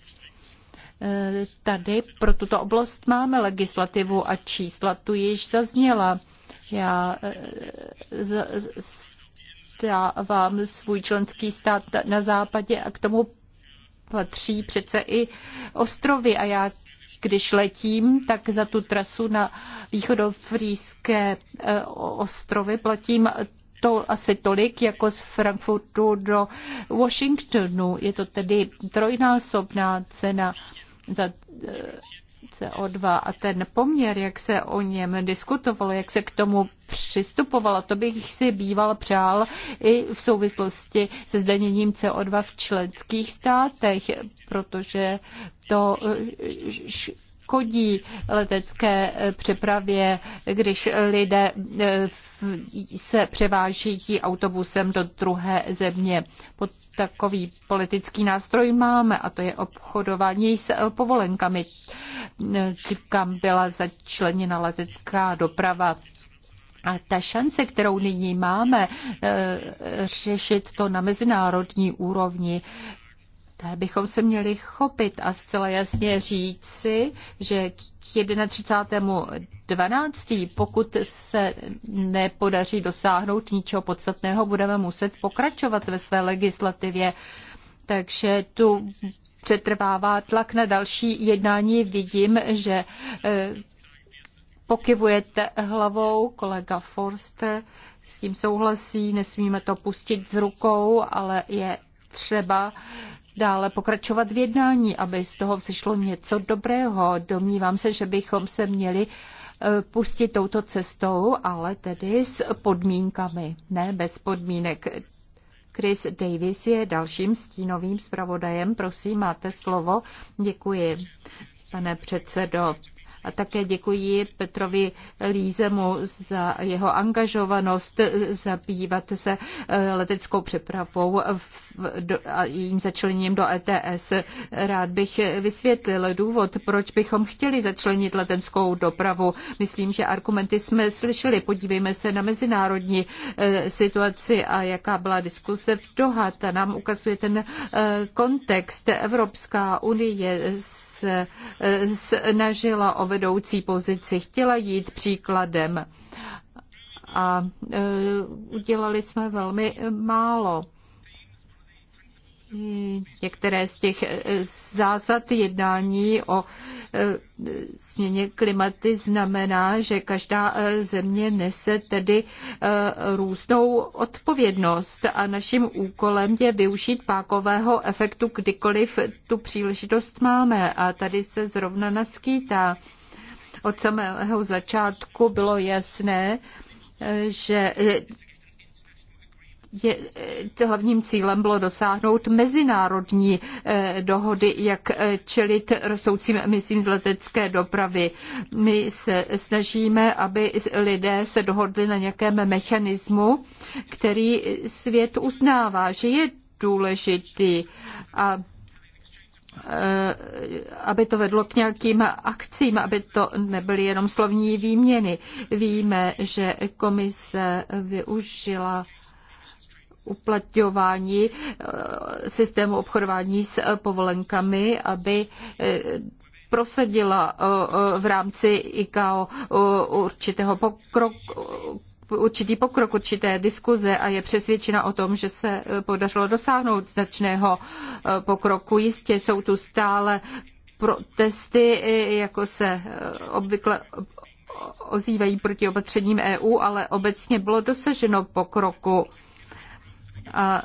Eh, tady pro tuto oblast máme legislativu a čísla tu již zazněla. Já eh, vám svůj členský stát na západě a k tomu patří přece i ostrovy a já když letím, tak za tu trasu na východofrýské eh, ostrovy platím to asi tolik jako z Frankfurtu do Washingtonu. Je to tedy trojnásobná cena za eh, CO2 a ten poměr, jak se o něm diskutovalo, jak se k tomu přistupovalo, to bych si býval přál i v souvislosti se zdaněním CO2 v členských státech, protože to škodí letecké eh, přepravě, když lidé eh, se převáží autobusem do druhé země. Pod takový politický nástroj máme a to je obchodování s eh, povolenkami, kam byla začleněna letecká doprava. A ta šance, kterou nyní máme řešit to na mezinárodní úrovni, tak bychom se měli chopit a zcela jasně říci, že k 31.12., pokud se nepodaří dosáhnout ničeho podstatného, budeme muset pokračovat ve své legislativě. Takže tu přetrvává tlak na další jednání. Vidím, že eh, pokyvujete hlavou, kolega Forster s tím souhlasí, nesmíme to pustit z rukou, ale je třeba dále pokračovat v jednání, aby z toho vzešlo něco dobrého. Domnívám se, že bychom se měli eh, pustit touto cestou, ale tedy s podmínkami, ne bez podmínek. Chris Davis je dalším stínovým zpravodajem. Prosím, máte slovo. Děkuji, pane předsedo. A také děkuji Petrovi Lízemu za jeho angažovanost zabývat se eh, leteckou přepravou a jejím začleněním do ETS. Rád bych vysvětlil důvod, proč bychom chtěli začlenit letenskou dopravu. Myslím, že argumenty jsme slyšeli. Podívejme se na mezinárodní eh, situaci a jaká byla diskuse v Doha. Ta nám ukazuje ten eh, kontext. Evropská unie se eh, snažila o vedoucí pozici, chtěla jít příkladem. A eh, udělali jsme velmi málo. Hm, některé z těch eh, zásad jednání o eh, změně klimaty znamená, že každá eh, země nese tedy různou odpovědnost a naším úkolem je využít pákového efektu, kdykoliv tu příležitost máme a tady se zrovna naskýtá. Od samého začátku bylo jasné, že je, eh, hlavním cílem bylo dosáhnout mezinárodní eh, dohody, jak eh, čelit rostoucím emisím z letecké dopravy. My se snažíme, aby lidé se dohodli na nějakém mechanismu, který svět uznává, že je důležitý a aby to vedlo k nějakým akcím, aby to nebyly jenom slovní výměny. Víme, že komise využila uplatňování eh, systému obchodování s eh, povolenkami, aby eh, prosadila v rámci ICAO určitého pokroku, určitý pokrok, určité diskuze a je přesvědčena o tom, že se podařilo dosáhnout značného pokroku. Jistě jsou tu stále protesty, jako se obvykle ozývají proti opatřením EU, ale obecně bylo dosaženo pokroku a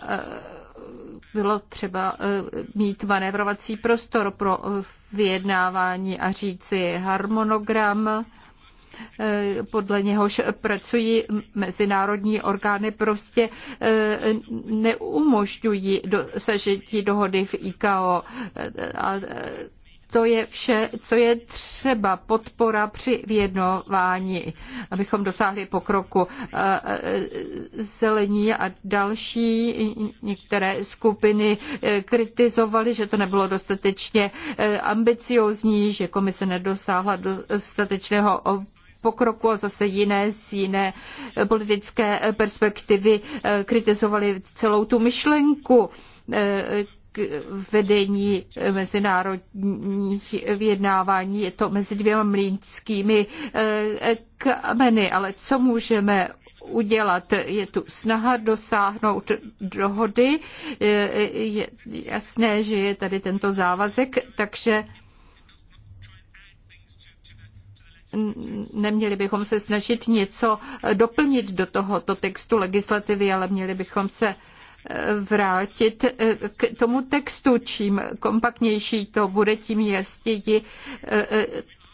bylo třeba e, mít manévrovací prostor pro e, vyjednávání a říci harmonogram, e, podle něhož pracují mezinárodní orgány, prostě neumožňují dosažení dohody v ICAO. A to je vše, co je třeba podpora při vědnování, abychom dosáhli pokroku. Eh, eh, zelení a další některé skupiny eh, kritizovali, že to nebylo dostatečně ambiciozní, že komise nedosáhla dostatečného pokroku a zase jiné z jiné politické perspektivy kritizovali celou tu myšlenku vedení mezinárodních vyjednávání. Je to mezi dvěma mlínskými eh, kameny, ale co můžeme udělat. Je tu snaha dosáhnout dohody. Eh, je jasné, že je tady tento závazek, takže neměli bychom se snažit něco doplnit do tohoto textu legislativy, ale měli bychom se vrátit eh, k tomu textu. Čím kompaktnější to bude, tím jasněji eh, eh,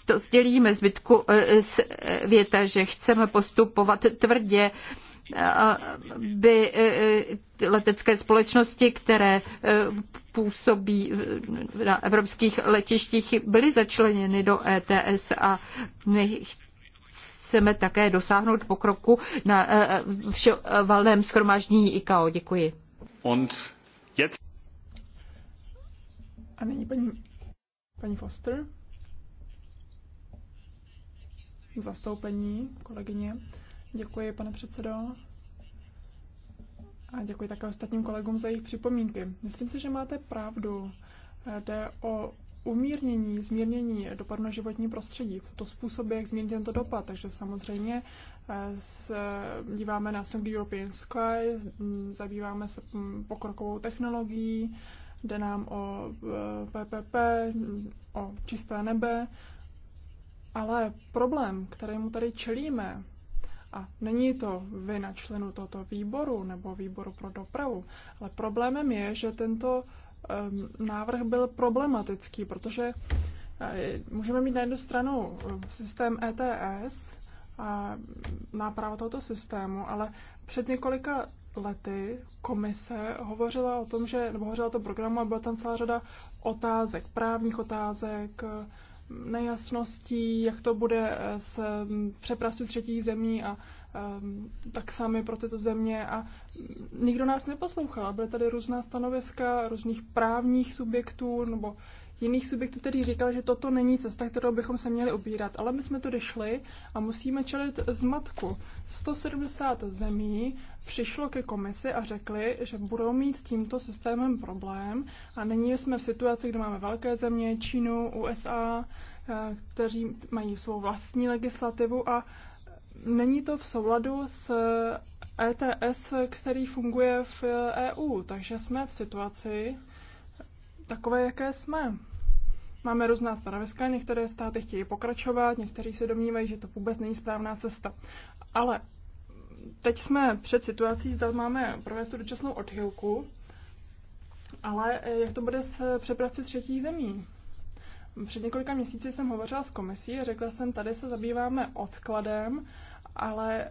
to sdělíme zbytku světa, že chceme postupovat tvrdě by letecké společnosti, které působí na evropských letištích, byly začleněny do ETS a my chceme také dosáhnout pokroku na eh, eh, valném schromáždění ICAO. Děkuji. Und jetzt... A nyní paní, paní Foster. Zastoupení kolegyně. Děkuji, pane předsedo. A děkuji také ostatním kolegům za jejich připomínky. Myslím si, že máte pravdu. Jde o umírnění, zmírnění dopadu na životní prostředí. To způsobí, jak zmírnit tento dopad. Takže samozřejmě eh, se díváme na Single European Sky, zabýváme se pokrokovou technologií, jde nám o PPP, eh, o čisté nebe, ale problém, kterému tady čelíme, a není to vina členů tohoto výboru nebo výboru pro dopravu, ale problémem je, že tento návrh byl problematický, protože eh, můžeme mít na jednu stranu eh, systém ETS a náprava tohoto systému, ale před několika lety komise hovořila o tom, že, nebo hovořila o tom programu a byla tam celá řada otázek, právních otázek, nejasností, jak to bude eh, s mm, přepravci třetích zemí a ehm, tak sami pro tyto země a mm, nikdo nás neposlouchal. Byly tady různá stanoviska různých právních subjektů nebo jiných subjektů, který říkal, že toto není cesta, kterou bychom se měli ubírat. Ale my jsme to došli a musíme čelit zmatku. 170 zemí přišlo ke komisi a řekli, že budou mít s tímto systémem problém a nyní jsme v situaci, kde máme velké země, Čínu, USA, eh, kteří mají svou vlastní legislativu a není to v souladu s ETS, který funguje v EU. Takže jsme v situaci, takové, jaké jsme. Máme různá stanoviska, některé státy chtějí pokračovat, někteří se domnívají, že to vůbec není správná cesta. Ale teď jsme před situací, zda máme provést tu dočasnou odchylku, ale eh, jak to bude s eh, přepravci třetích zemí? Před několika měsíci jsem hovořila s komisí a řekla jsem, tady se zabýváme odkladem, ale e,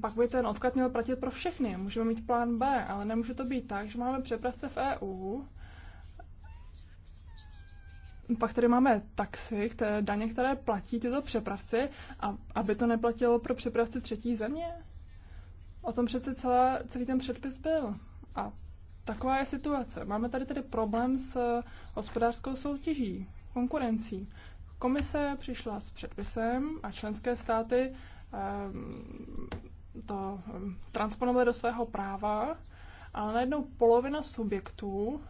pak by ten odklad měl platit pro všechny. Můžeme mít plán B, ale nemůže to být tak, že máme přepravce v EU, pak tady máme taxi, které, daně, které platí tyto přepravci, a aby to neplatilo pro přepravci třetí země. O tom přece celá, celý ten předpis byl. A taková je situace. Máme tady tedy problém s eh, hospodářskou soutěží, konkurencí. Komise přišla s předpisem a členské státy ehm, to ehm, transponovaly do svého práva, ale najednou polovina subjektů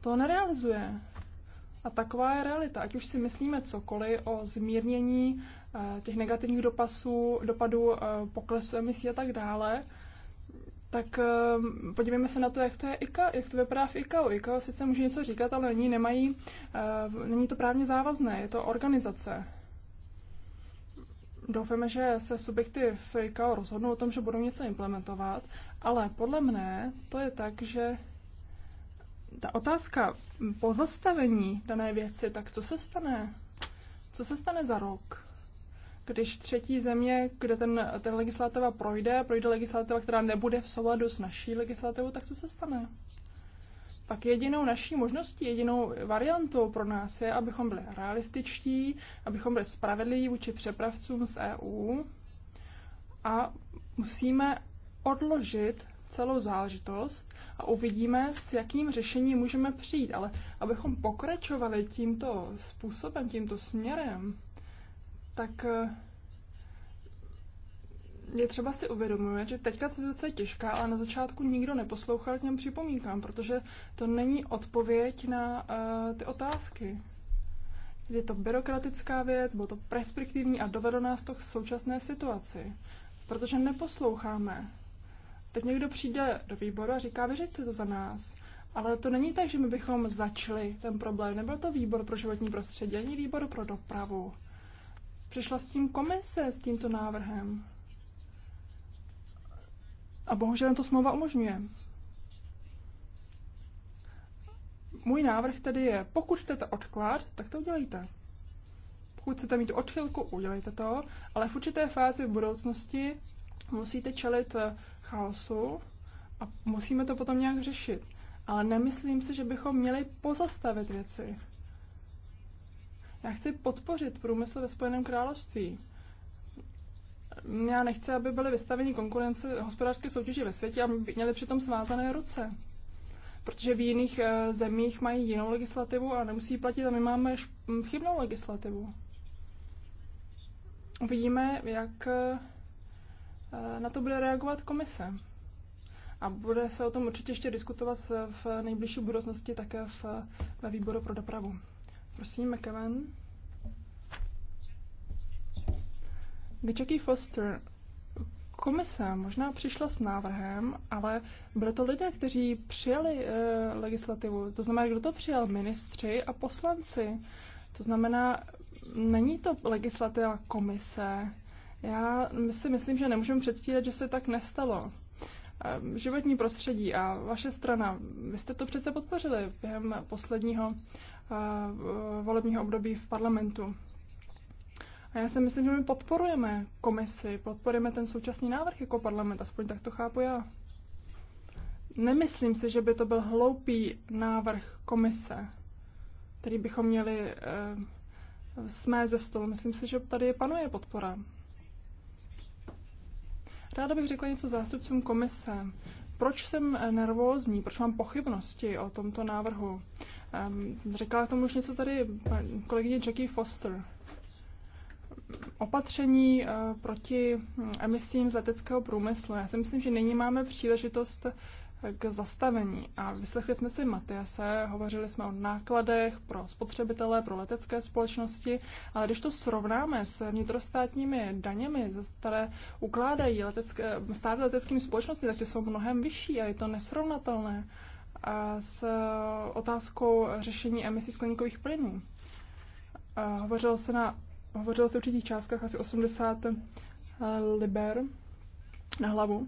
to nerealizuje. A taková je realita. Ať už si myslíme cokoliv o zmírnění eh, těch negativních dopasů, dopadů eh, poklesu emisí a tak dále, tak eh, podívejme se na to, jak to je IKA, jak to vypadá v ICAO. ICAO sice může něco říkat, ale oni nemají, není to právně závazné, je to organizace. Doufáme, že se subjekty v ICAO rozhodnou o tom, že budou něco implementovat, ale podle mne to je tak, že ta otázka pozastavení dané věci, tak co se stane? Co se stane za rok? Když třetí země, kde ten, ten legislativa projde, projde legislativa, která nebude v souladu s naší legislativou, tak co se stane? Pak jedinou naší možností, jedinou variantou pro nás je, abychom byli realističtí, abychom byli spravedliví vůči přepravcům z EU a musíme odložit celou záležitost a uvidíme, s jakým řešením můžeme přijít. Ale abychom pokračovali tímto způsobem, tímto směrem, tak eh, je třeba si uvědomovat, že teďka situace je těžká, ale na začátku nikdo neposlouchal k něm připomínkám, protože to není odpověď na uh, ty otázky. Je to byrokratická věc, bylo to perspektivní a dovedlo nás to k současné situaci, protože neposloucháme Teď někdo přijde do výboru a říká, vyřešte to za nás. Ale to není tak, že my bychom začali ten problém. Nebyl to výbor pro životní prostředí, ani výbor pro dopravu. Přišla s tím komise, s tímto návrhem. A bohužel to smlouva umožňuje. Můj návrh tedy je, pokud chcete odklad, tak to udělejte. Pokud chcete mít odchylku, udělejte to, ale v určité fázi v budoucnosti musíte čelit eh, chaosu a musíme to potom nějak řešit. Ale nemyslím si, že bychom měli pozastavit věci. Já chci podpořit průmysl ve Spojeném království. Já nechci, aby byly vystaveni konkurence hospodářské soutěži ve světě a měli přitom svázané ruce. Protože v jiných eh, zemích mají jinou legislativu a nemusí platit a my máme chybnou legislativu. Uvidíme, jak eh, Eh, na to bude reagovat komise. A bude se o tom určitě ještě diskutovat v nejbližší budoucnosti také v, ve výboru pro dopravu. Prosím, McEwen. Jackie Foster, komise možná přišla s návrhem, ale byly to lidé, kteří přijali e, legislativu. To znamená, kdo to přijal? Ministři a poslanci. To znamená, není to legislativa komise, já si myslím, že nemůžeme předstírat, že se tak nestalo. Životní prostředí a vaše strana, vy jste to přece podpořili během posledního volebního období v parlamentu. A já si myslím, že my podporujeme komisi, podporujeme ten současný návrh jako parlament, aspoň tak to chápu já. Nemyslím si, že by to byl hloupý návrh komise, který bychom měli e, eh, smé ze stolu. Myslím si, že tady panuje podpora. Ráda bych řekla něco zástupcům komise. Proč jsem nervózní, proč mám pochybnosti o tomto návrhu? Ehm, řekla tomu už něco tady kolegyně Jackie Foster. Opatření eh, proti hm, emisím z leteckého průmyslu. Já si myslím, že nyní máme příležitost k zastavení. A vyslechli jsme si Matiase, hovořili jsme o nákladech pro spotřebitele, pro letecké společnosti, ale když to srovnáme s vnitrostátními daněmi, které ukládají letecké, státy leteckým společnostmi, tak ty jsou mnohem vyšší a je to nesrovnatelné a s eh, otázkou řešení emisí skleníkových plynů. A hovořilo se, na, hovořilo se v určitých částkách asi 80 eh, liber na hlavu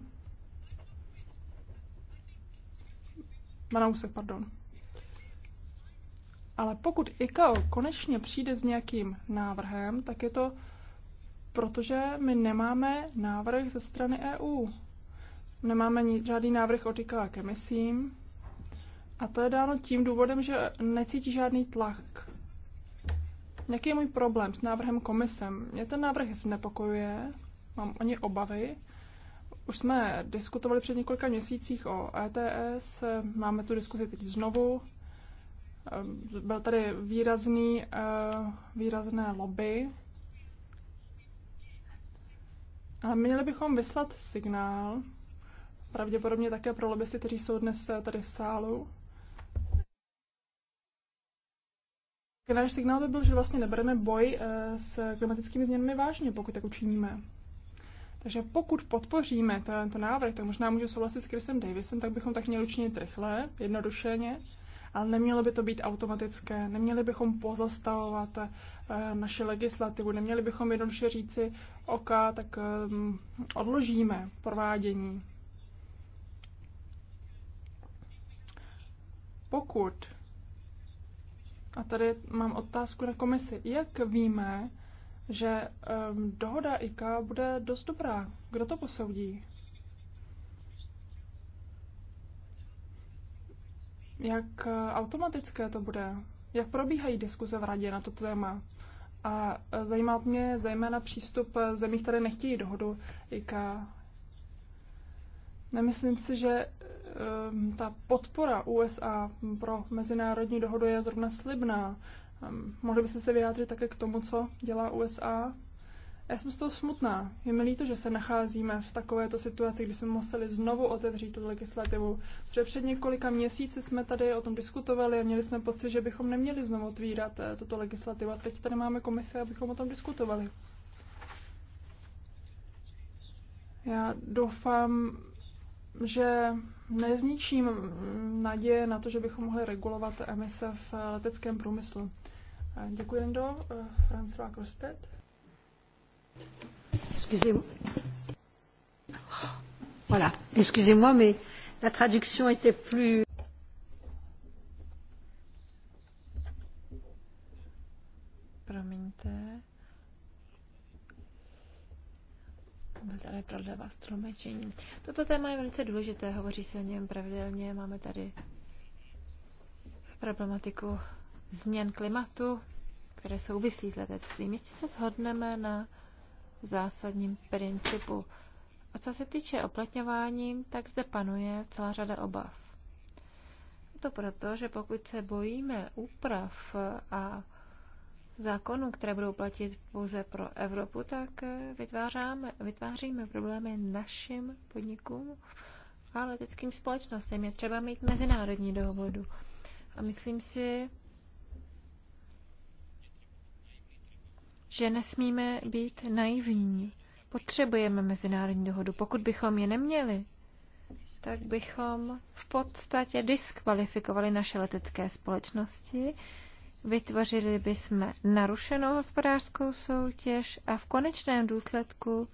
Manausek, pardon. Ale pokud ICAO konečně přijde s nějakým návrhem, tak je to protože my nemáme návrh ze strany EU. Nemáme žádný návrh od ICAO k emisím. A to je dáno tím důvodem, že necítí žádný tlak. Jaký je můj problém s návrhem komisem? Mě ten návrh znepokojuje, mám o ně obavy, už jsme diskutovali před několika měsících o ETS, máme tu diskuzi teď znovu. Ehm, byl tady výrazný, eh, výrazné lobby. Ale měli bychom vyslat signál, pravděpodobně také pro lobbysty, kteří jsou dnes eh, tady v sálu. Náš signál by byl, že vlastně nebereme boj eh, s klimatickými změnami vážně, pokud tak učiníme. Takže pokud podpoříme tento návrh, tak možná můžu souhlasit s Chrisem Davisem, tak bychom tak měli učinit rychle, jednodušeně, ale nemělo by to být automatické, neměli bychom pozastavovat eh, naši legislativu, neměli bychom jednoduše říci, OK, tak ehm, odložíme provádění. Pokud, a tady mám otázku na komisi, jak víme, že um, dohoda IKA bude dost dobrá. Kdo to posoudí? Jak eh, automatické to bude? Jak probíhají diskuze v radě na to téma? A eh, zajímá mě zejména přístup eh, zemí, které nechtějí dohodu IKA. Nemyslím si, že ta podpora USA pro mezinárodní dohodu je zrovna slibná. Mohli byste se vyjádřit také k tomu, co dělá USA? Já jsem z toho smutná. Je mi líto, že se nacházíme v takovéto situaci, kdy jsme museli znovu otevřít tu legislativu. Protože před několika měsíci jsme tady o tom diskutovali a měli jsme pocit, že bychom neměli znovu otvírat eh, tuto legislativu. A teď tady máme komisi, abychom o tom diskutovali. Já doufám, že nezničím naděje na to, že bychom mohli regulovat emise v eh, leteckém průmyslu. Děkuji, Endo. Francová Krostet. Excusez-moi. Voilà, excusez-moi, mais la traduction était plus... Promiňte. Byl tady pro vás tlumečení. Toto téma je velice důležité, hovoří se o něm pravidelně. Máme tady problematiku změn klimatu, které souvisí s letectvím. Jestli se shodneme na zásadním principu. A co se týče oplatňování, tak zde panuje celá řada obav. To proto, že pokud se bojíme úprav a zákonů, které budou platit pouze pro Evropu, tak vytváříme, vytváříme problémy našim podnikům a leteckým společnostem. Je třeba mít mezinárodní dohodu. A myslím si, že nesmíme být naivní. Potřebujeme mezinárodní dohodu. Pokud bychom je neměli, tak bychom v podstatě diskvalifikovali naše letecké společnosti, vytvořili bychom narušenou hospodářskou soutěž a v konečném důsledku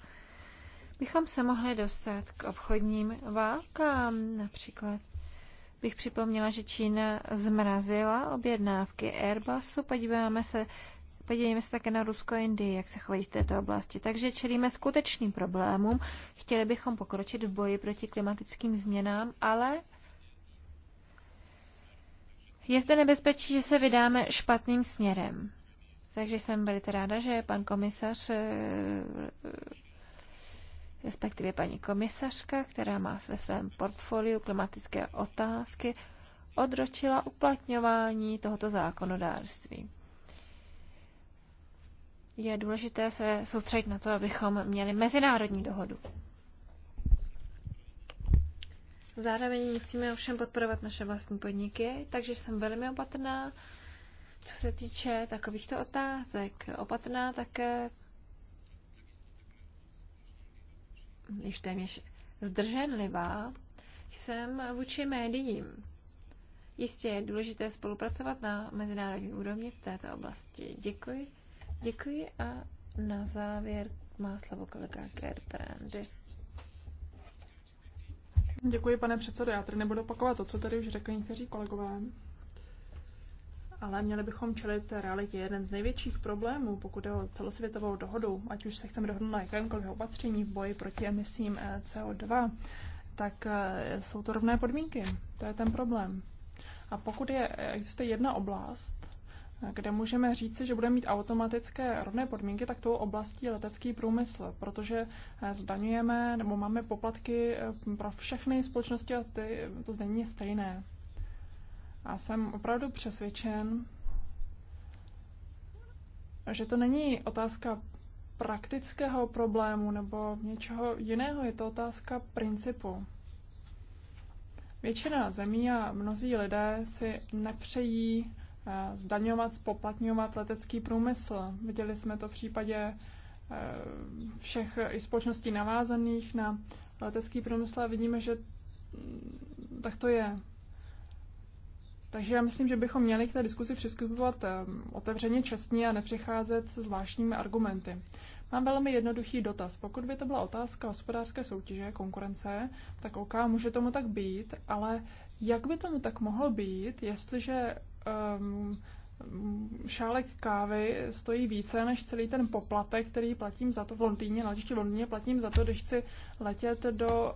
bychom se mohli dostat k obchodním válkám. Například bych připomněla, že Čína zmrazila objednávky Airbusu. Podíváme se podívejme se také na Rusko a Indii, jak se chovají v této oblasti. Takže čelíme skutečným problémům. Chtěli bychom pokročit v boji proti klimatickým změnám, ale je zde nebezpečí, že se vydáme špatným směrem. Takže jsem velice ráda, že pan komisař, eh, respektive paní komisařka, která má ve svém portfoliu klimatické otázky, odročila uplatňování tohoto zákonodárství je důležité se soustředit na to, abychom měli mezinárodní dohodu. Zároveň musíme ovšem podporovat naše vlastní podniky, takže jsem velmi opatrná, co se týče takovýchto otázek. Opatrná také již téměř zdrženlivá jsem vůči médiím. Jistě je důležité spolupracovat na mezinárodní úrovni v této oblasti. Děkuji. Děkuji a na závěr má slovo kolega Gerbrandy. Děkuji, pane předsedo. Já tady nebudu opakovat to, co tady už řekli někteří kolegové. Ale měli bychom čelit realitě. Jeden z největších problémů, pokud je o celosvětovou dohodu, ať už se chceme dohodnout na jakémkoliv opatření v boji proti emisím e CO2, tak e, jsou to rovné podmínky. To je ten problém. A pokud je, existuje jedna oblast, kde můžeme říci, že budeme mít automatické rovné podmínky, tak tou oblastí letecký průmysl, protože eh, zdaňujeme nebo máme poplatky eh, pro všechny společnosti a ty, to zdanění je stejné. A jsem opravdu přesvědčen, že to není otázka praktického problému nebo něčeho jiného, je to otázka principu. Většina zemí a mnozí lidé si nepřejí zdaňovat, spoplatňovat letecký průmysl. Viděli jsme to v případě e, všech i společností navázaných na letecký průmysl a vidíme, že mm, tak to je. Takže já myslím, že bychom měli k té diskusi přistupovat e, otevřeně čestně a nepřicházet se zvláštními argumenty. Mám velmi jednoduchý dotaz. Pokud by to byla otázka hospodářské soutěže, konkurence, tak OK, může tomu tak být, ale jak by tomu tak mohlo být, jestliže um, šálek kávy stojí více než celý ten poplatek, který platím za to v Londýně, na v Londýně platím za to, když chci letět do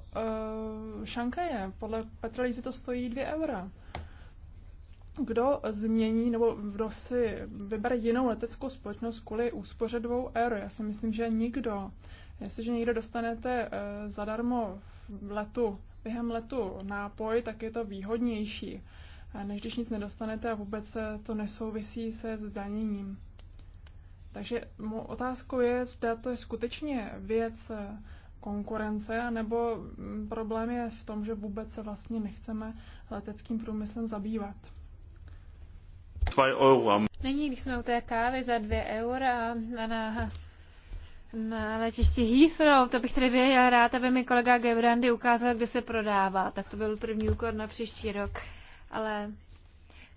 uh, Šankaje. Podle Petra to stojí 2 eura. Kdo změní nebo kdo si vybere jinou leteckou společnost kvůli úspoře 2 eur? Já si myslím, že nikdo. Jestliže někdo dostanete uh, zadarmo v letu, během letu nápoj, tak je to výhodnější než když nic nedostanete a vůbec to nesouvisí se zdaněním. Takže mou otázkou je, zda to je skutečně věc eh, konkurence, nebo mm, problém je v tom, že vůbec se vlastně nechceme leteckým průmyslem zabývat. 2 euro. Není, když jsme u té kávy za 2 eura na, na, na letišti Heathrow, to bych tady byl rád, aby mi kolega Gebrandy ukázal, kde se prodává. Tak to byl první úkor na příští rok ale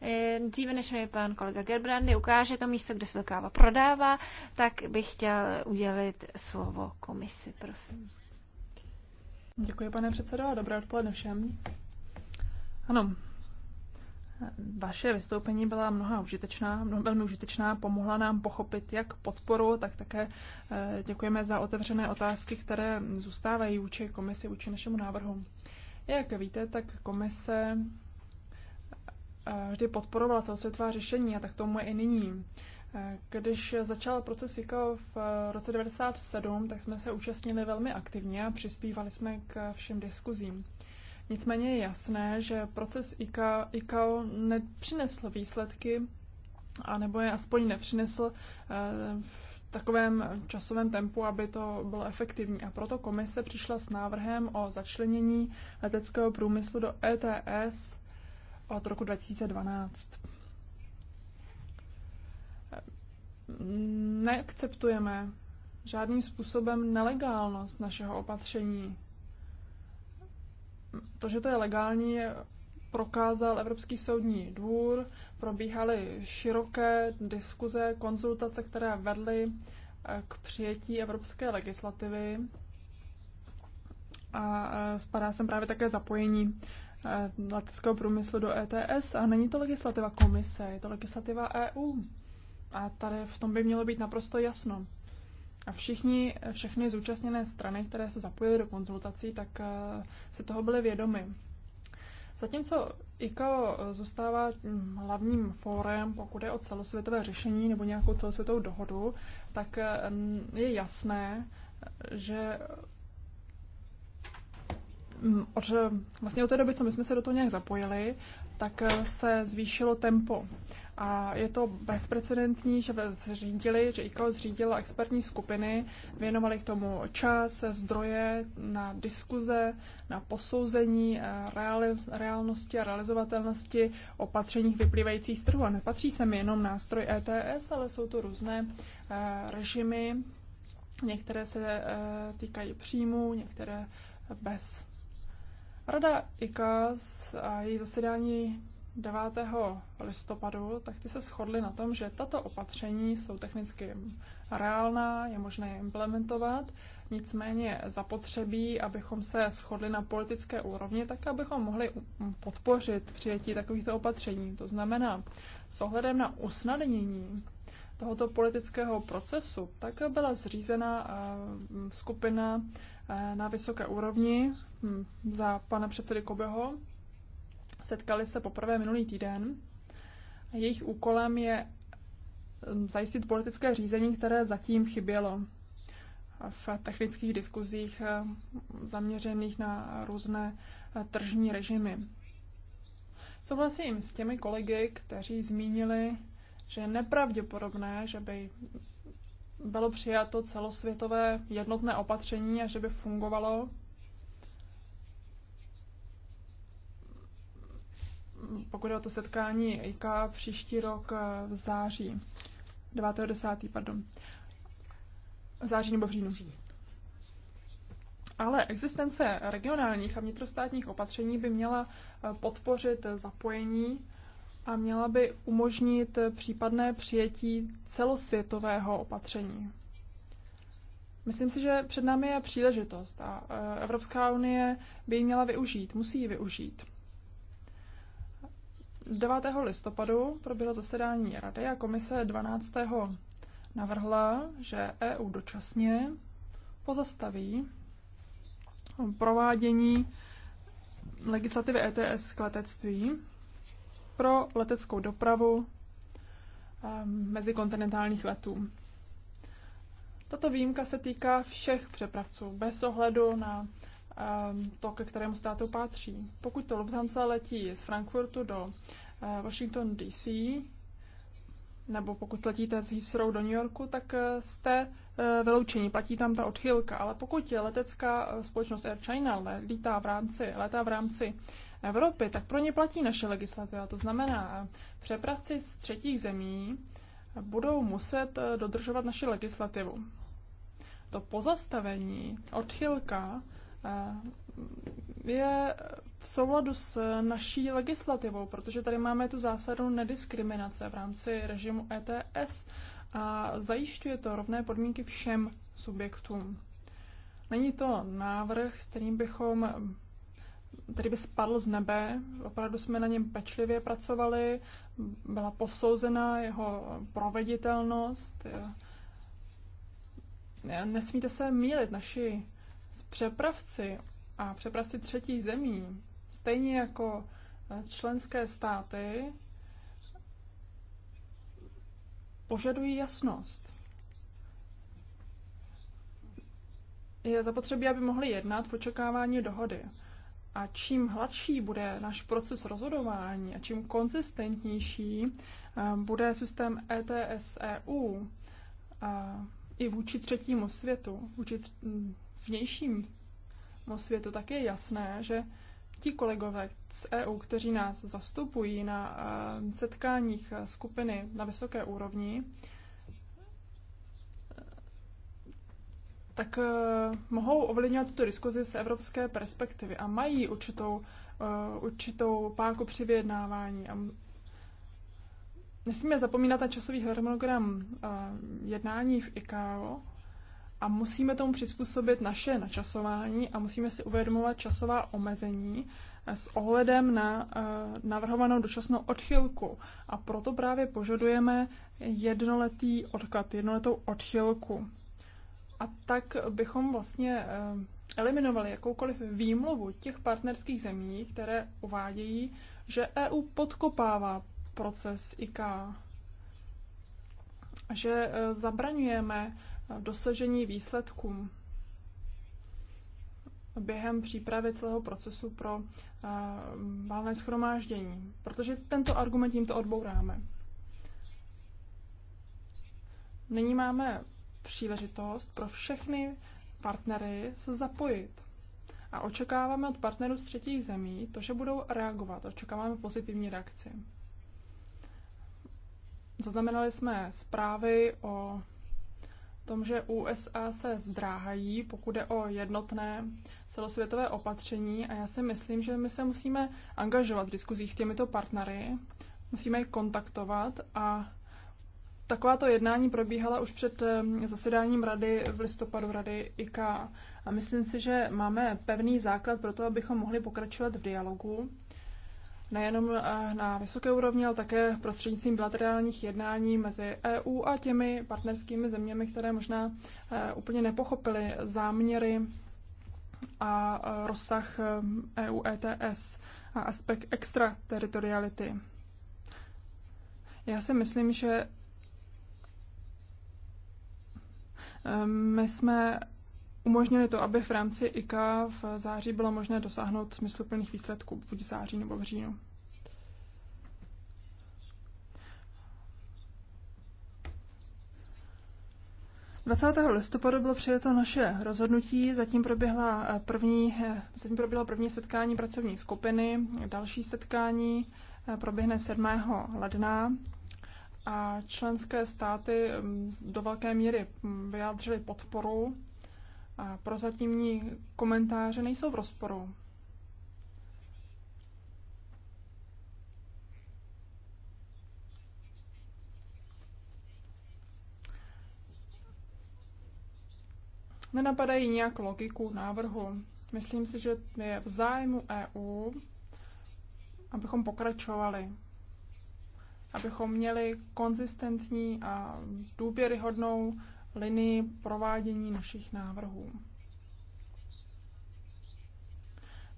eh, dříve než mi pan kolega Gerbrandy ukáže to místo, kde se to káva prodává, tak bych chtěl udělit slovo komisi, prosím. Děkuji, pane předsedo, a dobré odpoledne všem. Ano, vaše vystoupení byla mnoha užitečná, velmi užitečná, pomohla nám pochopit jak podporu, tak také eh, děkujeme za otevřené otázky, které zůstávají vůči komisi, vůči našemu návrhu. Jak víte, tak komise Eh, vždy podporovala celosvětová řešení a tak tomu je i nyní. Eh, když začal proces ICAO v eh, roce 1997, tak jsme se účastnili velmi aktivně a přispívali jsme k všem diskuzím. Nicméně je jasné, že proces ICAO, ICAO nepřinesl výsledky, anebo je aspoň nepřinesl v takovém časovém tempu, aby to bylo efektivní. A proto komise přišla s návrhem o začlenění leteckého průmyslu do ETS od roku 2012. Neakceptujeme žádným způsobem nelegálnost našeho opatření. To, že to je legální, prokázal Evropský soudní dvůr. Probíhaly široké diskuze, konzultace, které vedly eh, k přijetí evropské legislativy. A eh, spadá sem právě také zapojení Eh, leteckého průmyslu do ETS a není to legislativa komise, je to legislativa EU. A tady v tom by mělo být naprosto jasno. A všichni, všechny zúčastněné strany, které se zapojily do konzultací, tak eh, se toho byly vědomy. Zatímco ICAO eh, zůstává hlavním fórem, pokud je o celosvětové řešení nebo nějakou celosvětovou dohodu, tak je jasné, že od, vlastně od té doby, co my jsme se do toho nějak zapojili, tak eh, se zvýšilo tempo. A je to bezprecedentní, že zřídili, že ICAO zřídila expertní skupiny, věnovali k tomu čas, zdroje na diskuze, na posouzení eh, reali, reálnosti a realizovatelnosti opatření vyplývajících z trhu. A nepatří sem jenom nástroj ETS, ale jsou to různé eh, režimy. Některé se týkají příjmů, některé bez Rada ICAS a její zasedání 9. listopadu, tak ty se shodly na tom, že tato opatření jsou technicky reálná, je možné je implementovat, nicméně zapotřebí, abychom se shodli na politické úrovni, tak abychom mohli podpořit přijetí takovýchto opatření. To znamená, s ohledem na usnadnění tohoto politického procesu, tak byla zřízena skupina Eh, na vysoké úrovni hm, za pana předsedy Kobeho. Setkali se poprvé minulý týden. Jejich úkolem je hm, zajistit politické řízení, které zatím chybělo v technických diskuzích eh, zaměřených na různé eh, tržní režimy. Souhlasím s těmi kolegy, kteří zmínili, že je nepravděpodobné, že by bylo přijato celosvětové jednotné opatření a že by fungovalo. Pokud je o to setkání IK příští rok eh, v září, 9.10. pardon, v září nebo v říjnu. Ale existence regionálních a vnitrostátních opatření by měla eh, podpořit zapojení a měla by umožnit případné přijetí celosvětového opatření. Myslím si, že před námi je příležitost a e, Evropská unie by ji měla využít, musí ji využít. 9. listopadu proběhlo zasedání Rady a komise 12. navrhla, že EU dočasně pozastaví provádění legislativy ETS k letectví pro leteckou dopravu ehm, mezikontinentálních letů. Tato výjimka se týká všech přepravců, bez ohledu na ehm, to, ke kterému státu patří. Pokud to Lufthansa letí z Frankfurtu do eh, Washington DC, nebo pokud letíte z Heathrow do New Yorku, tak eh, jste eh, vyloučení, platí tam ta odchylka. Ale pokud je letecká společnost Air China letá v rámci, letá v rámci Evropy, tak pro ně platí naše legislativa. To znamená, přepravci z třetích zemí budou muset eh, dodržovat naši legislativu. To pozastavení, odchylka, eh, je v souladu s naší legislativou, protože tady máme tu zásadu nediskriminace v rámci režimu ETS a zajišťuje to rovné podmínky všem subjektům. Není to návrh, s kterým bychom který by spadl z nebe. Opravdu jsme na něm pečlivě pracovali, byla posouzena jeho proveditelnost. Eh, nesmíte se mílit, naši přepravci a přepravci třetích zemí, stejně jako eh, členské státy, požadují jasnost. Je zapotřebí, aby mohli jednat v očekávání dohody. A čím hladší bude náš proces rozhodování a čím konzistentnější eh, bude systém ETS EU eh, i vůči třetímu světu, vůči vnějšímu světu, tak je jasné, že ti kolegové z EU, kteří nás zastupují na eh, setkáních skupiny na vysoké úrovni, tak eh, mohou ovlivňovat tu diskuzi z evropské perspektivy a mají určitou, eh, určitou páku při vyjednávání. A nesmíme zapomínat na časový harmonogram eh, jednání v ICAO a musíme tomu přizpůsobit naše načasování a musíme si uvědomovat časová omezení s ohledem na navrhovanou dočasnou odchylku. A proto právě požadujeme jednoletý odklad, jednoletou odchylku. A tak bychom vlastně eh, eliminovali jakoukoliv výmluvu těch partnerských zemí, které uvádějí, že EU podkopává proces IK, že eh, zabraňujeme eh, dosažení výsledkům během přípravy celého procesu pro válné schromáždění, protože tento argument to odbouráme. Nyní máme příležitost pro všechny partnery se zapojit. A očekáváme od partnerů z třetích zemí to, že budou reagovat. Očekáváme pozitivní reakci. Zaznamenali jsme zprávy o tom, že USA se zdráhají, pokud je o jednotné celosvětové opatření a já si myslím, že my se musíme angažovat v diskuzích s těmito partnery, musíme je kontaktovat a Takováto jednání probíhala už před zasedáním rady v listopadu rady IK. A myslím si, že máme pevný základ pro to, abychom mohli pokračovat v dialogu. Nejenom eh, na vysoké úrovni, ale také prostřednictvím bilaterálních jednání mezi EU a těmi partnerskými zeměmi, které možná eh, úplně nepochopily záměry a eh, rozsah EU e ETS a aspekt extrateritoriality. Já si myslím, že Ehm, my jsme umožnili to, aby v rámci IKA v září bylo možné dosáhnout smysluplných výsledků, buď v září nebo v říjnu. 20. listopadu bylo přijeto naše rozhodnutí, zatím proběhla eh, první, eh, zatím proběhlo první setkání pracovní skupiny, další setkání eh, proběhne 7. ledna a členské státy mm, do velké míry mm, vyjádřily podporu a prozatímní komentáře nejsou v rozporu. Nenapadají nějak logiku návrhu. Myslím si, že je v zájmu EU, abychom pokračovali abychom měli konzistentní a důvěryhodnou linii provádění našich návrhů.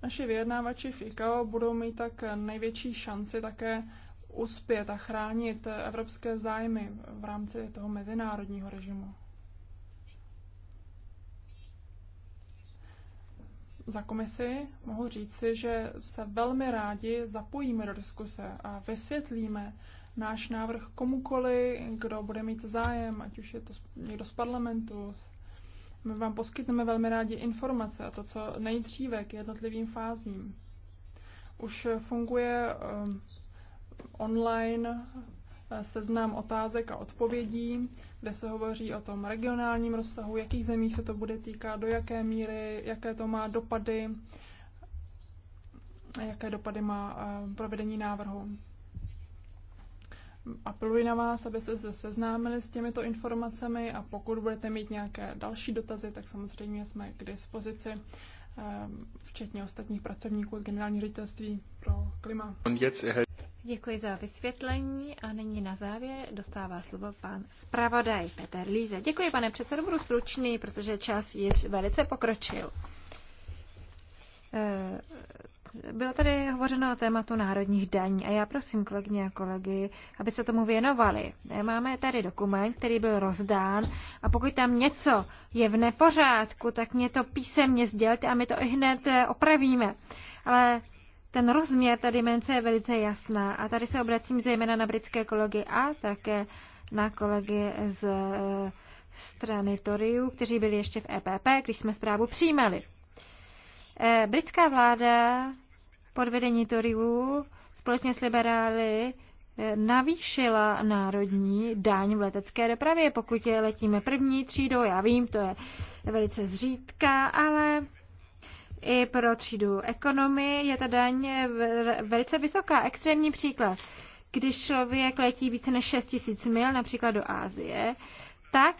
Naši vyjednávači v ICAO budou mít tak největší šanci také uspět a chránit evropské zájmy v rámci toho mezinárodního režimu. Za komisi mohu říci, že se velmi rádi zapojíme do diskuse a vysvětlíme náš návrh komukoli, kdo bude mít zájem, ať už je to někdo z parlamentu. My vám poskytneme velmi rádi informace a to, co nejdříve k jednotlivým fázím. Už funguje um, online eh, seznam otázek a odpovědí, kde se hovoří o tom regionálním rozsahu, jakých zemí se to bude týkat, do jaké míry, jaké to má dopady, jaké dopady má eh, provedení návrhu apeluji na vás, abyste se seznámili s těmito informacemi a pokud budete mít nějaké další dotazy, tak samozřejmě jsme k dispozici, ehm, včetně ostatních pracovníků z Generální ředitelství pro klima. Děkuji za vysvětlení a nyní na závěr dostává slovo pan zpravodaj Petr Líze. Děkuji, pane předsedo, budu stručný, protože čas již velice pokročil. Eh, bylo tady hovořeno o tématu národních daní a já prosím kolegyně a kolegy, aby se tomu věnovali. Máme tady dokument, který byl rozdán a pokud tam něco je v nepořádku, tak mě to písemně sdělte a my to i hned eh, opravíme. Ale ten rozměr, ta dimence je velice jasná a tady se obracím zejména na britské kolegy a také na kolegy z eh, strany Toriu, kteří byli ještě v EPP, když jsme zprávu přijímali. Eh, britská vláda pod vedení Toryů společně s liberály eh, navýšila národní daň v letecké dopravě. Pokud je letíme první třídou, já vím, to je velice zřídka, ale i pro třídu ekonomy je ta daň velice vysoká. Extrémní příklad. Když člověk letí více než 6 000 mil, například do Ázie, tak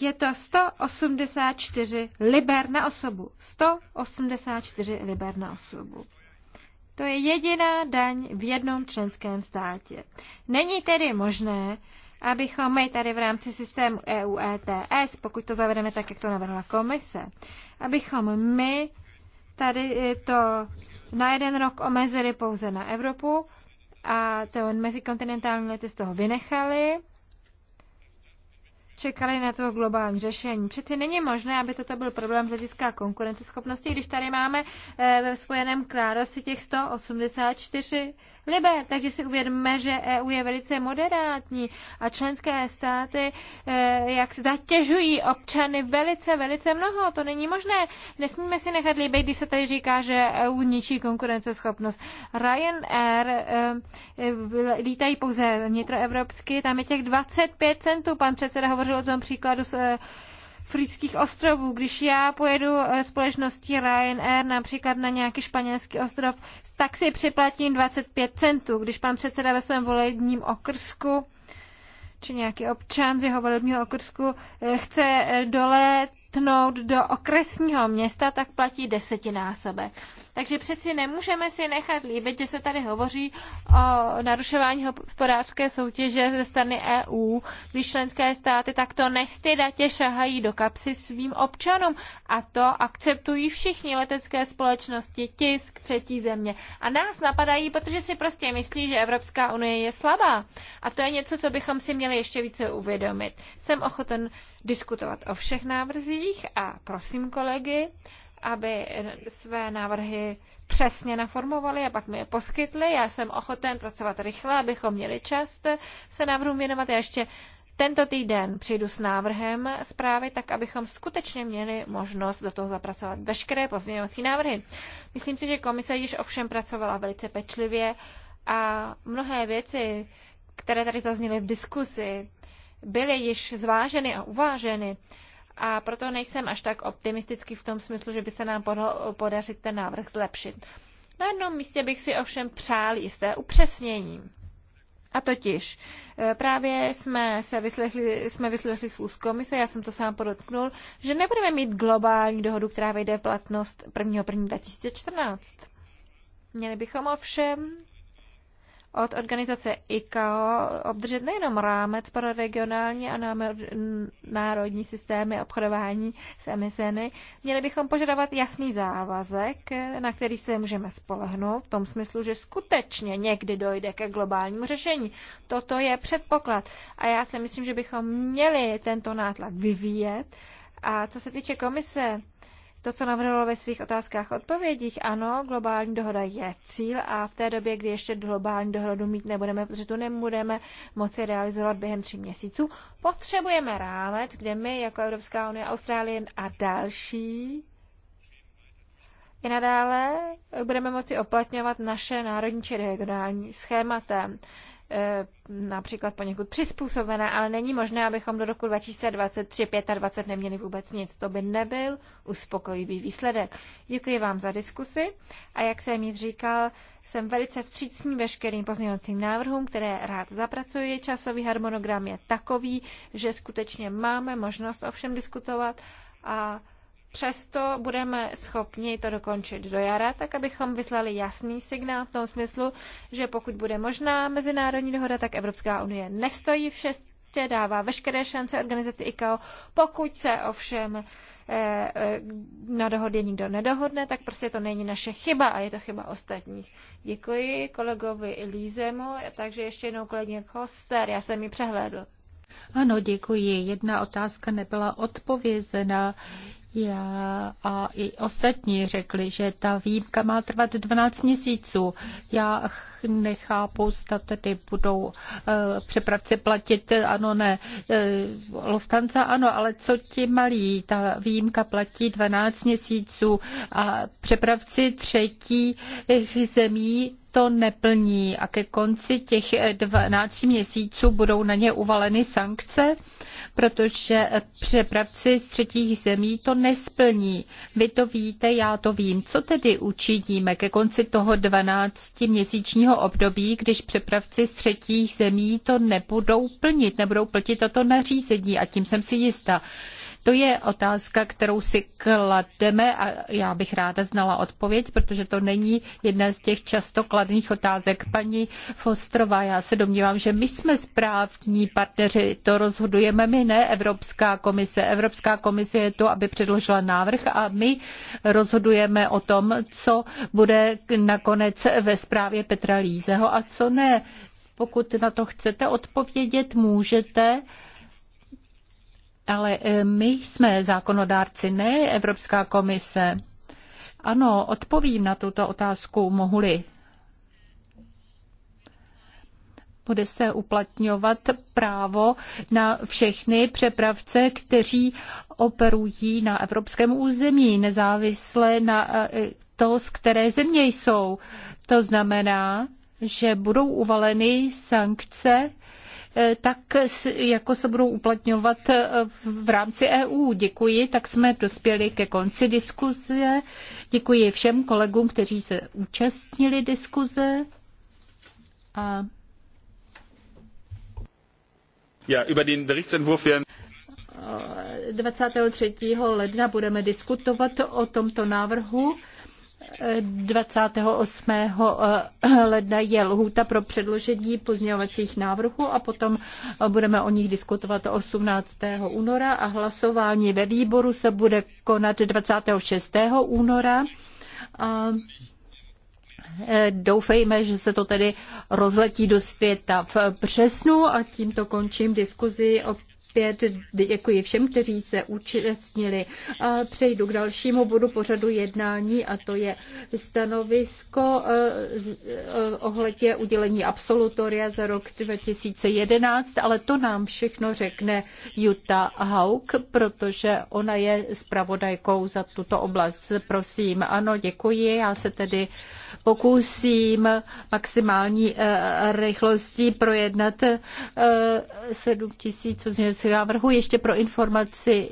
je to 184 liber na osobu. 184 liber na osobu. To je jediná daň v jednom členském státě. Není tedy možné, abychom my tady v rámci systému EU ETS, pokud to zavedeme tak, jak to navrhla komise, abychom my tady to na jeden rok omezili pouze na Evropu a to mezikontinentální lety z toho vynechali čekali na to globální řešení. Přeci není možné, aby toto byl problém z hlediska konkurenceschopnosti, když tady máme eh, ve Spojeném království těch 184 libe. Takže si uvědomíme, že EU je velice moderátní a členské státy eh, jak zatěžují občany velice, velice mnoho. To není možné. Nesmíme si nechat líbit, když se tady říká, že EU ničí konkurenceschopnost. Ryanair eh, lítají pouze vnitroevropsky, tam je těch 25 centů. Pan předseda hovořil o tom příkladu s eh, Frijských ostrovů. Když já pojedu eh, společností Ryanair například na nějaký španělský ostrov, tak si připlatím 25 centů. Když pan předseda ve svém volebním okrsku či nějaký občan z jeho volebního okrsku eh, chce eh, doletnout do okresního města, tak platí desetinásobek. Takže přeci nemůžeme si nechat líbit, že se tady hovoří o narušování hospodářské soutěže ze strany EU, když členské státy takto nestydatě šahají do kapsy svým občanům. A to akceptují všichni letecké společnosti, tisk, třetí země. A nás napadají, protože si prostě myslí, že Evropská unie je slabá. A to je něco, co bychom si měli ještě více uvědomit. Jsem ochoten diskutovat o všech návrzích a prosím kolegy, aby své návrhy přesně naformovali a pak mi je poskytli. Já jsem ochoten pracovat rychle, abychom měli čas se návrhům věnovat. Já ještě tento týden přijdu s návrhem zprávy, tak abychom skutečně měli možnost do toho zapracovat veškeré pozměňovací návrhy. Myslím si, že komise již ovšem pracovala velice pečlivě a mnohé věci, které tady zazněly v diskusi, byly již zváženy a uváženy a proto nejsem až tak optimistický v tom smyslu, že by se nám podařit ten návrh zlepšit. Na jednom místě bych si ovšem přál jisté upřesnění. A totiž e, právě jsme se vyslechli, jsme vyslechli z úst komise, já jsem to sám podotknul, že nebudeme mít globální dohodu, která vejde v platnost 1.1.2014. Měli bychom ovšem od organizace ICAO obdržet nejenom rámec pro regionální a národní systémy obchodování s emisemi, měli bychom požadovat jasný závazek, na který se můžeme spolehnout, v tom smyslu, že skutečně někdy dojde ke globálnímu řešení. Toto je předpoklad. A já si myslím, že bychom měli tento nátlak vyvíjet. A co se týče komise, to, co navrhlo ve svých otázkách a odpovědích. Ano, globální dohoda je cíl a v té době, kdy ještě globální dohodu mít nebudeme, protože tu nebudeme moci realizovat během tří měsíců, potřebujeme rámec, kde my jako Evropská unie, Austrálie a další i nadále budeme moci oplatňovat naše národní či regionální schémata. Eh, například poněkud přizpůsobené, ale není možné, abychom do roku 2023 25 neměli vůbec nic. To by nebyl uspokojivý výsledek. Děkuji vám za diskusi a jak jsem již říkal, jsem velice vstřícný veškerým pozměňovacím návrhům, které rád zapracuji. Časový harmonogram je takový, že skutečně máme možnost o všem diskutovat a přesto budeme schopni to dokončit do jara, tak abychom vyslali jasný signál v tom smyslu, že pokud bude možná mezinárodní dohoda, tak Evropská unie nestojí v šestě, dává veškeré šance organizaci ICAO. Pokud se ovšem eh, eh, na dohodě nikdo nedohodne, tak prostě to není naše chyba a je to chyba ostatních. Děkuji kolegovi Lízemu, takže ještě jednou kolegyně Koster, já jsem ji přehlédl. Ano, děkuji. Jedna otázka nebyla odpovězena. Já a i ostatní řekli, že ta výjimka má trvat 12 měsíců. Já nechápu, zda tedy budou uh, eh, přepravce platit, eh, ano, ne. Uh, Lufthansa ano, ale co ti malí? Ta výjimka platí 12 měsíců a přepravci třetí zemí to neplní a ke konci těch 12 měsíců budou na ně uvaleny sankce. Uh, protože přepravci z třetích zemí to nesplní. Vy to víte, já to vím. Co tedy učiníme ke konci toho 12-měsíčního období, když přepravci z třetích zemí to nebudou plnit, nebudou plnit toto nařízení a tím jsem si jistá. To je otázka, kterou si klademe a já bych ráda znala odpověď, protože to není jedna z těch často kladných otázek. Paní Fostrova, já se domnívám, že my jsme správní partneři, to rozhodujeme my, ne Evropská komise. Evropská komise je tu, aby předložila návrh a my rozhodujeme o tom, co bude nakonec ve zprávě Petra Lízeho a co ne. Pokud na to chcete odpovědět, můžete. Ale eh, my jsme zákonodárci, ne Evropská komise. Ano, odpovím na tuto otázku, mohu-li. Bude se uplatňovat právo na všechny přepravce, kteří operují na evropském území, nezávisle na eh, to, z které země jsou. To znamená, že budou uvaleny sankce tak jako se budou uplatňovat eh, v rámci EU. Děkuji, tak jsme dospěli ke konci diskuze. Děkuji všem kolegům, kteří se účastnili diskuze. A ja, über den Berichtsentwurf 23. Eh, ledna budeme diskutovat o tomto návrhu. 28. Eh, ledna je lhůta pro předložení pozměňovacích návrhů a potom eh, budeme o nich diskutovat 18. února a hlasování ve výboru se bude konat 26. února. A eh, Doufejme, že se to tedy rozletí do světa v březnu a tímto končím diskuzi o zpět. Děkuji všem, kteří se účastnili. A přejdu k dalšímu bodu pořadu jednání a to je stanovisko eh, eh, ohledně udělení absolutoria za rok 2011, ale to nám všechno řekne Jutta Hauk, protože ona je zpravodajkou za tuto oblast. Prosím, ano, děkuji. Já se tedy pokusím maximální eh, rychlostí projednat 7000 pozměňovacích pozměňovacím návrhu. Ještě pro informaci,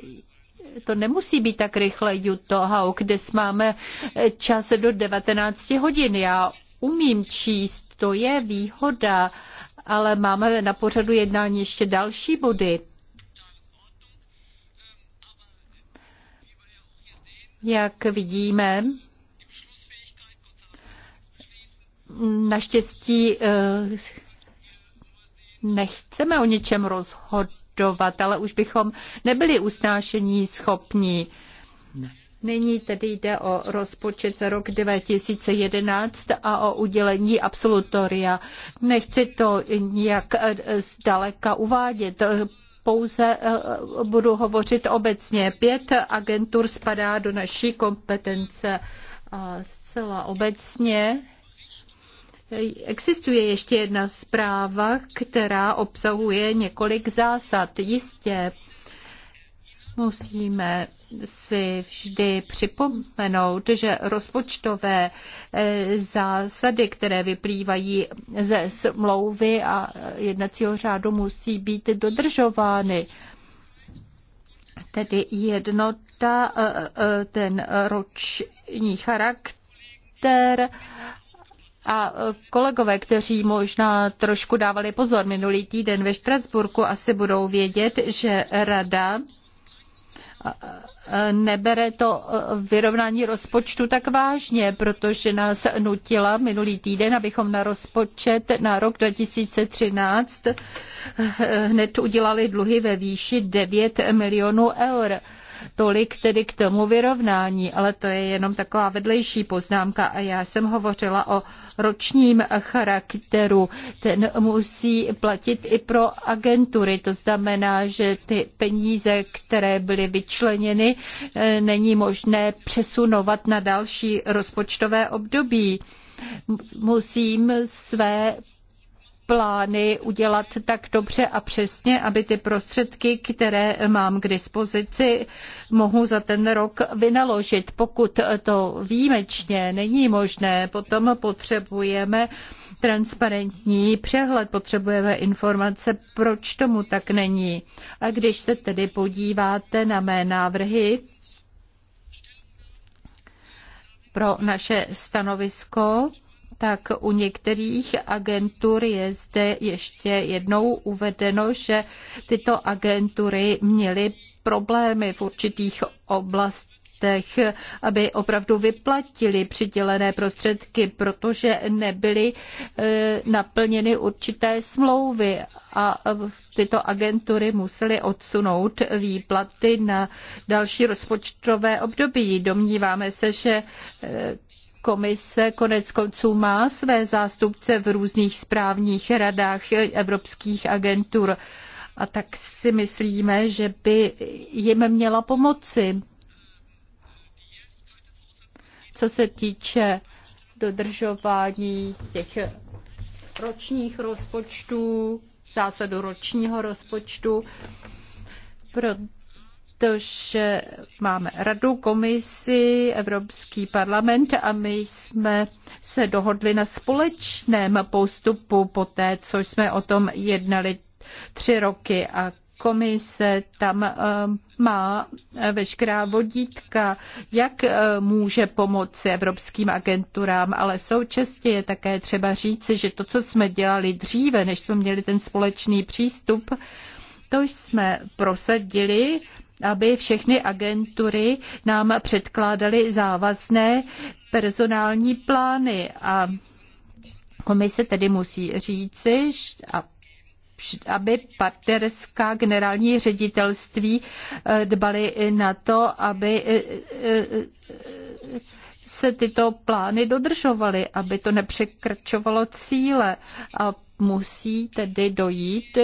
to nemusí být tak rychle, Juto Hauk, dnes máme čas do 19 hodin. Já umím číst, to je výhoda, ale máme na pořadu jednání ještě další body. Jak vidíme, naštěstí eh, nechceme o něčem rozhodnout budovat, ale už bychom nebyli usnášení schopní. Nyní tedy jde o rozpočet za rok 2011 a o udělení absolutoria. Nechci to nijak eh, zdaleka uvádět, eh, pouze eh, budu hovořit obecně. Pět agentur spadá do naší kompetence a zcela obecně Existuje ještě jedna zpráva, která obsahuje několik zásad. Jistě musíme si vždy připomenout, že rozpočtové eh, zásady, které vyplývají ze smlouvy a jednacího řádu, musí být dodržovány. Tedy jednota, eh, eh, ten roční charakter, charakter a e, kolegové, kteří možná trošku dávali pozor minulý týden ve Štrasburku, asi budou vědět, že rada e, e, nebere to vyrovnání rozpočtu tak vážně, protože nás nutila minulý týden, abychom na rozpočet na rok 2013 hned udělali dluhy ve výši 9 milionů eur. Tolik tedy k tomu vyrovnání, ale to je jenom taková vedlejší poznámka a já jsem hovořila o ročním charakteru. Ten musí platit i pro agentury, to znamená, že ty peníze, které byly vyčleněny, není možné přesunovat na další rozpočtové období musím své plány udělat tak dobře a přesně, aby ty prostředky, které mám k dispozici, mohu za ten rok vynaložit. Pokud to výjimečně není možné, potom potřebujeme transparentní přehled, potřebujeme informace, proč tomu tak není. A když se tedy podíváte na mé návrhy pro naše stanovisko, tak u některých agentur je zde ještě jednou uvedeno, že tyto agentury měly problémy v určitých oblastech, aby opravdu vyplatili přidělené prostředky, protože nebyly e, naplněny určité smlouvy a tyto agentury musely odsunout výplaty na další rozpočtové období. Domníváme se, že e, Komise konec konců má své zástupce v různých správních radách evropských agentur. A tak si myslíme, že by jim měla pomoci. Co se týče dodržování těch ročních rozpočtů, zásadu ročního rozpočtu, proto že eh, máme radu, komisi, Evropský parlament a my jsme se dohodli na společném postupu po té, co jsme o tom jednali tři roky a komise tam eh, má veškerá vodítka, jak eh, může pomoci evropským agenturám, ale současně je také třeba říci, že to, co jsme dělali dříve, než jsme měli ten společný přístup, to jsme prosadili aby všechny agentury nám předkládaly závazné personální plány a komise tedy musí říci, aby partnerská generální ředitelství eh, dbali na to, aby eh, eh, se tyto plány dodržovaly, aby to nepřekračovalo cíle a musí tedy dojít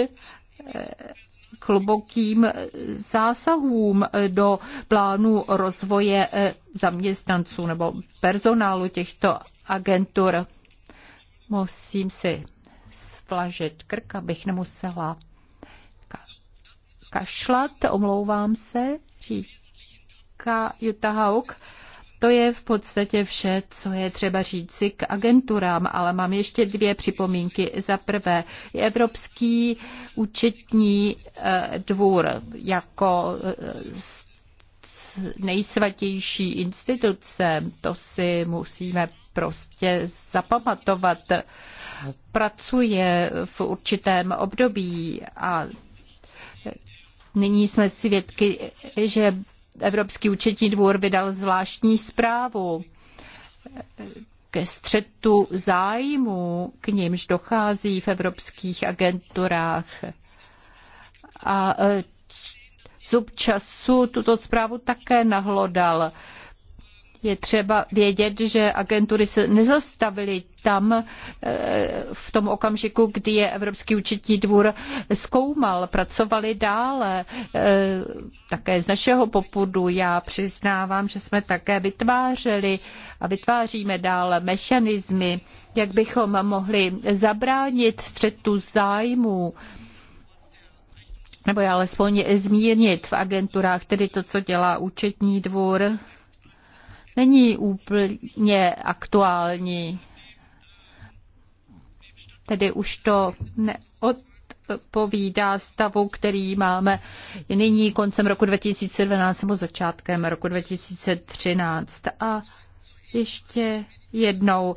hlubokým zásahům do plánu rozvoje eh, zaměstnanců nebo personálu těchto agentur. Musím si splažit krk, abych nemusela kašlat, omlouvám se, říká Jutta Haug. To je v podstatě vše, co je třeba říci k agenturám, ale mám ještě dvě připomínky. Za prvé, Evropský účetní eh, dvůr jako eh, nejsvatější instituce, to si musíme prostě zapamatovat, pracuje v určitém období a nyní jsme svědky, že Evropský účetní dvůr vydal zvláštní zprávu ke střetu zájmu, k nímž dochází v evropských agenturách. A e, zub času tuto zprávu také nahlodal. Je třeba vědět, že agentury se nezastavily tam eh, v tom okamžiku, kdy je Evropský účetní dvůr zkoumal, pracovali dále. Eh, také z našeho popudu já přiznávám, že jsme také vytvářeli a vytváříme dále mechanismy, jak bychom mohli zabránit střetu zájmů nebo alespoň zmírnit v agenturách, tedy to, co dělá účetní dvůr není úplně aktuální. Tedy už to neodpovídá stavu, který máme nyní koncem roku 2012 nebo začátkem roku 2013. A ještě jednou.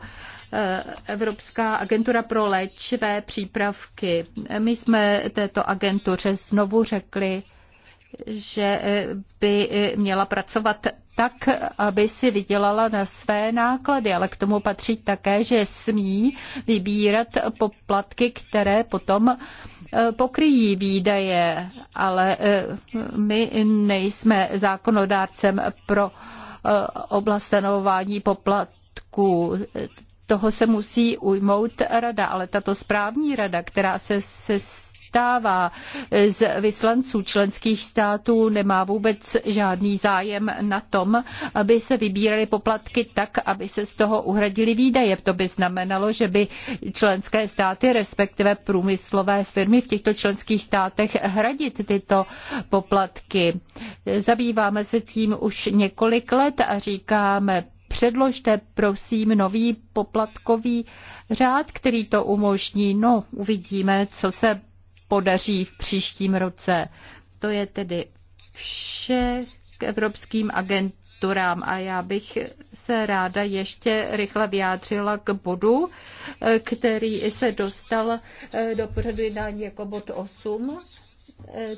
Eh, Evropská agentura pro léčivé přípravky. My jsme této agentuře znovu řekli, že eh, by eh, měla pracovat tak, aby si vydělala na své náklady, ale k tomu patří také, že smí vybírat poplatky, které potom eh, pokryjí výdaje, ale my nejsme zákonodárcem pro oblast stanovování poplatků. Toho se musí ujmout rada, ale tato správní rada, která se, se stává z vyslanců členských států, nemá vůbec žádný zájem na tom, aby se vybíraly poplatky tak, aby se z toho uhradili výdaje. To by znamenalo, že by členské státy, respektive průmyslové firmy v těchto členských státech hradit tyto poplatky. Zabýváme se tím už několik let a říkáme, předložte prosím nový poplatkový řád, který to umožní. No, uvidíme, co se podaří v příštím roce. To je tedy vše k evropským agenturám a já bych se ráda ještě rychle vyjádřila k bodu, který se dostal eh, do pořadu jednání jako bod 8 eh,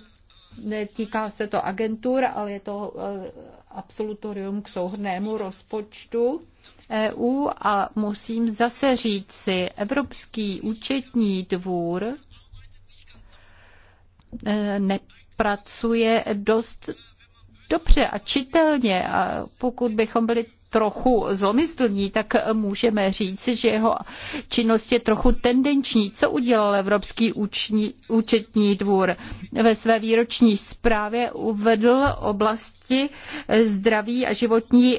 netýká se to agentur, ale je to eh, absolutorium k souhrnému rozpočtu EU a musím zase říct si, Evropský účetní dvůr Eh, nepracuje dost dobře a čitelně. A pokud bychom byli trochu zlomyslní, tak můžeme říct, že jeho činnost je trochu tendenční. Co udělal Evropský úční, účetní dvůr? Ve své výroční zprávě uvedl oblasti zdraví a životní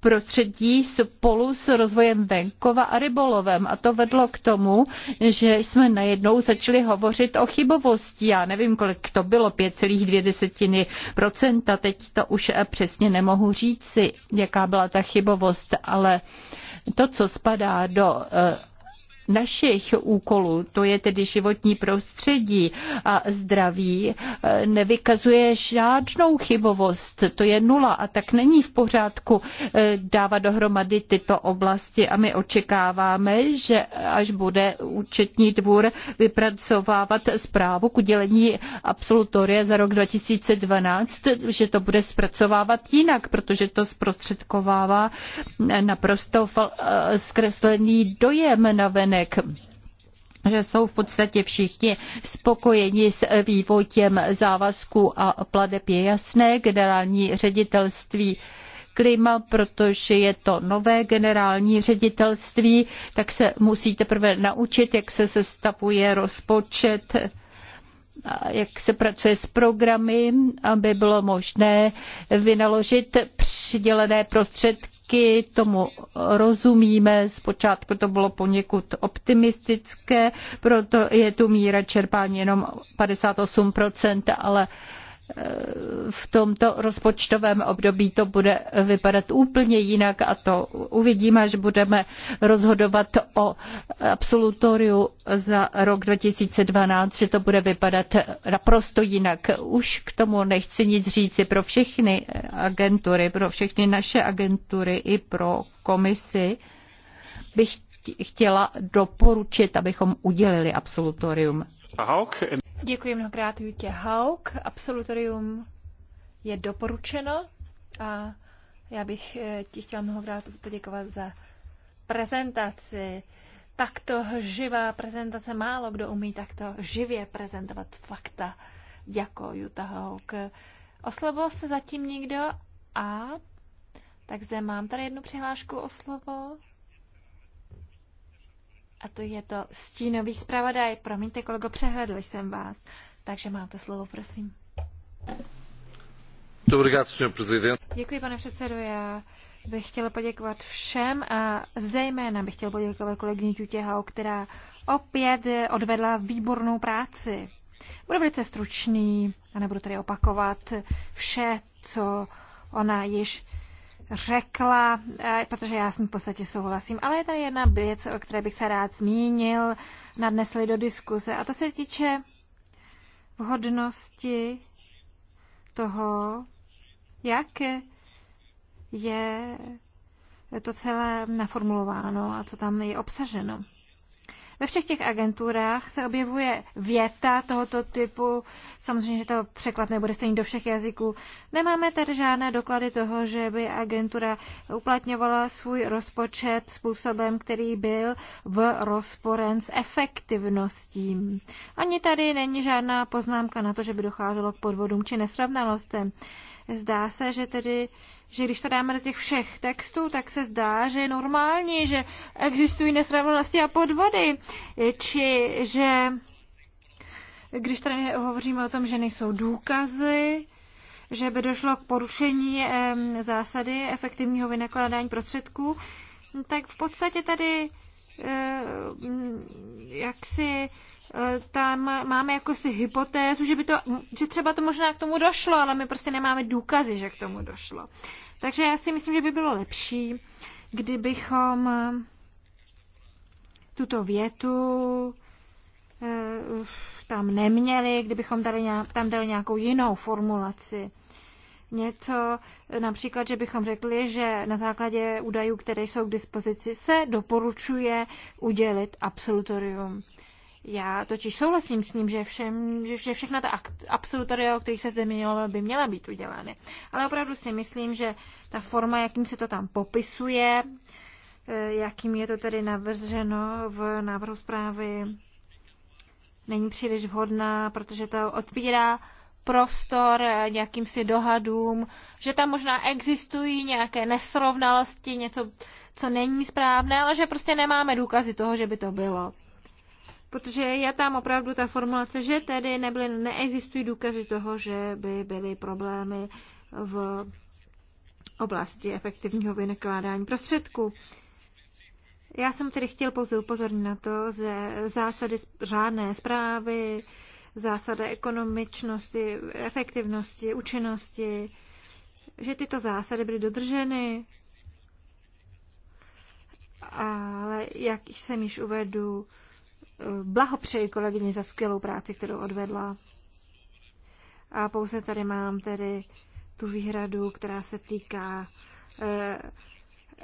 prostředí spolu s rozvojem venkova a rybolovem. A to vedlo k tomu, že jsme najednou začali hovořit o chybovosti. Já nevím, kolik to bylo, 5,2%, teď to už přesně nemohu říci, jaká byla ta chybovost, ale to, co spadá do eh, našich úkolů, to je tedy životní prostředí a zdraví, eh, nevykazuje žádnou chybovost, to je nula a tak není v pořádku eh, dávat dohromady tyto oblasti a my očekáváme, že až bude účetní dvůr vypracovávat zprávu k udělení absolutoria za rok 2012, že to bude zpracovávat jinak, protože to zprostředkovává naprosto eh, zkreslený dojem na venek podmínek že jsou v podstatě všichni spokojeni s vývojem závazků a pladeb. Je jasné, generální ředitelství klima, protože je to nové generální ředitelství, tak se musíte prvé naučit, jak se sestavuje rozpočet, jak se pracuje s programy, aby bylo možné vynaložit přidělené prostředky taky tomu rozumíme. Zpočátku to bylo poněkud optimistické, proto je tu míra čerpání jenom 58%, ale v tomto rozpočtovém období to bude vypadat úplně jinak a to uvidíme, až budeme rozhodovat o absolutoriu za rok 2012, že to bude vypadat naprosto jinak. Už k tomu nechci nic říci pro všechny agentury, pro všechny naše agentury i pro komisi bych chtěla doporučit, abychom udělili absolutorium. Děkuji mnohokrát Jutě Hauk. Absolutorium je doporučeno a já bych eh, ti chtěla mnohokrát poděkovat za prezentaci. Takto živá prezentace, málo kdo umí takto živě prezentovat fakta jako Jutta Hauk. Oslovil se zatím někdo a tak zde mám tady jednu přihlášku o slovo. A to je to stínový zpravodaj. Promiňte, kolego, přehledl jsem vás. Takže máte slovo, prosím. Děkuji, pane předsedo. Já bych chtěla poděkovat všem a zejména bych chtěla poděkovat kolegyni Tutěhau, která opět odvedla výbornou práci. Budu velice stručný a nebudu tady opakovat vše, co ona již řekla, eh, protože já s ní v podstatě souhlasím, ale je tady jedna věc, o které bych se rád zmínil, nadnesli do diskuze, a to se týče vhodnosti toho, jak je to celé naformulováno a co tam je obsaženo. Ve všech těch agenturách se objevuje věta tohoto typu, samozřejmě, že to překlad nebude stejný do všech jazyků. Nemáme tady žádné doklady toho, že by agentura uplatňovala svůj rozpočet způsobem, který byl v rozporen s efektivností. Ani tady není žádná poznámka na to, že by docházelo k podvodům či nesrovnalostem. Zdá se, že tedy že když to dáme do těch všech textů, tak se zdá, že je normální, že existují nesrovnalosti a podvody, či že když tady hovoříme o tom, že nejsou důkazy, že by došlo k porušení zásady efektivního vynakládání prostředků, tak v podstatě tady eh, jak si tam máme jakosi hypotézu, že, by to, že třeba to možná k tomu došlo, ale my prostě nemáme důkazy, že k tomu došlo. Takže já si myslím, že by bylo lepší, kdybychom eh, tuto větu eh, tam neměli, kdybychom dali nějak, tam dali nějakou jinou formulaci. Něco například, že bychom řekli, že na základě údajů, které jsou k dispozici, se doporučuje udělit absolutorium. Já totiž souhlasím s ním, že, všem, že, že všechna ta absolutoria, o kterých se zmiňovalo, by měla být udělány. Ale opravdu si myslím, že ta forma, jakým se to tam popisuje, eh, jakým je to tedy navrženo v návrhu zprávy, není příliš vhodná, protože to otvírá prostor eh, nějakým si dohadům, že tam možná existují nějaké nesrovnalosti, něco, co není správné, ale že prostě nemáme důkazy toho, že by to bylo protože je tam opravdu ta formulace, že tedy nebyly, neexistují důkazy toho, že by byly problémy v oblasti efektivního vynakládání prostředků. Já jsem tedy chtěl pouze upozornit na to, že zásady řádné zprávy, zásada ekonomičnosti, efektivnosti, účinnosti, že tyto zásady byly dodrženy, ale jak jsem již uvedu, blahopřeji kolegyni za skvělou práci, kterou odvedla. A pouze tady mám tedy tu výhradu, která se týká eh,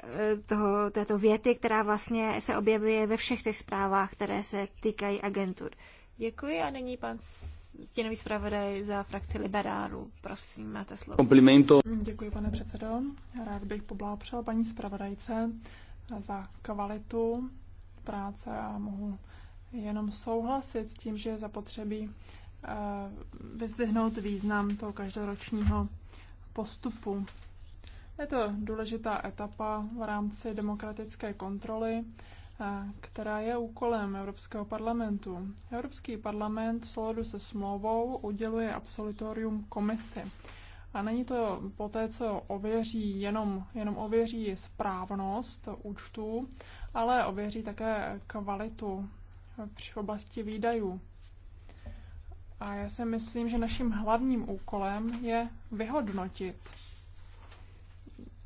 eh, toho, této věty, která vlastně se objevuje ve všech těch zprávách, které se týkají agentur. Děkuji a nyní pan stěnový zpravodaj za frakci liberálů. Prosím, máte slovo. Komplimento. Děkuji, pane předsedo. Rád bych poblahopřál paní zpravodajce za kvalitu práce a mohu jenom souhlasit s tím, že je zapotřebí eh, vyzdvihnout význam toho každoročního postupu. Je to důležitá etapa v rámci demokratické kontroly, eh, která je úkolem Evropského parlamentu. Evropský parlament v souladu se smlouvou uděluje absolutorium komisi. A není to po té, co ověří, jenom, jenom ověří správnost účtů, ale ověří také kvalitu v oblasti výdajů. A já si myslím, že naším hlavním úkolem je vyhodnotit.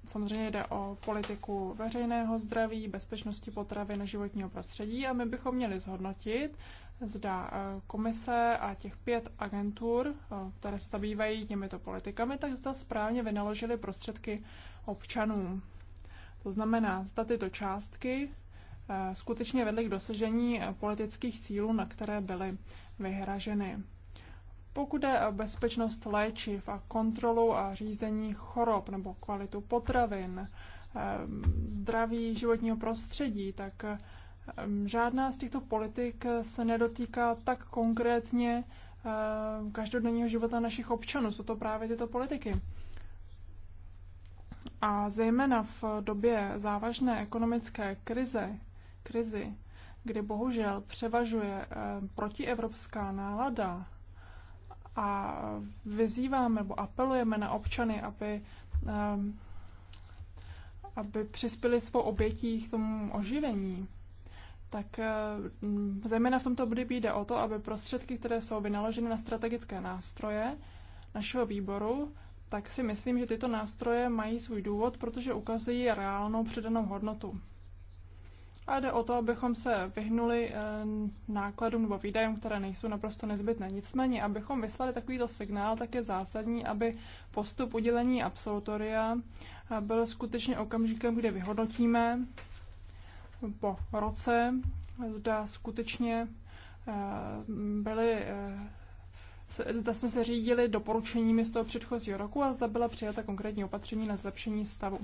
Samozřejmě jde o politiku veřejného zdraví, bezpečnosti potravy na životního prostředí a my bychom měli zhodnotit, zda eh, komise a těch pět agentur, eh, které se zabývají těmito politikami, tak zda správně vynaložili prostředky občanům. To znamená, zda tyto částky Eh, skutečně vedly k dosažení politických cílů, na které byly vyhraženy. Pokud je o bezpečnost léčiv a kontrolu a řízení chorob nebo kvalitu potravin, eh, zdraví životního prostředí, tak eh, žádná z těchto politik se nedotýká tak konkrétně každodenního života našich občanů. Jsou to právě tyto politiky. A zejména v době závažné ekonomické krize, krizi, kdy bohužel převažuje eh, protievropská nálada a vyzýváme nebo apelujeme na občany, aby ehm, aby přispěli svou obětí k tomu oživení, tak eh, zejména v tomto období jde o to, aby prostředky, které jsou vynaloženy na strategické nástroje našeho výboru, tak si myslím, že tyto nástroje mají svůj důvod, protože ukazují reálnou přidanou hodnotu. A jde o to, abychom se vyhnuli eh, nákladům nebo výdajům, které nejsou naprosto nezbytné. Nicméně, abychom vyslali takovýto signál, tak je zásadní, aby postup udělení absolutoria eh, byl skutečně okamžikem, kde vyhodnotíme po roce, zda skutečně eh, byly zda jsme se řídili doporučeními z toho předchozího roku a zda byla přijata konkrétní opatření na zlepšení stavu.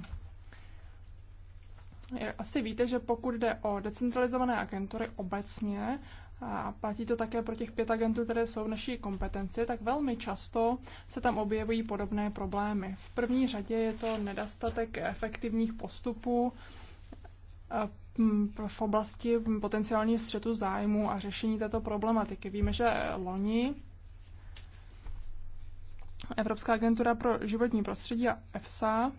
Asi víte, že pokud jde o decentralizované agentury obecně, a platí to také pro těch pět agentů, které jsou v naší kompetenci, tak velmi často se tam objevují podobné problémy. V první řadě je to nedostatek efektivních postupů v oblasti potenciální střetu zájmu a řešení této problematiky. Víme, že loni Evropská agentura pro životní prostředí a EFSA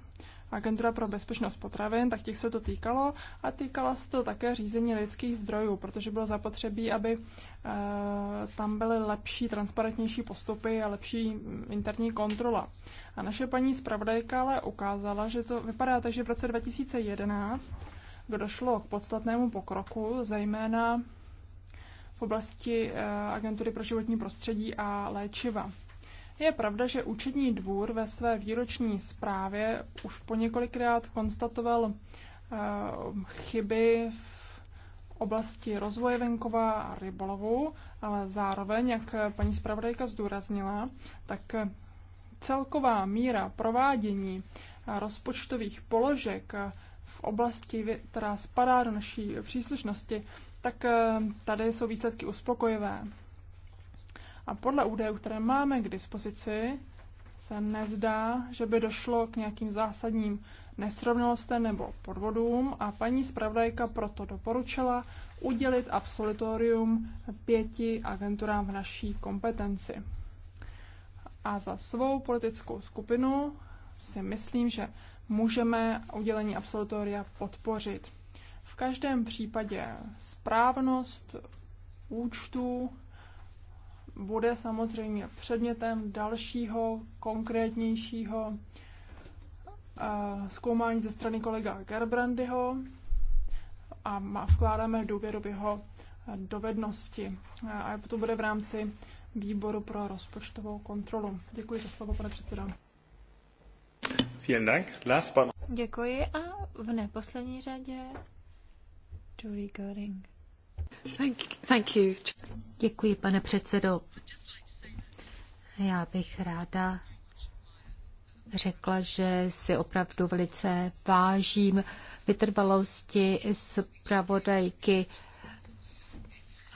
agentura pro bezpečnost potravin, tak těch se to týkalo a týkala se to také řízení lidských zdrojů, protože bylo zapotřebí, aby eh, tam byly lepší, transparentnější postupy a lepší mm, interní kontrola. A naše paní zpravodajka ale ukázala, že to vypadá tak, že v roce 2011 došlo k podstatnému pokroku, zejména v oblasti eh, agentury pro životní prostředí a léčiva. Je pravda, že účetní dvůr ve své výroční zprávě už po několikrát konstatoval eh, chyby v oblasti rozvoje venkova a rybolovu, ale zároveň, jak paní zpravodajka zdůraznila, tak celková míra provádění rozpočtových položek v oblasti, která spadá do naší příslušnosti, tak eh, tady jsou výsledky uspokojivé. A podle údajů, které máme k dispozici, se nezdá, že by došlo k nějakým zásadním nesrovnalostem nebo podvodům a paní zpravodajka proto doporučila udělit absolutorium pěti agenturám v naší kompetenci. A za svou politickou skupinu si myslím, že můžeme udělení absolutoria podpořit. V každém případě správnost účtu bude samozřejmě předmětem dalšího konkrétnějšího eh, zkoumání ze strany kolega Gerbrandyho a vkládáme důvěru v jeho eh, dovednosti. Eh, a to bude v rámci výboru pro rozpočtovou kontrolu. Děkuji za slovo, pane předsedo. Děkuji a v neposlední řadě Julie Göring. Děkuji, pane předsedo. Já bych ráda řekla, že si opravdu velice vážím vytrvalosti zpravodajky.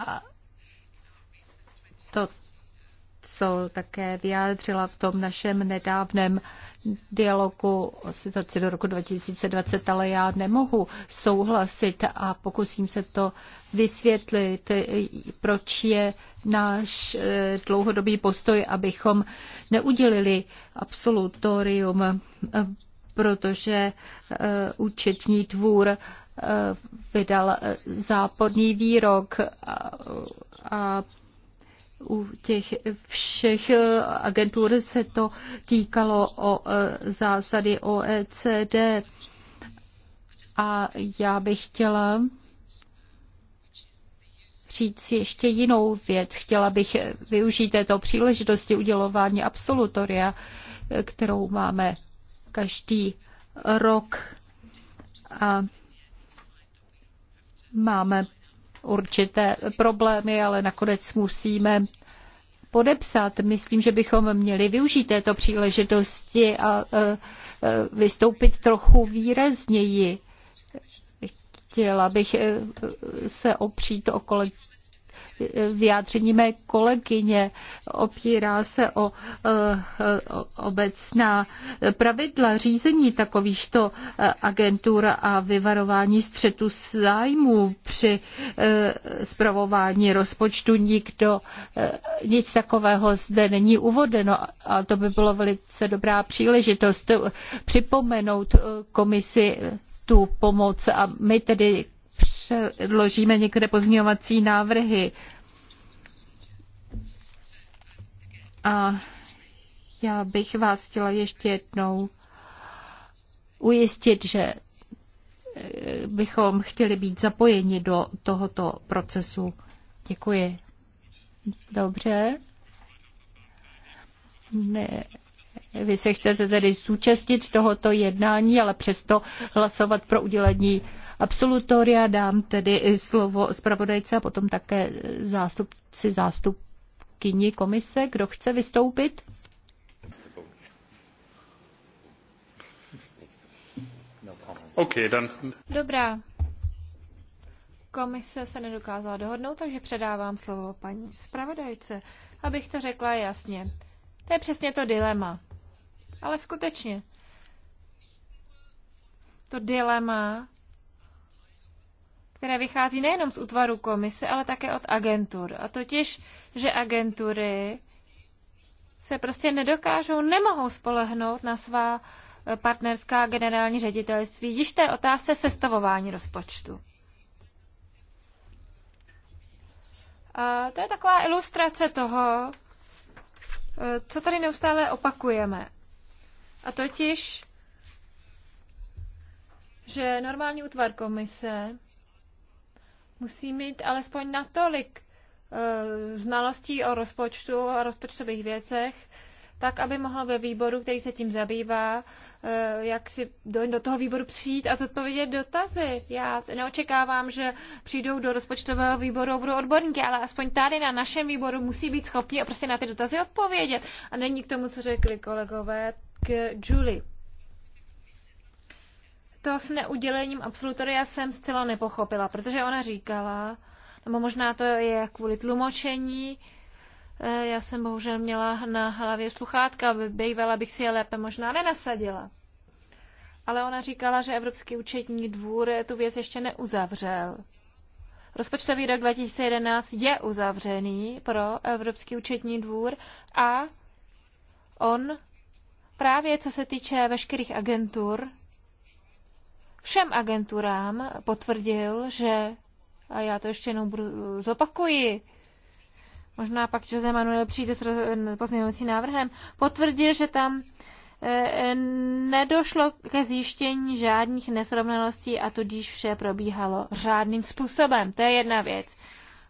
A to co také vyjádřila v tom našem nedávném dialogu o situaci do roku 2020, ale já nemohu souhlasit a pokusím se to vysvětlit, proč je náš eh, dlouhodobý postoj, abychom neudělili absolutorium, eh, protože eh, účetní dvůr vydal záporný výrok a u těch všech eh, agentur se to týkalo o eh, zásady OECD. A já bych chtěla říct ještě jinou věc. Chtěla bych využít této příležitosti udělování absolutoria, eh, kterou máme každý rok. A máme určité problémy, ale nakonec musíme podepsat. Myslím, že bychom měli využít této příležitosti a e, e, vystoupit trochu výrazněji. Chtěla bych e, se opřít o kolegu vyjádření mé kolegyně. Opírá se o eh, obecná pravidla řízení takovýchto eh, agentur a vyvarování střetu zájmů při zpravování eh, rozpočtu. Nikdo nic takového zde není uvodeno a to by bylo velice dobrá příležitost připomenout komisi tu pomoc a my tedy předložíme některé pozměňovací návrhy. A já bych vás chtěla ještě jednou ujistit, že eh, bychom chtěli být zapojeni do tohoto procesu. Děkuji. Dobře. Ne. Vy se chcete tedy zúčastnit tohoto jednání, ale přesto hlasovat pro udělení absolutoria. Dám tedy slovo zpravodajce a potom také zástupci zástupkyni komise. Kdo chce vystoupit? Okay, then. Dobrá. Komise se nedokázala dohodnout, takže předávám slovo paní zpravodajce, abych to řekla jasně. To je přesně to dilema. Ale skutečně. To dilema které vychází nejenom z útvaru komise, ale také od agentur. A totiž, že agentury se prostě nedokážou, nemohou spolehnout na svá eh, partnerská generální ředitelství, již té otázce sestavování rozpočtu. A to je taková ilustrace toho, eh, co tady neustále opakujeme. A totiž, že normální útvar komise musí mít alespoň natolik eh, znalostí o rozpočtu, o rozpočtových věcech, tak, aby mohl ve výboru, který se tím zabývá, eh, jak si do, do toho výboru přijít a zodpovědět dotazy. Já neočekávám, že přijdou do rozpočtového výboru budou odborníky, ale aspoň tady na našem výboru musí být schopni a prostě na ty dotazy odpovědět. A není k tomu, co řekli kolegové, k Julie to s neudělením absolutoria jsem zcela nepochopila, protože ona říkala, nebo možná to je kvůli tlumočení, eh, já jsem bohužel měla na hlavě sluchátka, bývala bych si je lépe možná nenasadila. Ale ona říkala, že Evropský účetní dvůr tu věc ještě neuzavřel. Rozpočtový rok 2011 je uzavřený pro Evropský účetní dvůr a on právě co se týče veškerých agentur, všem agenturám potvrdil, že, a já to ještě jenom budu, zopakuji, možná pak Jose Manuel přijde s pozměňovacím návrhem, potvrdil, že tam e, e, nedošlo ke zjištění žádných nesrovnalostí a tudíž vše probíhalo řádným způsobem. To je jedna věc.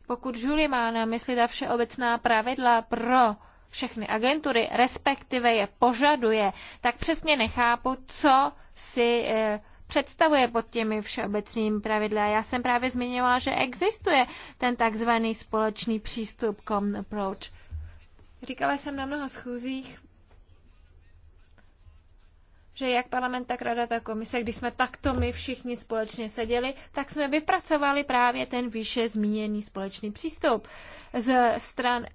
Pokud Julie má na mysli ta všeobecná pravidla pro všechny agentury, respektive je požaduje, tak přesně nechápu, co si e, představuje pod těmi všeobecnými pravidly. A já jsem právě zmiňovala, že existuje ten takzvaný společný přístup common approach. Říkala jsem na mnoho schůzích, že jak parlament, tak rada, tak komise, když jsme takto my všichni společně seděli, tak jsme vypracovali právě ten výše zmíněný společný přístup. Z stran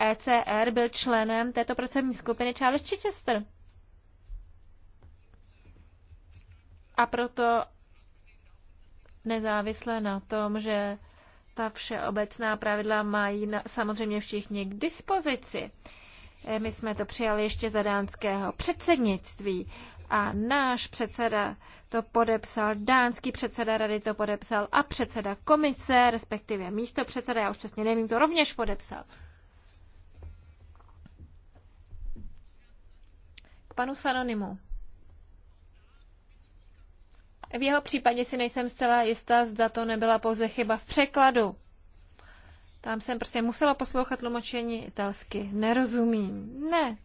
ECR byl členem této pracovní skupiny Charles Chichester. A proto nezávisle na tom, že ta všeobecná pravidla mají na, samozřejmě všichni k dispozici. Eh, my jsme to přijali ještě za dánského předsednictví a náš předseda to podepsal, dánský předseda rady to podepsal a předseda komise, respektive místo předseda, já už přesně nevím, to rovněž podepsal. K panu Sanonimu. V jeho případě si nejsem zcela jistá, zda to nebyla pouze chyba v překladu. Tam jsem prostě musela poslouchat tlumočení italsky. Nerozumím. Ne.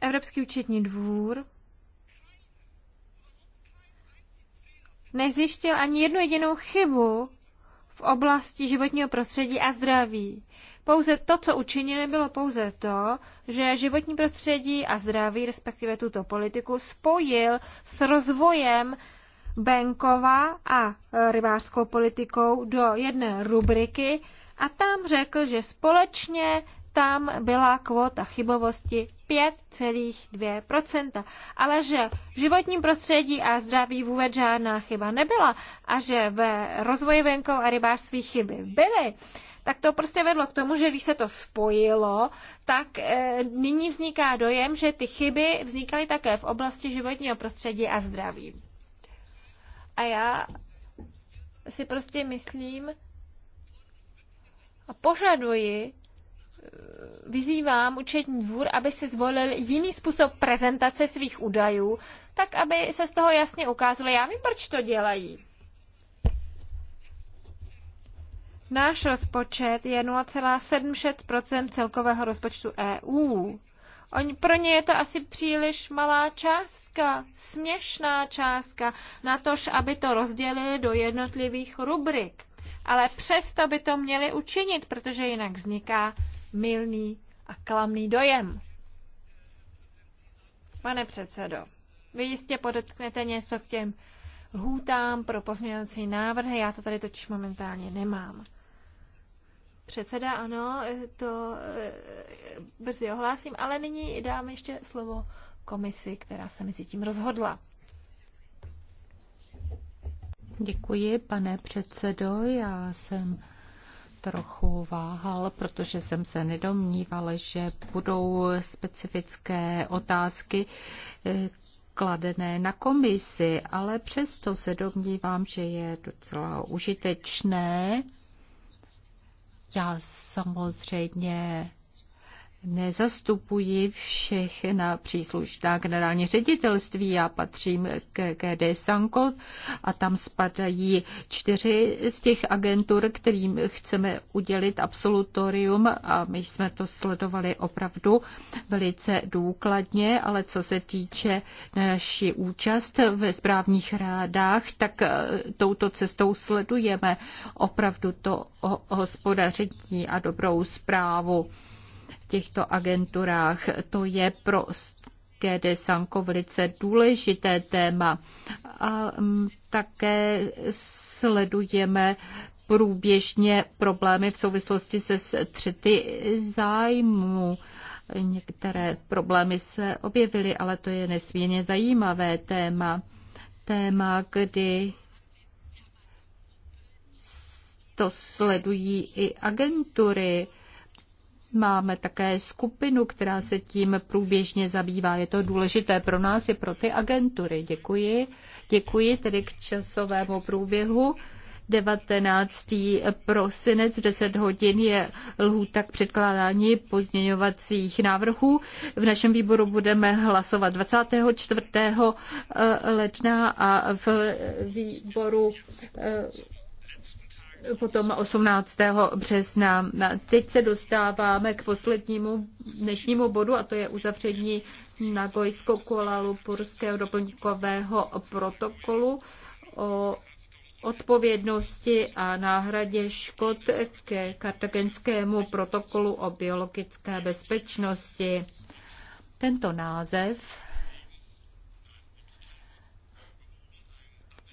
Evropský účetní dvůr nezjištěl ani jednu jedinou chybu v oblasti životního prostředí a zdraví. Pouze to, co učinili, bylo pouze to, že životní prostředí a zdraví, respektive tuto politiku, spojil s rozvojem Benkova a rybářskou politikou do jedné rubriky a tam řekl, že společně tam byla kvota chybovosti 5,2%, ale že v životním prostředí a zdraví vůbec žádná chyba nebyla a že ve rozvoji venkov a rybářství chyby byly tak to prostě vedlo k tomu, že když se to spojilo, tak e, nyní vzniká dojem, že ty chyby vznikaly také v oblasti životního prostředí a zdraví. A já si prostě myslím a požaduji, eh, vyzývám učetní dvůr, aby si zvolil jiný způsob prezentace svých údajů, tak aby se z toho jasně ukázalo, já vím, proč to dělají. Náš rozpočet je 0,76 celkového rozpočtu EU. Oni, pro ně je to asi příliš malá částka, směšná částka, na tož, aby to rozdělili do jednotlivých rubrik. Ale přesto by to měli učinit, protože jinak vzniká milný a klamný dojem. Pane předsedo, vy jistě podotknete něco k těm lhůtám pro pozměňovací návrhy, já to tady totiž momentálně nemám předseda, ano, to eh, brzy ohlásím, ale nyní dám ještě slovo komisi, která se mezi tím rozhodla. Děkuji, pane předsedo. Já jsem trochu váhal, protože jsem se nedomníval, že budou specifické otázky eh, kladené na komisi, ale přesto se domnívám, že je docela užitečné já samozřejmě nezastupuji všechna příslušná generální ředitelství. Já patřím k KD Sanko a tam spadají čtyři z těch agentur, kterým chceme udělit absolutorium a my jsme to sledovali opravdu velice důkladně, ale co se týče naší účast ve správních rádách, tak eh, touto cestou sledujeme opravdu to hospodaření a dobrou zprávu těchto agenturách. To je pro KD Sanko velice důležité téma. A mm, také sledujeme průběžně problémy v souvislosti se střety zájmu. Některé problémy se objevily, ale to je nesmírně zajímavé téma. Téma, kdy to sledují i agentury. Máme také skupinu, která se tím průběžně zabývá. Je to důležité pro nás i pro ty agentury. Děkuji. Děkuji tedy k časovému průběhu. 19. prosinec 10 hodin je lhůta k předkládání pozměňovacích návrhů. V našem výboru budeme hlasovat 24. Eh, ledna a v výboru eh, potom 18. března. Teď se dostáváme k poslednímu dnešnímu bodu a to je uzavření Nagojsko purského doplňkového protokolu o odpovědnosti a náhradě škod ke kartagenskému protokolu o biologické bezpečnosti. Tento název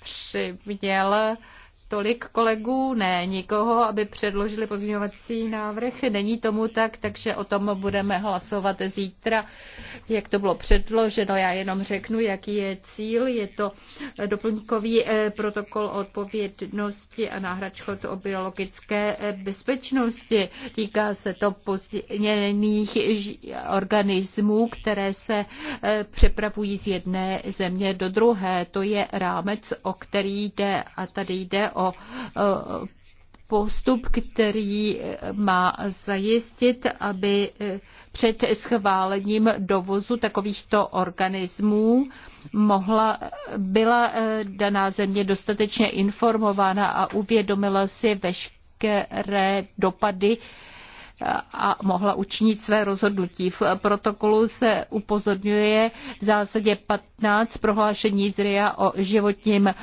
přiměl tolik kolegů, ne nikoho, aby předložili pozměňovací návrh. Není tomu tak, takže o tom budeme hlasovat zítra, jak to bylo předloženo. Já jenom řeknu, jaký je cíl. Je to doplňkový eh, protokol o odpovědnosti a náhrad škod o biologické eh, bezpečnosti. Týká se to pozměněných organismů, které se eh, přepravují z jedné země do druhé. To je rámec, o který jde a tady jde o postup, který má zajistit, aby e, před schválením dovozu takovýchto organismů mohla, byla e, daná země dostatečně informována a uvědomila si veškeré dopady a mohla učinit své rozhodnutí. V protokolu se upozorňuje v zásadě 15 prohlášení z RIA o životním eh,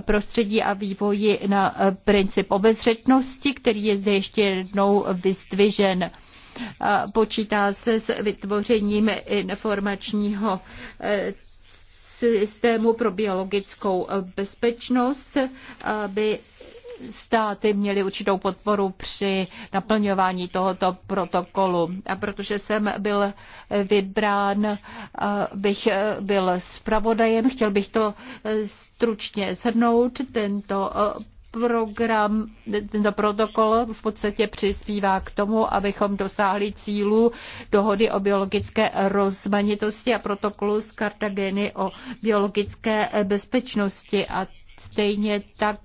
prostředí a vývoji na eh, princip obezřetnosti, který je zde ještě jednou vyzdvižen. Počítá se s vytvořením informačního eh, systému pro biologickou bezpečnost, aby státy měly určitou podporu při naplňování tohoto protokolu. A protože jsem byl vybrán, eh, bych eh, byl zpravodajem, chtěl bych to eh, stručně shrnout. Tento program, tento protokol v podstatě přispívá k tomu, abychom dosáhli cílu dohody o biologické rozmanitosti a protokolu z Kartageny o biologické bezpečnosti a Stejně tak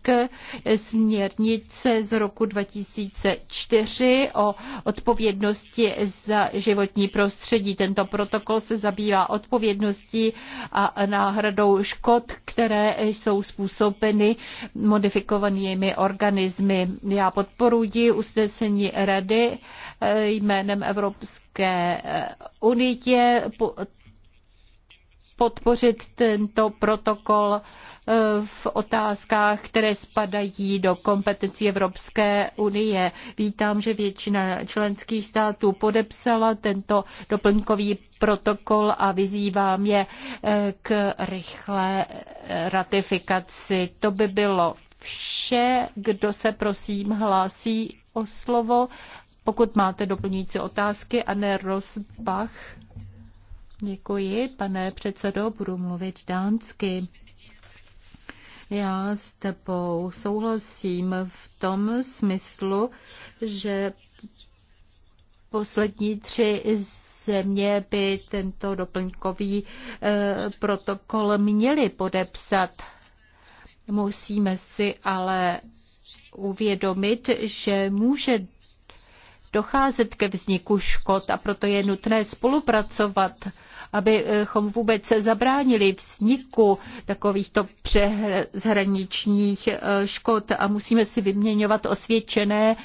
směrnice z roku 2004 o odpovědnosti za životní prostředí. Tento protokol se zabývá odpovědností a náhradou škod, které jsou způsobeny modifikovanými organismy. Já podporuji usnesení Rady jménem Evropské unie podpořit tento protokol v otázkách, které spadají do kompetencí Evropské unie. Vítám, že většina členských států podepsala tento doplňkový protokol a vyzývám je eh, k rychlé eh, ratifikaci. To by bylo vše, kdo se prosím hlásí o slovo. Pokud máte doplňující otázky, a ne Rozbach. Děkuji, pane předsedo, budu mluvit dánsky. Já s tebou souhlasím v tom smyslu, že poslední tři země by tento doplňkový eh, protokol měly podepsat. Musíme si ale uvědomit, že může docházet ke vzniku škod a proto je nutné spolupracovat, abychom vůbec zabránili vzniku takovýchto přeshraničních eh, škod a musíme si vyměňovat osvědčené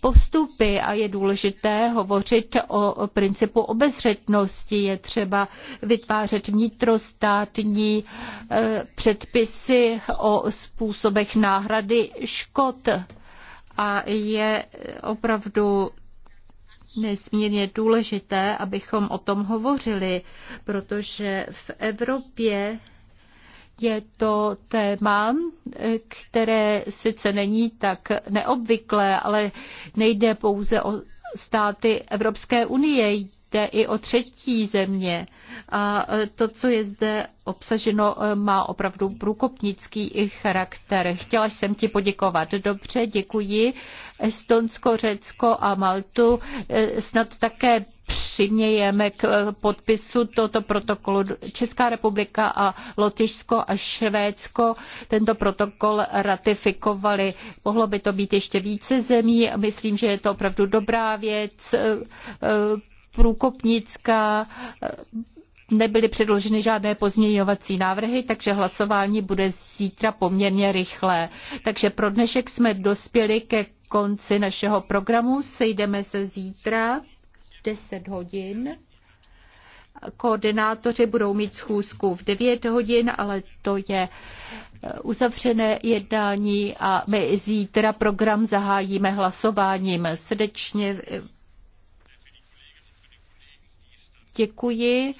postupy a je důležité hovořit o principu obezřetnosti. Je třeba vytvářet vnitrostátní eh, předpisy o způsobech náhrady škod a je opravdu nesmírně důležité, abychom o tom hovořili, protože v Evropě je to téma, které sice není tak neobvyklé, ale nejde pouze o státy Evropské unie, jde i o třetí země. A e, to, co je zde obsaženo, e, má opravdu průkopnický charakter. Chtěla jsem ti poděkovat. Dobře, děkuji. Estonsko, Řecko a Maltu e, snad také přimějeme k podpisu tohoto protokolu. Česká republika a Lotyšsko a Švédsko tento protokol ratifikovali. Mohlo by to být ještě více zemí. Myslím, že je to opravdu dobrá věc průkopnická. Nebyly předloženy žádné pozměňovací návrhy, takže hlasování bude zítra poměrně rychlé. Takže pro dnešek jsme dospěli ke konci našeho programu. Sejdeme se zítra v 10 hodin. Koordinátoři budou mít schůzku v 9 hodin, ale to je eh, uzavřené jednání a my zítra program zahájíme hlasováním. Srdečně eh, Děkuji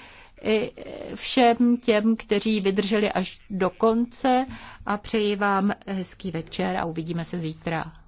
eh, všem těm, kteří vydrželi až do konce a přeji vám hezký večer a uvidíme se zítra.